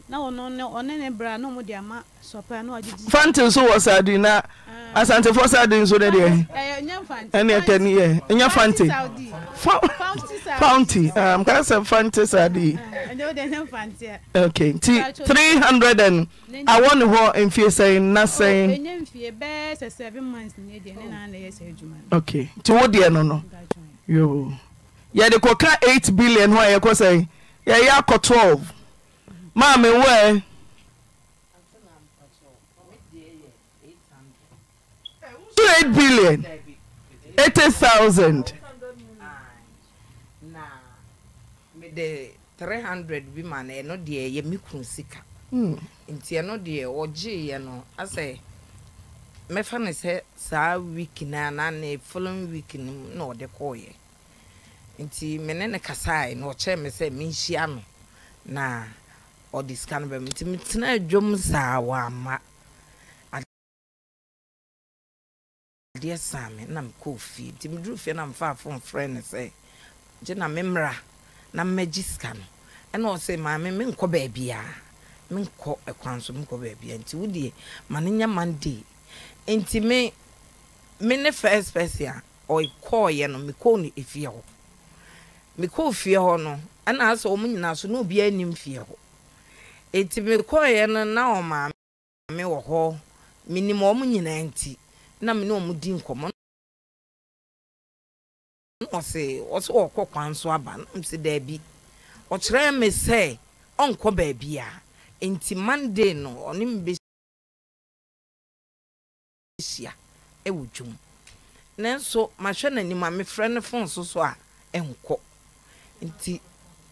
na ɔno ne ɔne ne bra na ɔmo de ama sɔpɛ na ɔgye gye. fanti nso wɔ saadi na ah. asantefoɔ saadi nso eh, eh, ne deɛ. ɛnyɛ fanti ɛnyɛ yɛ ɛnyɛ fanti fanti um kan sɛ fanti saadi. ɛnyɛ okay ti three hundred and awɔ ne hɔ e mfie sɛn na sɛn. ɛnyɛ na yɛ okay ti wo deɛ no no yoo de kɔ ka eight billion hɔ a yɛ kɔ sɛn yɛ yɛ akɔ twelve maame wẹ. two eight billion eighty thousand. na mede three hundred bi ma eh, na ɛno deɛ yɛ mi kun sika. Hmm. nti ɛno deɛ ɔgye yɛ no asɛ mɛfa ne sɛ saa week na na ne following week no na ɔde kɔɔyɛ nti mene ne kasaeɛ na ɔkyerɛ me sɛ menhyia no na ɔde sika no bɛm nti metena adwom saa wɔama adeɛ saa me na mekɔɔ fie nti meduru fie na mfaafo mfrɛ no sɛ gye na memmra na mmɛgye sika no ɛna ɔsɛ maame menkɔ baabiaa menkɔ ɛkwan so menkɔ baabia nti wodeɛ ma no nyɛ monday nti me me ne first person a ɔkɔɔyɛ no mekɔɔ no efie hɔ mekɔɔ fie hɔ no ɛna asɛ ɔmo nyinaa so na obiara nim fie hɔ eti mekɔeɛ no na ɔmaame wɔ hɔ menim ɔmo nyinaa nti na mene ɔmo di nkɔmmɔ ɔse ɔse wɔkɔ kwan so aba no mse daabi ɔkyerɛ me sɛ ɔnkɔ baabi a nti monday no ɔne me bɛhyia ɛwɔ dwom nanso mahwɛ n'anim a mefrɛ no fon so so a ɛnkɔ nti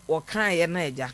wɔkaeɛ no agya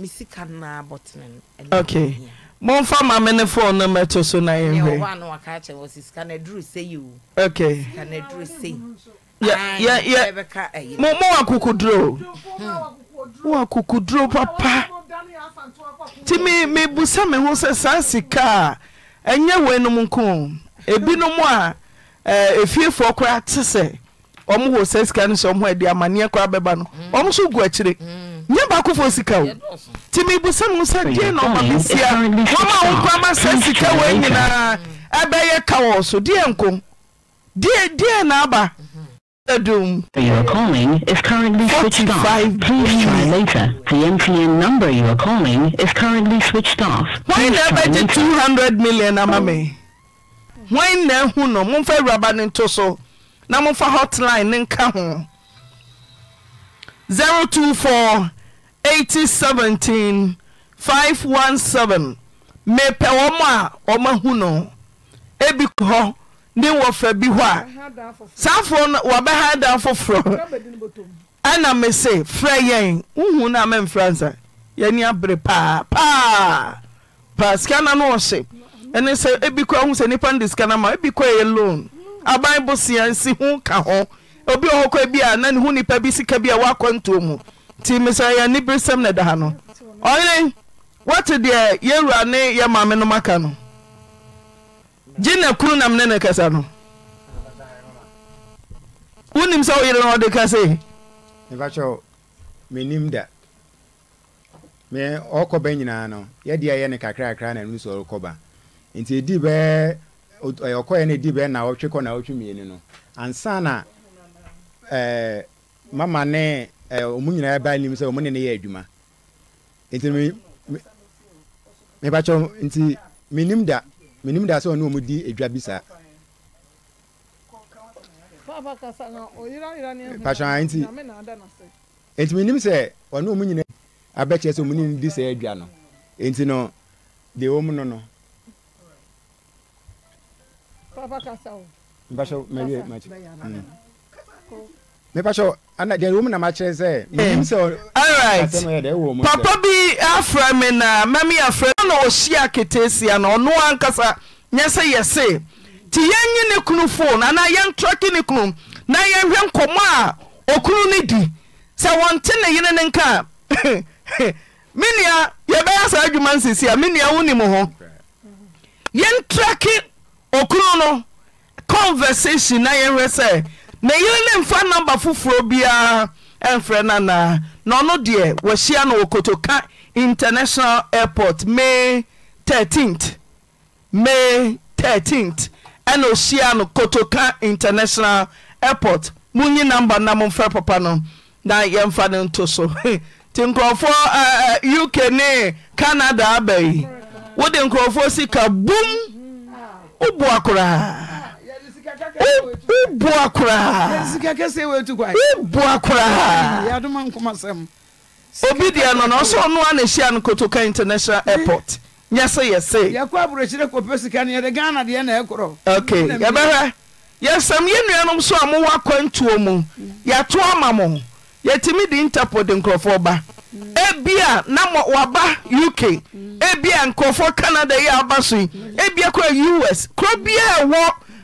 me sika na botene no okay momfa maame ne phone no mɛto so na yɛhwɛ ɛwɔ no waka kyɛ wɔ sika na duru sɛ yi o okay sika na duru sɛ yɛ yɛ mo mo akukuduro hmm. mo akukuduro papa ti mi mi busa mi ho sɛ saa sika a ɛnyɛ wɔ enum eh, nko ebinom a ɛɛ efiefoɔ koraa te sɛ wɔn wɔ sika no sɛ wɔn ɛde amaneɛ koraa bɛba no wɔn hmm. nso gu akyire. Hmm nyɛ baako fo sika o nti mebusa no sɛ deɛ na ɔma mesia wɔma wo korama saa sika wɔ nyinaa ɛbɛyɛ ka wɔ so deɛ nko deɛ deɛ na aba adum 45 hwan na ɛbɛgye 200 million ama me hwan na ahu no momfa awuraba no nto so na momfa hotline ne nka ho 024 8017 517 mepɛ wɔ m a ɔmahu no ebi kɔ hɔ ne wɔfa bi hɔ a saafoɔ no wɔabɛha dan foforɔ ɛna me se frɛ yɛn wohu no a mamfra nsa yɛani abere paa paa paa sika na no ɔhye ɛne sɛ ebi kɔ hu sɛ nnipa no de sika no ma ebi kɔ yɛ loan aban bosea nsi ho ka ho obi wɔ hɔ kɔ bi a na ne ho nnipa bi sika bi a wɔakɔ ntoo mu nti mesa yɛ ani beresɛm ne daa no ɔyere wɔte deɛ yɛwura ne yɛ maame nom aka no gye na kunu nam ne ne kasa no wonim sɛ woyere no ɔde ka se mepakyɛ menim da me ɔkɔ ba nyinaa eh, no yɛdeɛ yɛ ne kakrakra na ɛno so ɔrekɔ ba nti ɛdi bɛɛ ɔkɔɛ no ɛdi bɛɛ na ɔtwe kɔ na ɔtwe mmienu no ansa na eh, mama ne ɛɛ eh, ɔmu nyinaa ba anim sɛ ɔmu ne ne yɛ adwuma nti mi mi ba kyɛw nti mi nim da mi nim da sɛ ɔne ɔmu di adwa bi saa. patron nti nti mi nim sɛ ɔne ɔmu nyinaa abɛkyɛ sɛ ɔmu ne di sɛ adwa no nti no deɛ ɔmu no no. mpakyɛw mɛwie makyi mɛpakyɛw. rpapa eh. bi afra me na mamea frɛɔ na ɔhyia aketesia na ɔnoaa ankasa nyɛ sɛ yɛ se nti yɛnnye ne kunu fon anaa yɛntrɛ ke ne knu na yɛnhwɛ nkɔmmɔ a ɔkunu no di sɛ wɔn tene yene ne nkaa [LAUGHS] me nua yɛbɛyɛ saa adwuma nsisi a menua wonim ho yɛn trake ɔkunu no conversation na yɛnhwɛ sɛ ne yer ne mfa number foforɔ biara ɛmfrɛ no naa na ɔno deɛ wɔahyia no wɔkotoka international airport ma 13t ma 13th ɛna ɔsia no kotoka international airport monyi nambe na mo mfɛr papa no na yɛmfa no nto so [LAUGHS] nti nkurɔfoɔ uk ne canada abayi wode nkurɔfoɔ sika bom woboa koraa woboa koraawboa koraa obi deɛ no no ɔsɛ ɔnoa na hyia no kotoka international airport nyɛ sɛ yɛ seyɛbɛhwɛ yɛsɛm yɛ nnuanom so a mowɔ akwantuo mu yɛato ama mo yɛtumi de interpol de nkurɔfoɔ ba ebia na waba uk ebi a nkurɔfoɔ canada yɛ aba so yi ebia kora us kuro biaa ɛwɔ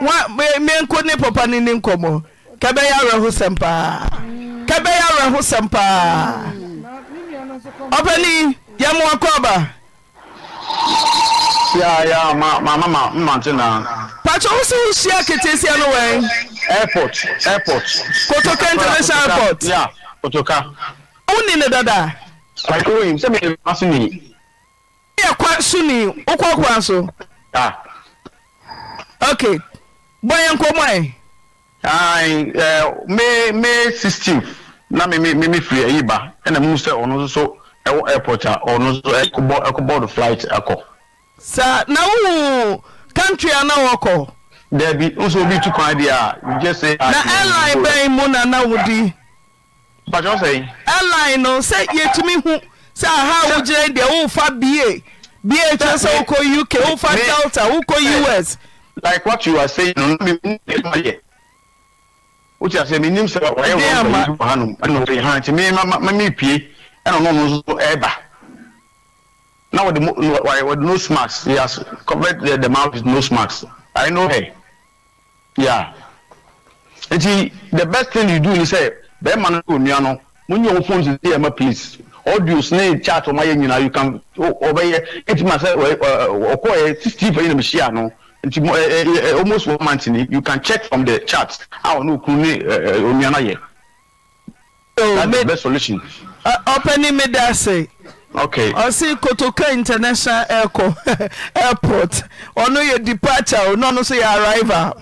menko ne papa no ne nkɔmmɔ kɛbɛyɛ awerɛho sɛm paa kɛbɛyɛ awerɛho sɛm paa ɔpɛni yɛmoa kɔɔba patro wo sɛ wohyia ketesia no wɛn airport airport kotoka international airport yeah kotoka woni ne dada patro yim sɛ meyɛ kwa so ni yɛ kwa so ni wokɔkora so okay bɔnyɛ nkɔmɔ ɛ. ɛɛ may may sixteen na mi mi mi firi ɛyi eh, ba ɛna mu sɛ ɔno nso ɛwɔ eh, airport a ɔno nso ɛkɔbɔ eh, ɛkɔbɔ the flight ɛkɔ. sa na wohu country a na wɔkɔ. dabi nso obi tu kwan di a gye se. Ah, na airline bɛn mu na na wodi. bàtà sɛyìn. airline no sɛ yɛtumi hu sɛ aha awogyere deɛ wofa bie bie kyerɛ o wokɔ uk o wofa delta wokɔ us. Me, like what you are saying no mi ni ma yɛ o ti a sɛ mi nim sɛ ɔyɛ wɔn bɛ yi wɔ hanom ɛna ɔyɛ ti mi ma mi pie ɛna ɔno ɔno nso ɛɛba na wɔde mo wɔyɛ wɔde nose mask yɛ as covered the the mouth with nose mask i know her yeah nti the best thing you do ni sɛ bɛrima no kò nua no mo n yɛ wɔn phone ti please audios ne chat ɔma yɛ nyinaa you can ɔbɛyɛ eight months ɔkɔ yɛ sixty fɛ yi na mo hyia nti uh, uh, almost one month ni you can check from the chart how no kun ni omi ana yẹ. that's the best solution. ọpẹni uh, me da say. okay. I see kotoka international airco [LAUGHS] airport ọ̀nà your departure ọ̀nà no sọ yẹ arrival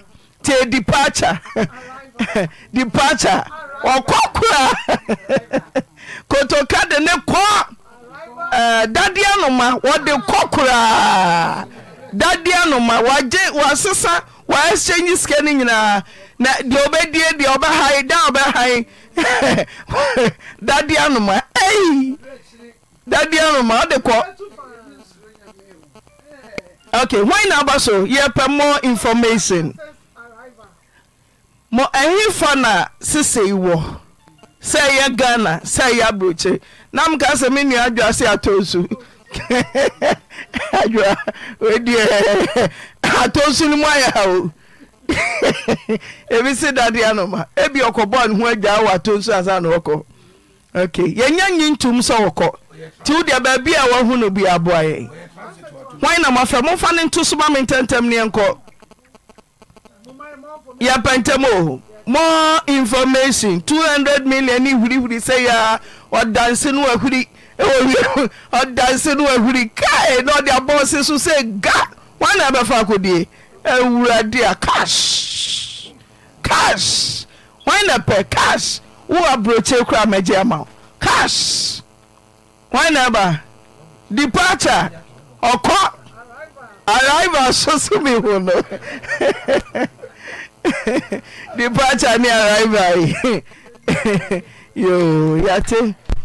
ti yẹ departure [LAUGHS] departure ọkọ kura [LAUGHS] kotoka de Daddy, kọ dadeɛ noma wɔde kɔ koraa. dadeɛ noma wagye wasesa waɛhyɛ nyi sika no nyinaa na deɛ ɔbɛdie deɛ ɔbɛhae da ɔbɛhae [LAUGHS] dadeɛ noma dadeɛ noma ɔde kɔ ok hwan na aba so yɛpɛ more information mɔ ɛhefa na sesei wɔ sɛ ɛyɛ ghana sɛ ɛyɛ na mka sɛ me nua adwa se atɔ su adwa wedi eh, atɔnso no mu ayɛ o ebi si dade anoma ebi ɔkɔbɔ ne ho agya wɔ atɔnso asa na ɔkɔ ok yɛnya nyi ntum sɛ ɔkɔ ti wo deɛ baabi a wahu no bi aboa yɛ wɔn na mafɛ mofa ne nto soma me ntɛntɛm ne nkɔ yɛpɛ ntɛm o more information two hundred million ne hurihuri sɛ yɛ ɔdanse no ahuri. [LAUGHS] danse no wawiri ka na de abose so se ga nebefa kodie awradea casas inepɛ cas woa broke kora megye ama cas eba departure ɔkɔ arrivel sosomi hono [LAUGHS] departure ne arrive [LAUGHS]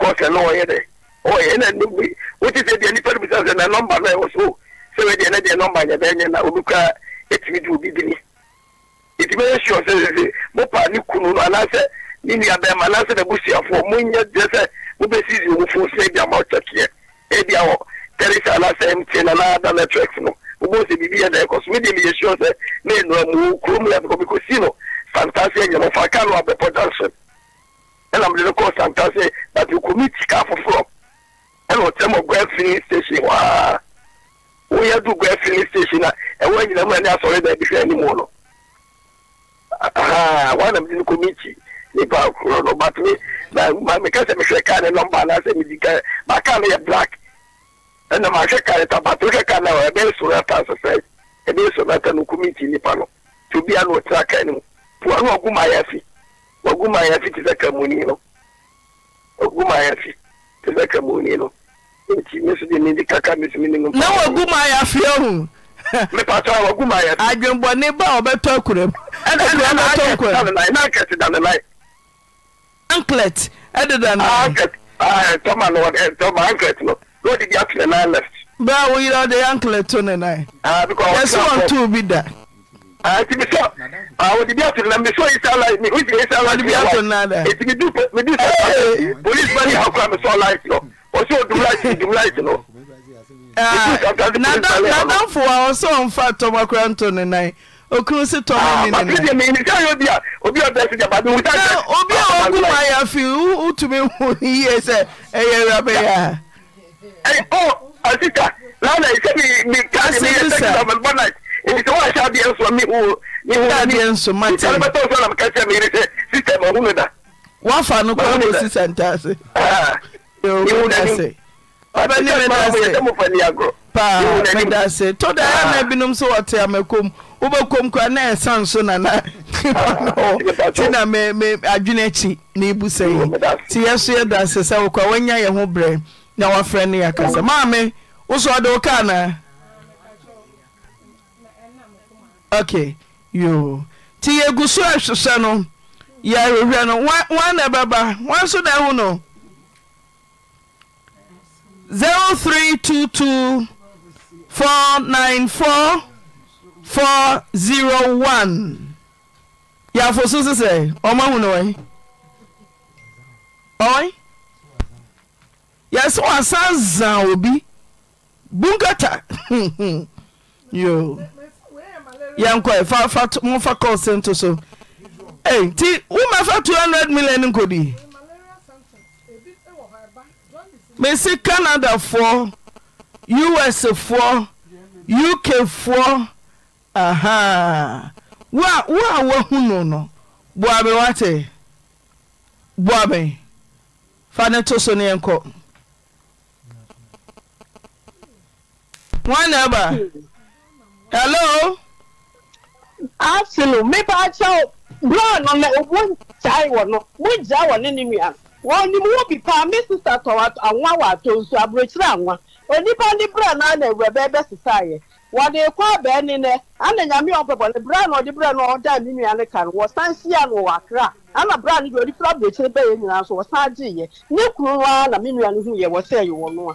kɔɔsɛ no ɔyɛ dɛ ɔyɛ ɛna ne wote sɛ deɛ nipa no bisa sɛ na nɔmba no ɛwɔ so sɛ wɛ deɛ ne deɛ nɔmba nyɛ bɛnyɛ na obi kora ɛtumi de obi dini ɛtumi yɛ sure sɛ sɛ mopa ne kunu no anaasɛ ne nua bɛrima anaasɛ n'abusuafoɔ monyɛ deɛ sɛ mobɛsi zi omu fo sɛ ebi ama ɔkyɛkyeɛ ebi awɔ tɛrisa anaasɛ mtn anaada networks no wobɔ sɛ biribi yɛ dɛ ɛkɔ so medeɛ meyɛ sure sɛ na ɛnura mu kurom yɛ bɛkɔ bɛkɔsi no fantasia nyɛ no fa ka no abɛpɔ ɛna mede no kɔɔ santa sɛ but ɔkɔmi sika foforɔ ɛna ɔtɛm ɔgua filling station waa woyɛ do gua filling station a ɛwɔ nyina mu a ne asɔre da bihwɛ anim no wana mede no kɔmi kyi nipa korɔ no but me meka sɛ mehwɛ kaa ne nɔmba anaasɛ medi ka makaa no yɛ black ɛna mahwɛ kaa ne tabato hwɛ kaa no a ɛbɛyɛ soro ata sɛsɛ ɛbɛyɛ soro ata no kɔmi kyi nipa no nti obiara no ɔtena kaa no mu puano ɔgu ma yɛ afi ɔgumayaafi te sɛ ka moni no g maɛa mn woagu maaɛfe uadwbɔne ba ɔbɛtɔ krɛ yrdnklɛto nn àti mi sọ àwọn òdìbí àtúntò náà mi sọ ìsà láì mi ìsì ìsà láì mi wà ètò mi dùn mi dùn sọ pàṣẹ polisi bá ní àkúrà mi sọ láì lọ o sì òdùn láì dùn láì lọ. nadamfo a ɔsɛ ɔmfa tɔm akora nto ne nan okunu si tɔm mi ne nan obi a ɔgu mu ayafi wotumi hu yie sɛ ɛyɛ awuraba yɛ a. ɔ asita lana ɛsɛ mi mi kaa ni mi yɛ sɛ kí wafa no aɔsans to da ɛna binom sɛ wɔte amakom wobɛkom koa na ɛsa nso nana ti na ah, [LAUGHS] adwena akyi ne ibu sɛ yi nti yɛ mm. so ɛda se sɛ woka wanya yɛ ho berɛ na woafrɛ no yɛkasa maame wos ɔde wokana ok ntiyɛgu so ahwesɛ e no yeh n nɛ baba a sodɛ hunu 03 44401 yefo su sesɛ ɔma hud h yeso wasa za obi bukata [LAUGHS] yɛnkɔ eh, fa fa mo momfa kɔɔse nto so ee eh, nti woma fa two hundred million Canada mesi canadafoɔ usfoɔ ukfoɔ aha wo a wo a woahu no no boa me wate boa me fa ne to so ne yɛnkɔ wan na ɛba hello asinu meba kyɛw blɔɔ no na obu gyae wɔ no mo gyae wɔ ne ne nua wɔn nim wo bi paa me sista tɔ anwa wɔ atɔ nsu aburokyire anwa onipa ne bra na na ewura bɛɛ bɛ sisa Wọ na kɔ abɛɛ ne nɛ ana nyame ɔbɛbɔ ne bra na ɔde bra na ọda ne nua ka no wɔsan si ya n'ụwa kra. ana bra ne deɛ ɔde fura aburokyire bɛyɛ nyinaa so wɔsan agye yɛ ne kunu wa na me nua no ya, yɛ wɔsɛ yɛ wɔn no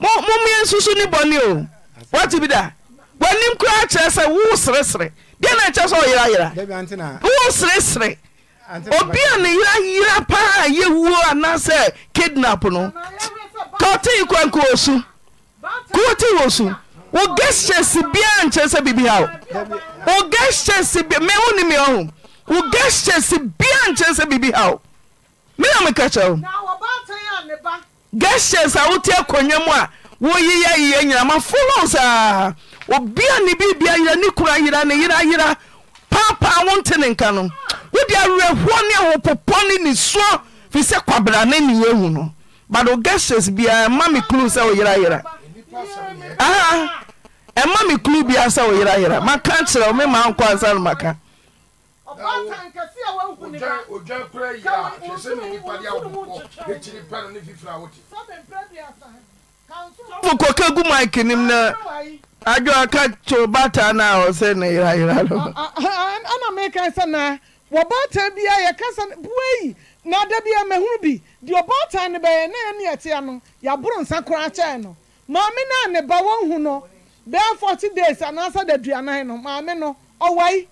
mommeɛ nsuso ne bɔne o wate bi da w'anim koraa kyerɛ sɛ wo seresere deɛ na ɛkyɛ sɛ ɔyerayera wo seresere obi a ne yera yera paa a yɛwuo anaasɛ kidnap no ka ɔtee kwanka wɔ su kowote wɔ su wo gestures biara nkyerɛ sɛ biribi ha o wo gestures bi me wo ne me ɔho wo gestures biara nkyerɛ sɛ biribi ha o me na meka o wo geshes a wote akonnwa mu a woyi yɛ yiyɛ nyinama follows a obia ne biribia yera ne kura yera ne yera yera paapaa wonte ne nka no wode awerɛhoɔ ne ahopopɔ ne ne soɔ firi sɛ kwabra ne ne yɛhu no but o biara ɛma me klu sɛ wo yera yera aha ɛma me klu biara sɛ wo yera maka kyerɛ wo me maa nkɔ ansa no maka wata nkɛse a wahu ne ba ogya kora a gu mike nim na adwo aka kyo bata no a ɔsɛ ne yerayera no ana meka sɛ na wɔbaata bia yɛkasa buayi na ada bia mahunu bi deɛ ɔbaata no bɛyɛ na ɛne ɛteɛ no yɛaboro nsa koraa kyɛe no maame no a ne ba no bɛɛ 40 days anaasɛ da no maame no ɔwai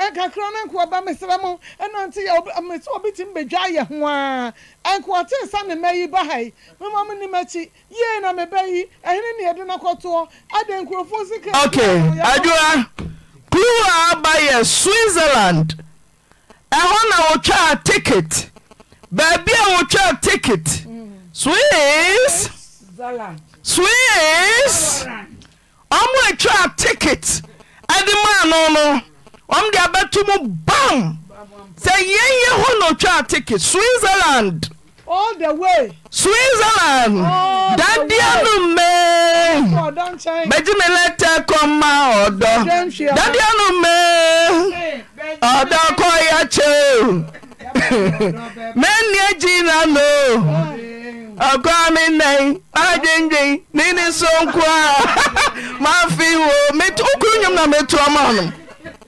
ɛkakra no nkoa ba mesrɛ mo ɛna nti mese obi tim bɛdwa yɛ ho a ɛnkoa tee sa ne ma yi ba ha yi mema mo nim akyi yie na mebɛyi ɛhene ne yɛde no kɔtoɔ adɛ nkurɔfoɔ sika okay adwoa kuru a aba yɛ switzerland ɛhɔ na wɔtwaa ticket baabi a wɔtwaa ticket swiss swiss ɔmo atwaa e ticket ɛde maa no no ɔm de abɛto mu bam sɛ yɛnyɛ hɔ na ɔtwaa teke switzerland switzerland dadeano mee bɛgye me lɛtɛ kɔma ɔdɔ dadeano mee ɔdɔ kɔya kyɛo mɛnia gyina no ɔkɔa me nɛn adwendwen ne [LAUGHS] ma fi a mafi wo wokuru nnwom na metoa ma no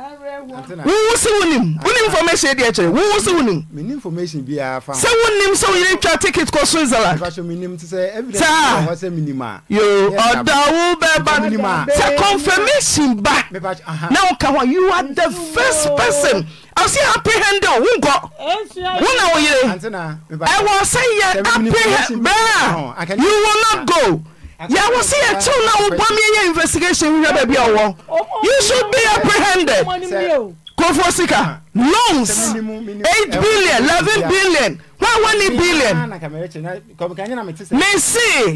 wowo sɛ wonim wonim information adi akyerɛ wowo sɛ wonim sɛ wonim sɛ woyere twa ticket kɔ switzerlandsaa yo ɔda wo bɛba sɛ confirmation ba na woka hɔ you are the first person ɔsi apprehend o wonkɔ wona woyere ɛwɔ sɛ yɛ apprehend bɛa you will not ah. go yɛawo sɛ yɛkɛw no wobam yɛyɛ investigation hɛ baabia wɔ app kfoɔ sika s i bilion on bilion mesii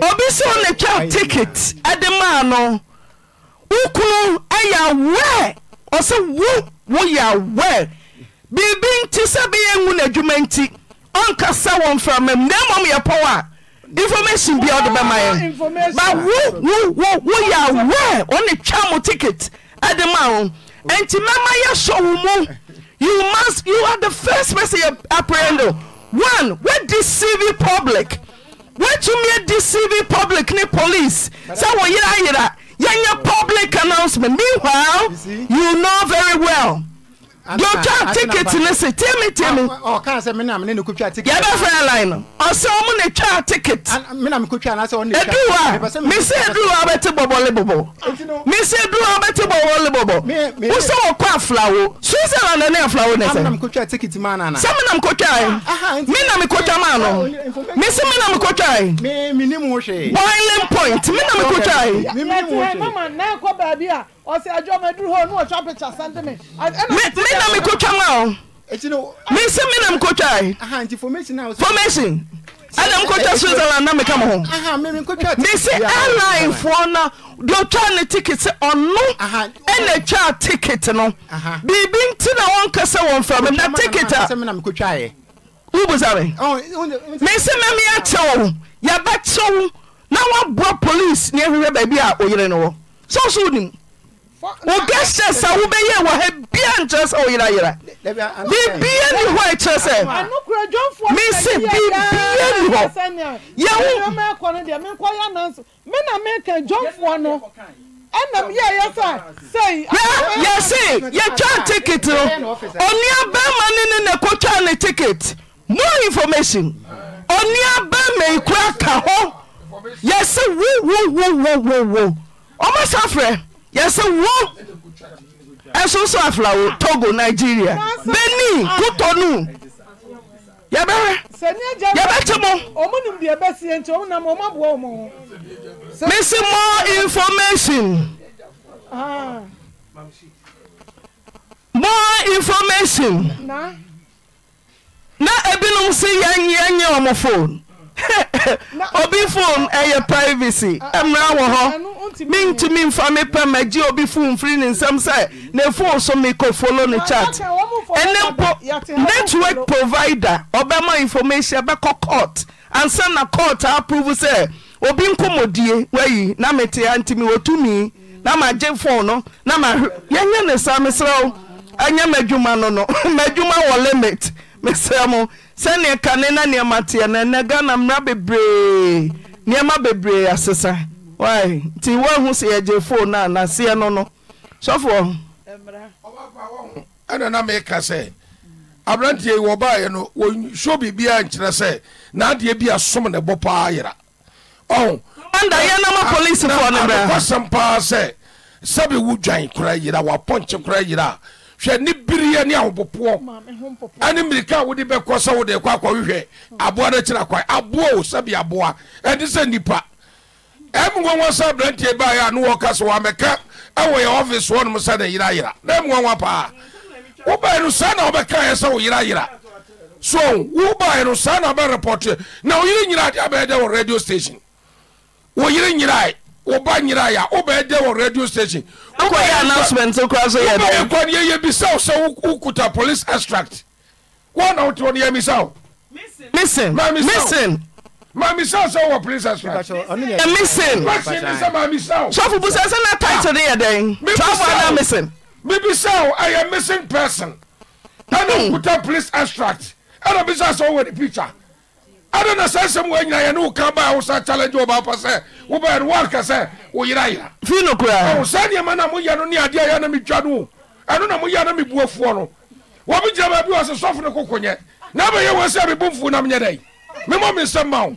obisɛ ne twa tickit de maa no wo kunu yɛ awɛ ɔ sɛ wowoyɛ awɛ birbi nti sɛ bɛyɛ wu noadwuma nti ɔnkasa wɔnmframam na mmɔmyɛpɔw a information bi a ɔde bɛma yɛ ba wo wo wo wo yɛ aware ɔne twa mo ticket ɛde ma wo nti mɛma yɛ sɔ wo mu you must you are the first person yɛ apprehend one wɛ deceive public wɛtumi deceive public ne police sɛ wɔ yera yera yɛnyɛ public announcement meanwhile you know very well deɛ ɔtwa ticket ne se tie mi tie mi yɛbɛ fɛ line no ɔsɛ ɔmo na twa ticket eduwa mesi eduwa bɛte bɔbɔle bɔbɔ mesi eduwa bɛte bɔbɔle bɔbɔ wosɛ wɔkɔ aflawo susan na ne aflawo ne sɛ sɛ mi nam kotwa yi mi nam kotwa maa no mesi mi nam kotwa yi boiling point mi nam kotwa yi ɔsi adwo ma eduru hɔ ɔnu ɔtwa picture send me. mi mi na mi ko twa ma o. eti no. mi nse mi na mi ko twa yi. E. aha nti formation na. formation. ana mi ko twa switzerland na mi ka mo aha mi mi ko twa. mi se airline foɔ na de ɔtwa ne ticket ɔno ɛna etwa ticket no. biribi nti na wɔn kasa wɔn fɛ mi na ticket a. mi na mi ko e. oh, twa yɛ. wubu sabe. mi mi mi akyɛ wo yaba kyɛ wo na wɔn police ni ehwehwɛ baabi a oyere no wɔ sɔɔso nim. So, so, woga hyɛ sa wobɛyɛ wɔ ha bia nkyerɛ sɛ woyera yera biribia ni hɔ ɛkyerɛ sɛ mese biribia ni hɔ yɛwo ɛnam yɛ yɛ sa sɛyi. yɛsi yɛtwa ticket no eh? onua bɛrima ne ne na kotwa ne ticket more information onua bɛrima ekura ka hɔ yɛsi wo wo wo wo wo wo ɔmo safrɛ yɛsɛ wo ɛso so aflawo togo nigeria benin kotonu yɛbɛhwɛ yɛbɛte mo mese more information more information na ebinom se yɛnyɛ ɔmo phone [LAUGHS] obi fon ɛyɛ eh, privacy mmara wɔ hɔ mentumi mfa me pɛ magye obi fon firi ne nsɛm sɛ ne fon so mekɔfolo no ah, chat ɛne mpo network provider ɔbɛma information ɛbɛkɔ court ansa na court approve sɛ obi nkɔmmɔdie wayi na mete a ntimi wɔtumi na magye fon no na mahwɛ yɛnyɛ ne saa meserɛ wo ɛnyɛ m'adwuma no no [LAUGHS] m'adwuma wɔ limit mesrɛ mo sɛneɛ kane na nneɛma teɛ no ɛnɛ ghana mmara bebree nneɛma bebree asesa nti woahu sɛ yɛgye fo no anaseɛ no no sɔfoɔ ɛna na meka sɛ aberanteɛ wɔbaeɛ no wɔnhyɛ biribiaa nkyerɛ sɛ naadeɛ bi asom ne bɔ paa yera anyị no sɛ dwan yera yera a hwɛ ne biriɛ ne ahopopoɔ ɛne mmirika a wode bɛkɔ sɛ wode kɔ akɔhwehwɛ hmm. aboa no akyira kwae aboa o sɛbi aboa ɛnte sɛ nnipa ɛmu nwanwa sɛ aberanteɛ baeɛ a ne wɔka sɛ wɔamɛka ɛwɔ yɛ office hɔ nom sɛ ne yerayera na ɛmu nwanwa paa wobaɛ no saa na wobɛkaeɛ sɛ wo yerayera so wobaɛ no saa na wobɛrepɔte na wo yere nyira adeɛ abɛyɛ dɛ wɔ radio station wo yere nyirae wo ba nyirae a wobɛyɛ dɛ wɔ radio station wokɔyɛ announcement kora so yɛ dɛyɛkɔ ne So bisa who sɛ a police extract wɔna wote wɔ ne yɛmisa Missing. missing maamisa sɛ wowɔ police extractmissinmisɛmaamisa wo sɔfo bu sɛ sɛ na missing. ne yɛ dɛn trafo ana missing I wo ɛyɛ missing person ɛna hmm. wokuta police extract ɛna bisa sɛ wowɔ the picture ɛde na saa sɛm wanyina yɛne wo ka baa wo sa challenge wɔba pa sɛ wobɛɛ no woanka sɛ wo yera yera fii no koraa saa nneɛma na moyɛ no ne adeɛ yɛ na metwa no o ɛno na moyɛ na mebuafoɔ no wɔbɛgyina baabi wɔ sɛ sɔfo no kokonyɛ na bɛyɛ wɔ sɛ mebomfuo na menyɛ dɛn memɔ me nsɛm ma wo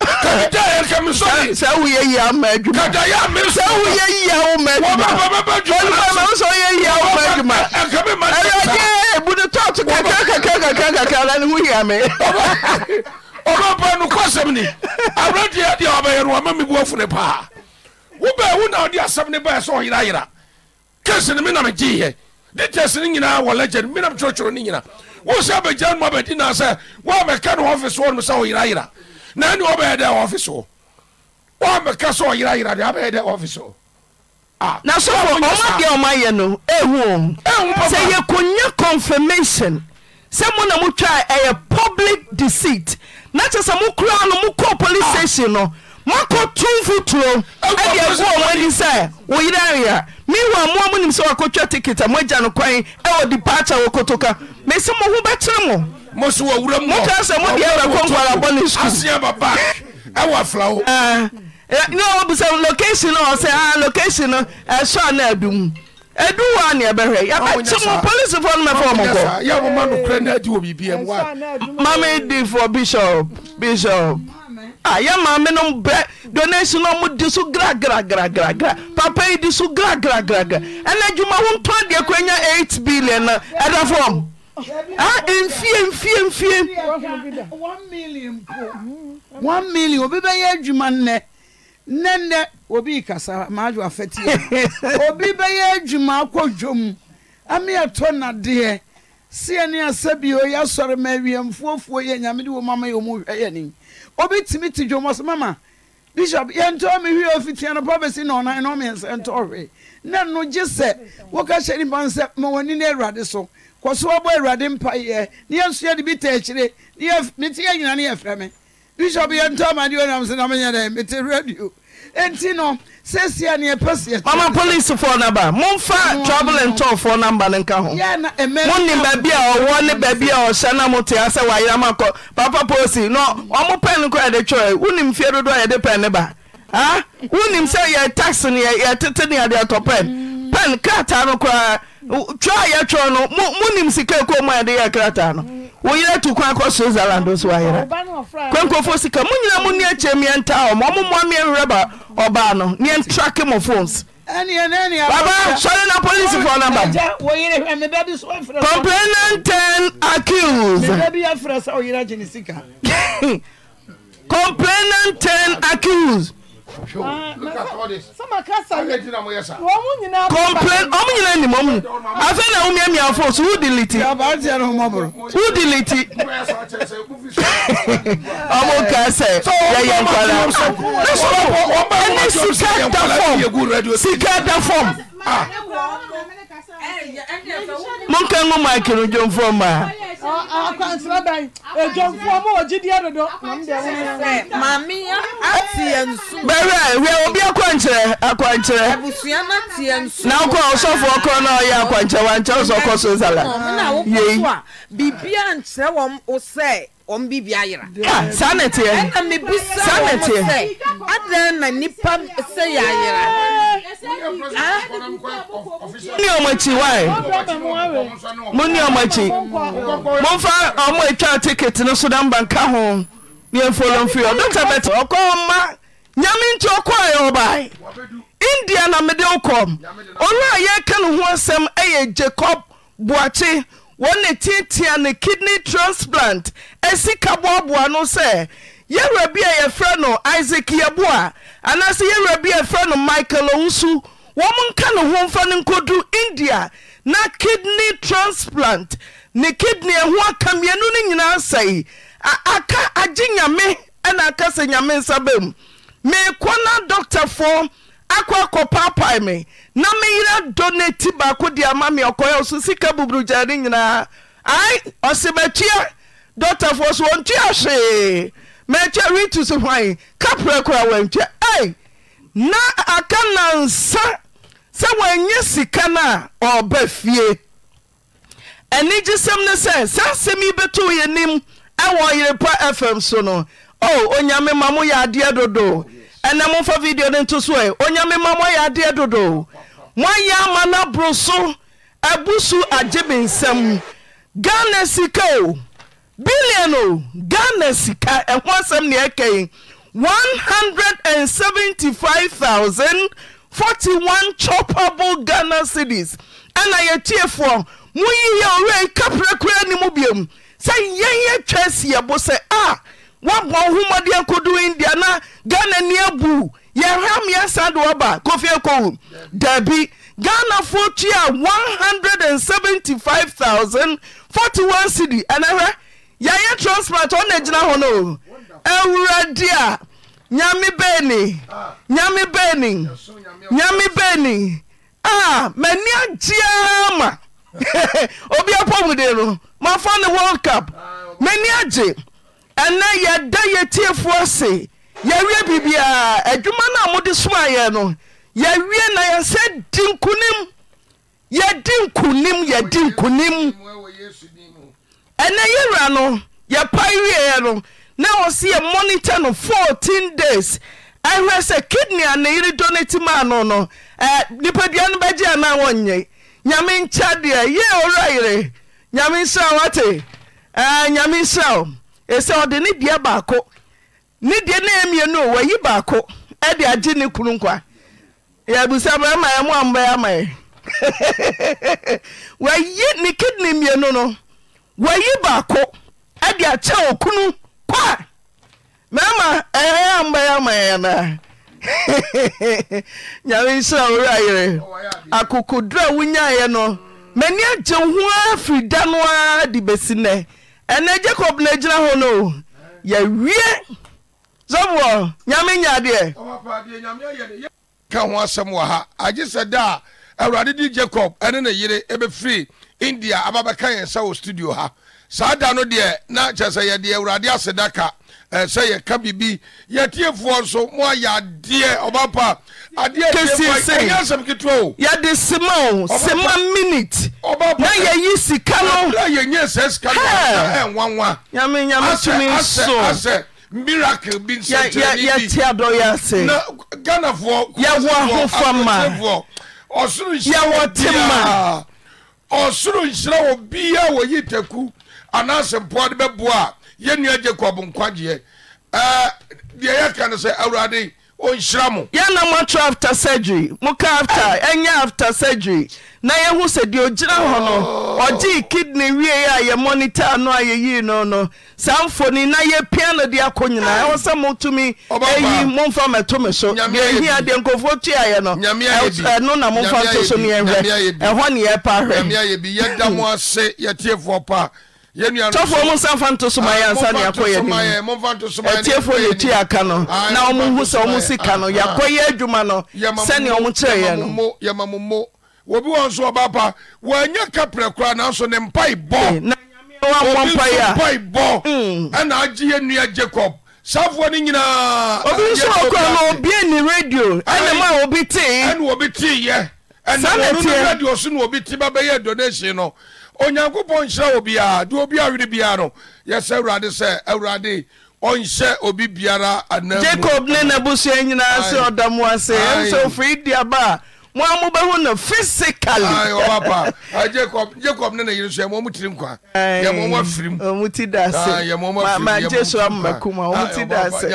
snr sene menam e sne yina e wo lee mena ro neyna anis neie na ne wɔbɛyɛ dɛ ɔfice o wɔmmɛka sɛ ɔyerayera deɛ abɛyɛ dɛ ɔfice o na sɔfo ɔma deɛ ɔma yɛ no ɛhu o sɛ yɛkonya confirmation sɛ mo na motwaa ɛyɛ public deceit na kyɛ sɛ mokoraa no mokɔɔ police station no moakɔ tomfo turo ɛde agu ɔmo ani sɛ wo yere area mewa moa monim sɛ wakɔtwa ticket a moagya no kwan ɛwɔ departure wɔ kotoka mesi mo ho bɛkyere mo ksɛ mdeonkbɔne ssɛ locaton sɛ locaton no sɔa ne ado mu dooanebɛhɛ ɛtimo policy fo nɛfmmdf byɛ mamenom brɛ donatonal mo di so gragrara papadi so graa ɛne dwuma ho toa deɛkɔnya 8 billion n ɛdaf mfiemfiemfie ah, ah, eh, million obi bɛyɛ adwuma nnɛ nnɛnnɛ obi kasa maajo afɛteɛ [LAUGHS] obi bɛyɛ adwuma akɔ dwom ame ɛtɔ nadeɛ seɛ ne asɛ bi o yɛ asɔre ma awiemfuofuo yɛ nyame de wɔ mama yɛ ɔmu hwɛ yɛ ni obi tumi te dwom ɔsɛ mama bishop yɛntɔ me hwee ofitia no pɔbɛsi na ɔnan na ɔmɛnsɛ ntɔ hwee na no gye sɛ woka hyɛ nipa nsɛ ma wɔni no awurade so wkma police f na ba momfa travelintof namba ne nka homoni baabi a ɔwɔ ne baabi a ɔhyɛ no mo teasɛ wayerama kɔ papaposi n ɔmo pɛn koa yɛde twerɛ wonim fie dodoɔ a yɛde pɛn ne ba ah? wonim sɛ yɛ tase noyɛtete ne adeɛatɔ pɛn pn kataa no koraa twaa yɛtwrɛw no monim sikaakom mu a yɛde yɛ krataa no wo yerɛ tu ko kɔ soezarland sowayera kwankofo sika mo nyina munneɛkyɛ mmeɛntawɔ ma ɔmomoa mmeɛnwerɛba ɔbaa no nneɛntrake mɔ phonsbba sɔre na police fo nambacomplainant ten accuse complainant ten accuse [LAUGHS] Ah, complain ọmọ nyina nim ọmọ afẹ na ọmọ miami afọ so who delete who delete ọmọ kẹsẹ yẹyẹ nkwara ẹni sika da fọm sika da fọm monka ngo mike no dwomfoɔ mmaa bɛwerɛ hwɛ obi akwankyerɛ akwankyerɛ na wokɔ ɔsɔfoɔ kɔ na ɔyɛ akwankyerɛ wankyɛ wo sɛ ɔkɔ so nsala yei biribia nkyerɛ wɔ wo sɛ Ah, saa na teɛ saa na teɛ adan na nipa sɛ yɛ ayera ne ɔmo akyi wae mo ne ɔmo akyi momfa ɔmo atwa ticket no so da mba nka ho ne mfolo mfiri ɔ dɔkta bɛte ɔkɔ ɔma nyame nti ɔkɔɔ yɛ ɔbae india na mede ya ɔno a yɛka ne ya jacob boakye wɔne teatea ne kidney transplant asika boaboa no sɛ yɛwura bi a yɛfrɛ no isaac yɛbo a anaasɛ yɛwura bi a yɛfrɛ no michael owusu wɔm nka ne ho mfa no india na kidney transplant ne kidney ho akammienu no nyinaa sɛe aka agye nyame na aka sɛ nyame nsa bam meekɔ na dɔktafoɔ akɔ akɔpaapae me na meyerɛ donati baako de ama me ɔkɔyɛ so sika bubrugya ne nyinaa ai ɔse matua dɔtafoɔ so wɔntua hwee matwa retu so hwan kaprɛ kora wɔantwa ai na aka nansa sɛ wɔanyɛ sika no a ɔrɔba fie ɛni gyesɛm ne sɛ saa asɛm yi bɛtoo yɛnim ɛwɔ yere pa fm so no o oh, onyame ma moyɛ adeɛ dodo ɛnɛ momfa video no nto so ɛ onyame mma mɔayɛ adeɛ dodoo moayɛ ama no boro so abu so agye minsɛm ghana sika o bilian o ghana sika ɛho asɛm nea ɛkɛi 17541 chopable ghana cidies ɛna yɛtuefoɔ monyi yɛ ɔwrɛi kaprakora ni mu biom sɛ yɛn yɛ twɛsse yɛbo sɛ a ah, woabɔ hommɔde ankɔdo nindea na ghana nne a bu yɛhra me yɛansan de waba kofie kɔu dabi ghanafoɔ tu a 17541 cidy ɛnahrɛ yɛyɛ transplant ɔne gyina hɔno awurade a nyame beni nyame beni nyame benin m'aniagyeaa ma [LAUGHS] obiapɔmude no mafanerld cp'ani ɛnɛ yɛda yɛtiefoɔ se yɛwiɛ biribia adwuma no mode somaeɛ no yɛwiɛ na yɛn sɛ di nkonim yɛdi nkonim yɛdi nkonim ɛnɛ yɛwura no yɛpae wieeɛ no na wɔ sɛ yɛ monita no 4 days ɛhwɛ sɛ kidnea ne yeredɔ ne timaano no nnipadia no bɛgye ana wɔnyɛ nyame nkya deɛ yɛɛ ɔrɛ yere nyame nsyrawo ate nyame nsyiraw ɛsɛ ọ ne deɛ baako ne deɛ ne ɛmienu o wɔayi baako ɛde agye ne kunu nkwa yɛabusa brɛma ɛ mo ya ama ya [LAUGHS] wayi ne kidne mmienu no wayi baako ɛde akyɛ okunu kwa mɛma ɛɛ eh, ya ama ya [LAUGHS] nyame ɛnɛ Jacob na gyina hɔ no yɛwie sɛboɔ nyame nyadeɛ ka ho asɛm wɔ ha agye sɛ da a awurade de jacob ɛne ne yere ɛbɛfiri india ababɛka yɛn sɛ wɔ studio ha saa da no deɛ na kyerɛ sɛ yɛde awurade aseda ka sɛ yɛka biribi yɛtiefoɔ nso mo ayɛ adeɛ ɔbapa adeɛ kɛsiesɛyɛ asɛm ketewa o yɛde sema o sema minute na yɛyi sika no yɛnyɛ sɛ sika no ɛnwanwa nyame nyame tumi nso miracle bi nsɛnkyerɛni bi yɛte adɔyɛ ase na ghanafoɔ yɛwɔ ahofama ɔsoro nhyira wɔ biara ɔsoro nhyira wɔ biara wɔyi taku anaasɛ mpoa de bɛboa a yɛnua jacob nkwagyeɛ deɛ yɛka no sɛ awurade ɔnhyira mo yɛna moatro after surgery moka after ɛnyɛ after surgery na yɛhu sɛ deɛ ogyina hɔ no ɔgyee oh! kidney wie a yɛ monitor no a yɛyii no no saa mfoni na yɛpia no de akɔ nyinaa ɛwɔ sɛ motumi ayi momfa mɛto me so yɛhia deɛ nkurɔfoɔ tuaeɛ no ɛno na momfa nto so no yɛhwɛ ɛhɔ ne yɛpa hwɛ yɛda mo ase yɛtiefoɔ paa tɔfoɔ mu nsa mfa nto so ma ah, yɛ ansa ne akɔyɛ no atiefoɔ ah, yɛ ti aka no na ɔmo hu sɛ ɔmo sika no ah, yɛakɔyɛ adwuma no sɛnea ɔmo kyerɛeɛ no obi wɔ nso ɔba pa wɔanya kaprɛ koraa nanso ne mpa ibɔ eh, obi nso mpa ibɔ hmm. ɛna agye yɛ nua jacob sáfọ ni nyinaa. obi nso wɔ na obi ni radio ɛna mu a obi tee. ɛna obi tee yɛ ɛna wɔn ni radio so na obi tee ba bɛyɛ donation no onyankopɔn nhyira wɔ biara de obi awere biara no yɛsɛ awurade sɛ awurade ɔnhyɛ obi biara anam jacob ne n'abusua nyinaa sɛ ɔda mu ase ɛnso ofiri di aba a mo a mobɛhu no physically jacob jacob ne ne yere so yɛmɔ mu tiri nkwa yɛmɔ mu afirim ɔmu ti da ase ma jesu amamakum a ɔmu ti da ase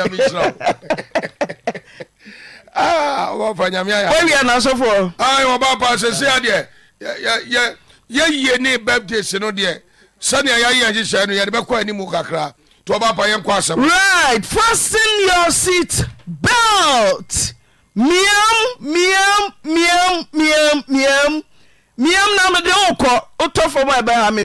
ɔbapa nyame ayɛ wɔwia n'asɔfoɔ ɔbapa sɛ sɛ adeɛ yɛyie ne birthdays no deɛ sɛnea yɛayɛ nhyehyɛ no yɛde bɛkɔ animu kakra to ɔba yɛnkɔ asɛm right fasten your seat belt miam miam miam miam miam miam na mede wokɔ wotɔ fam a ɛbɛha me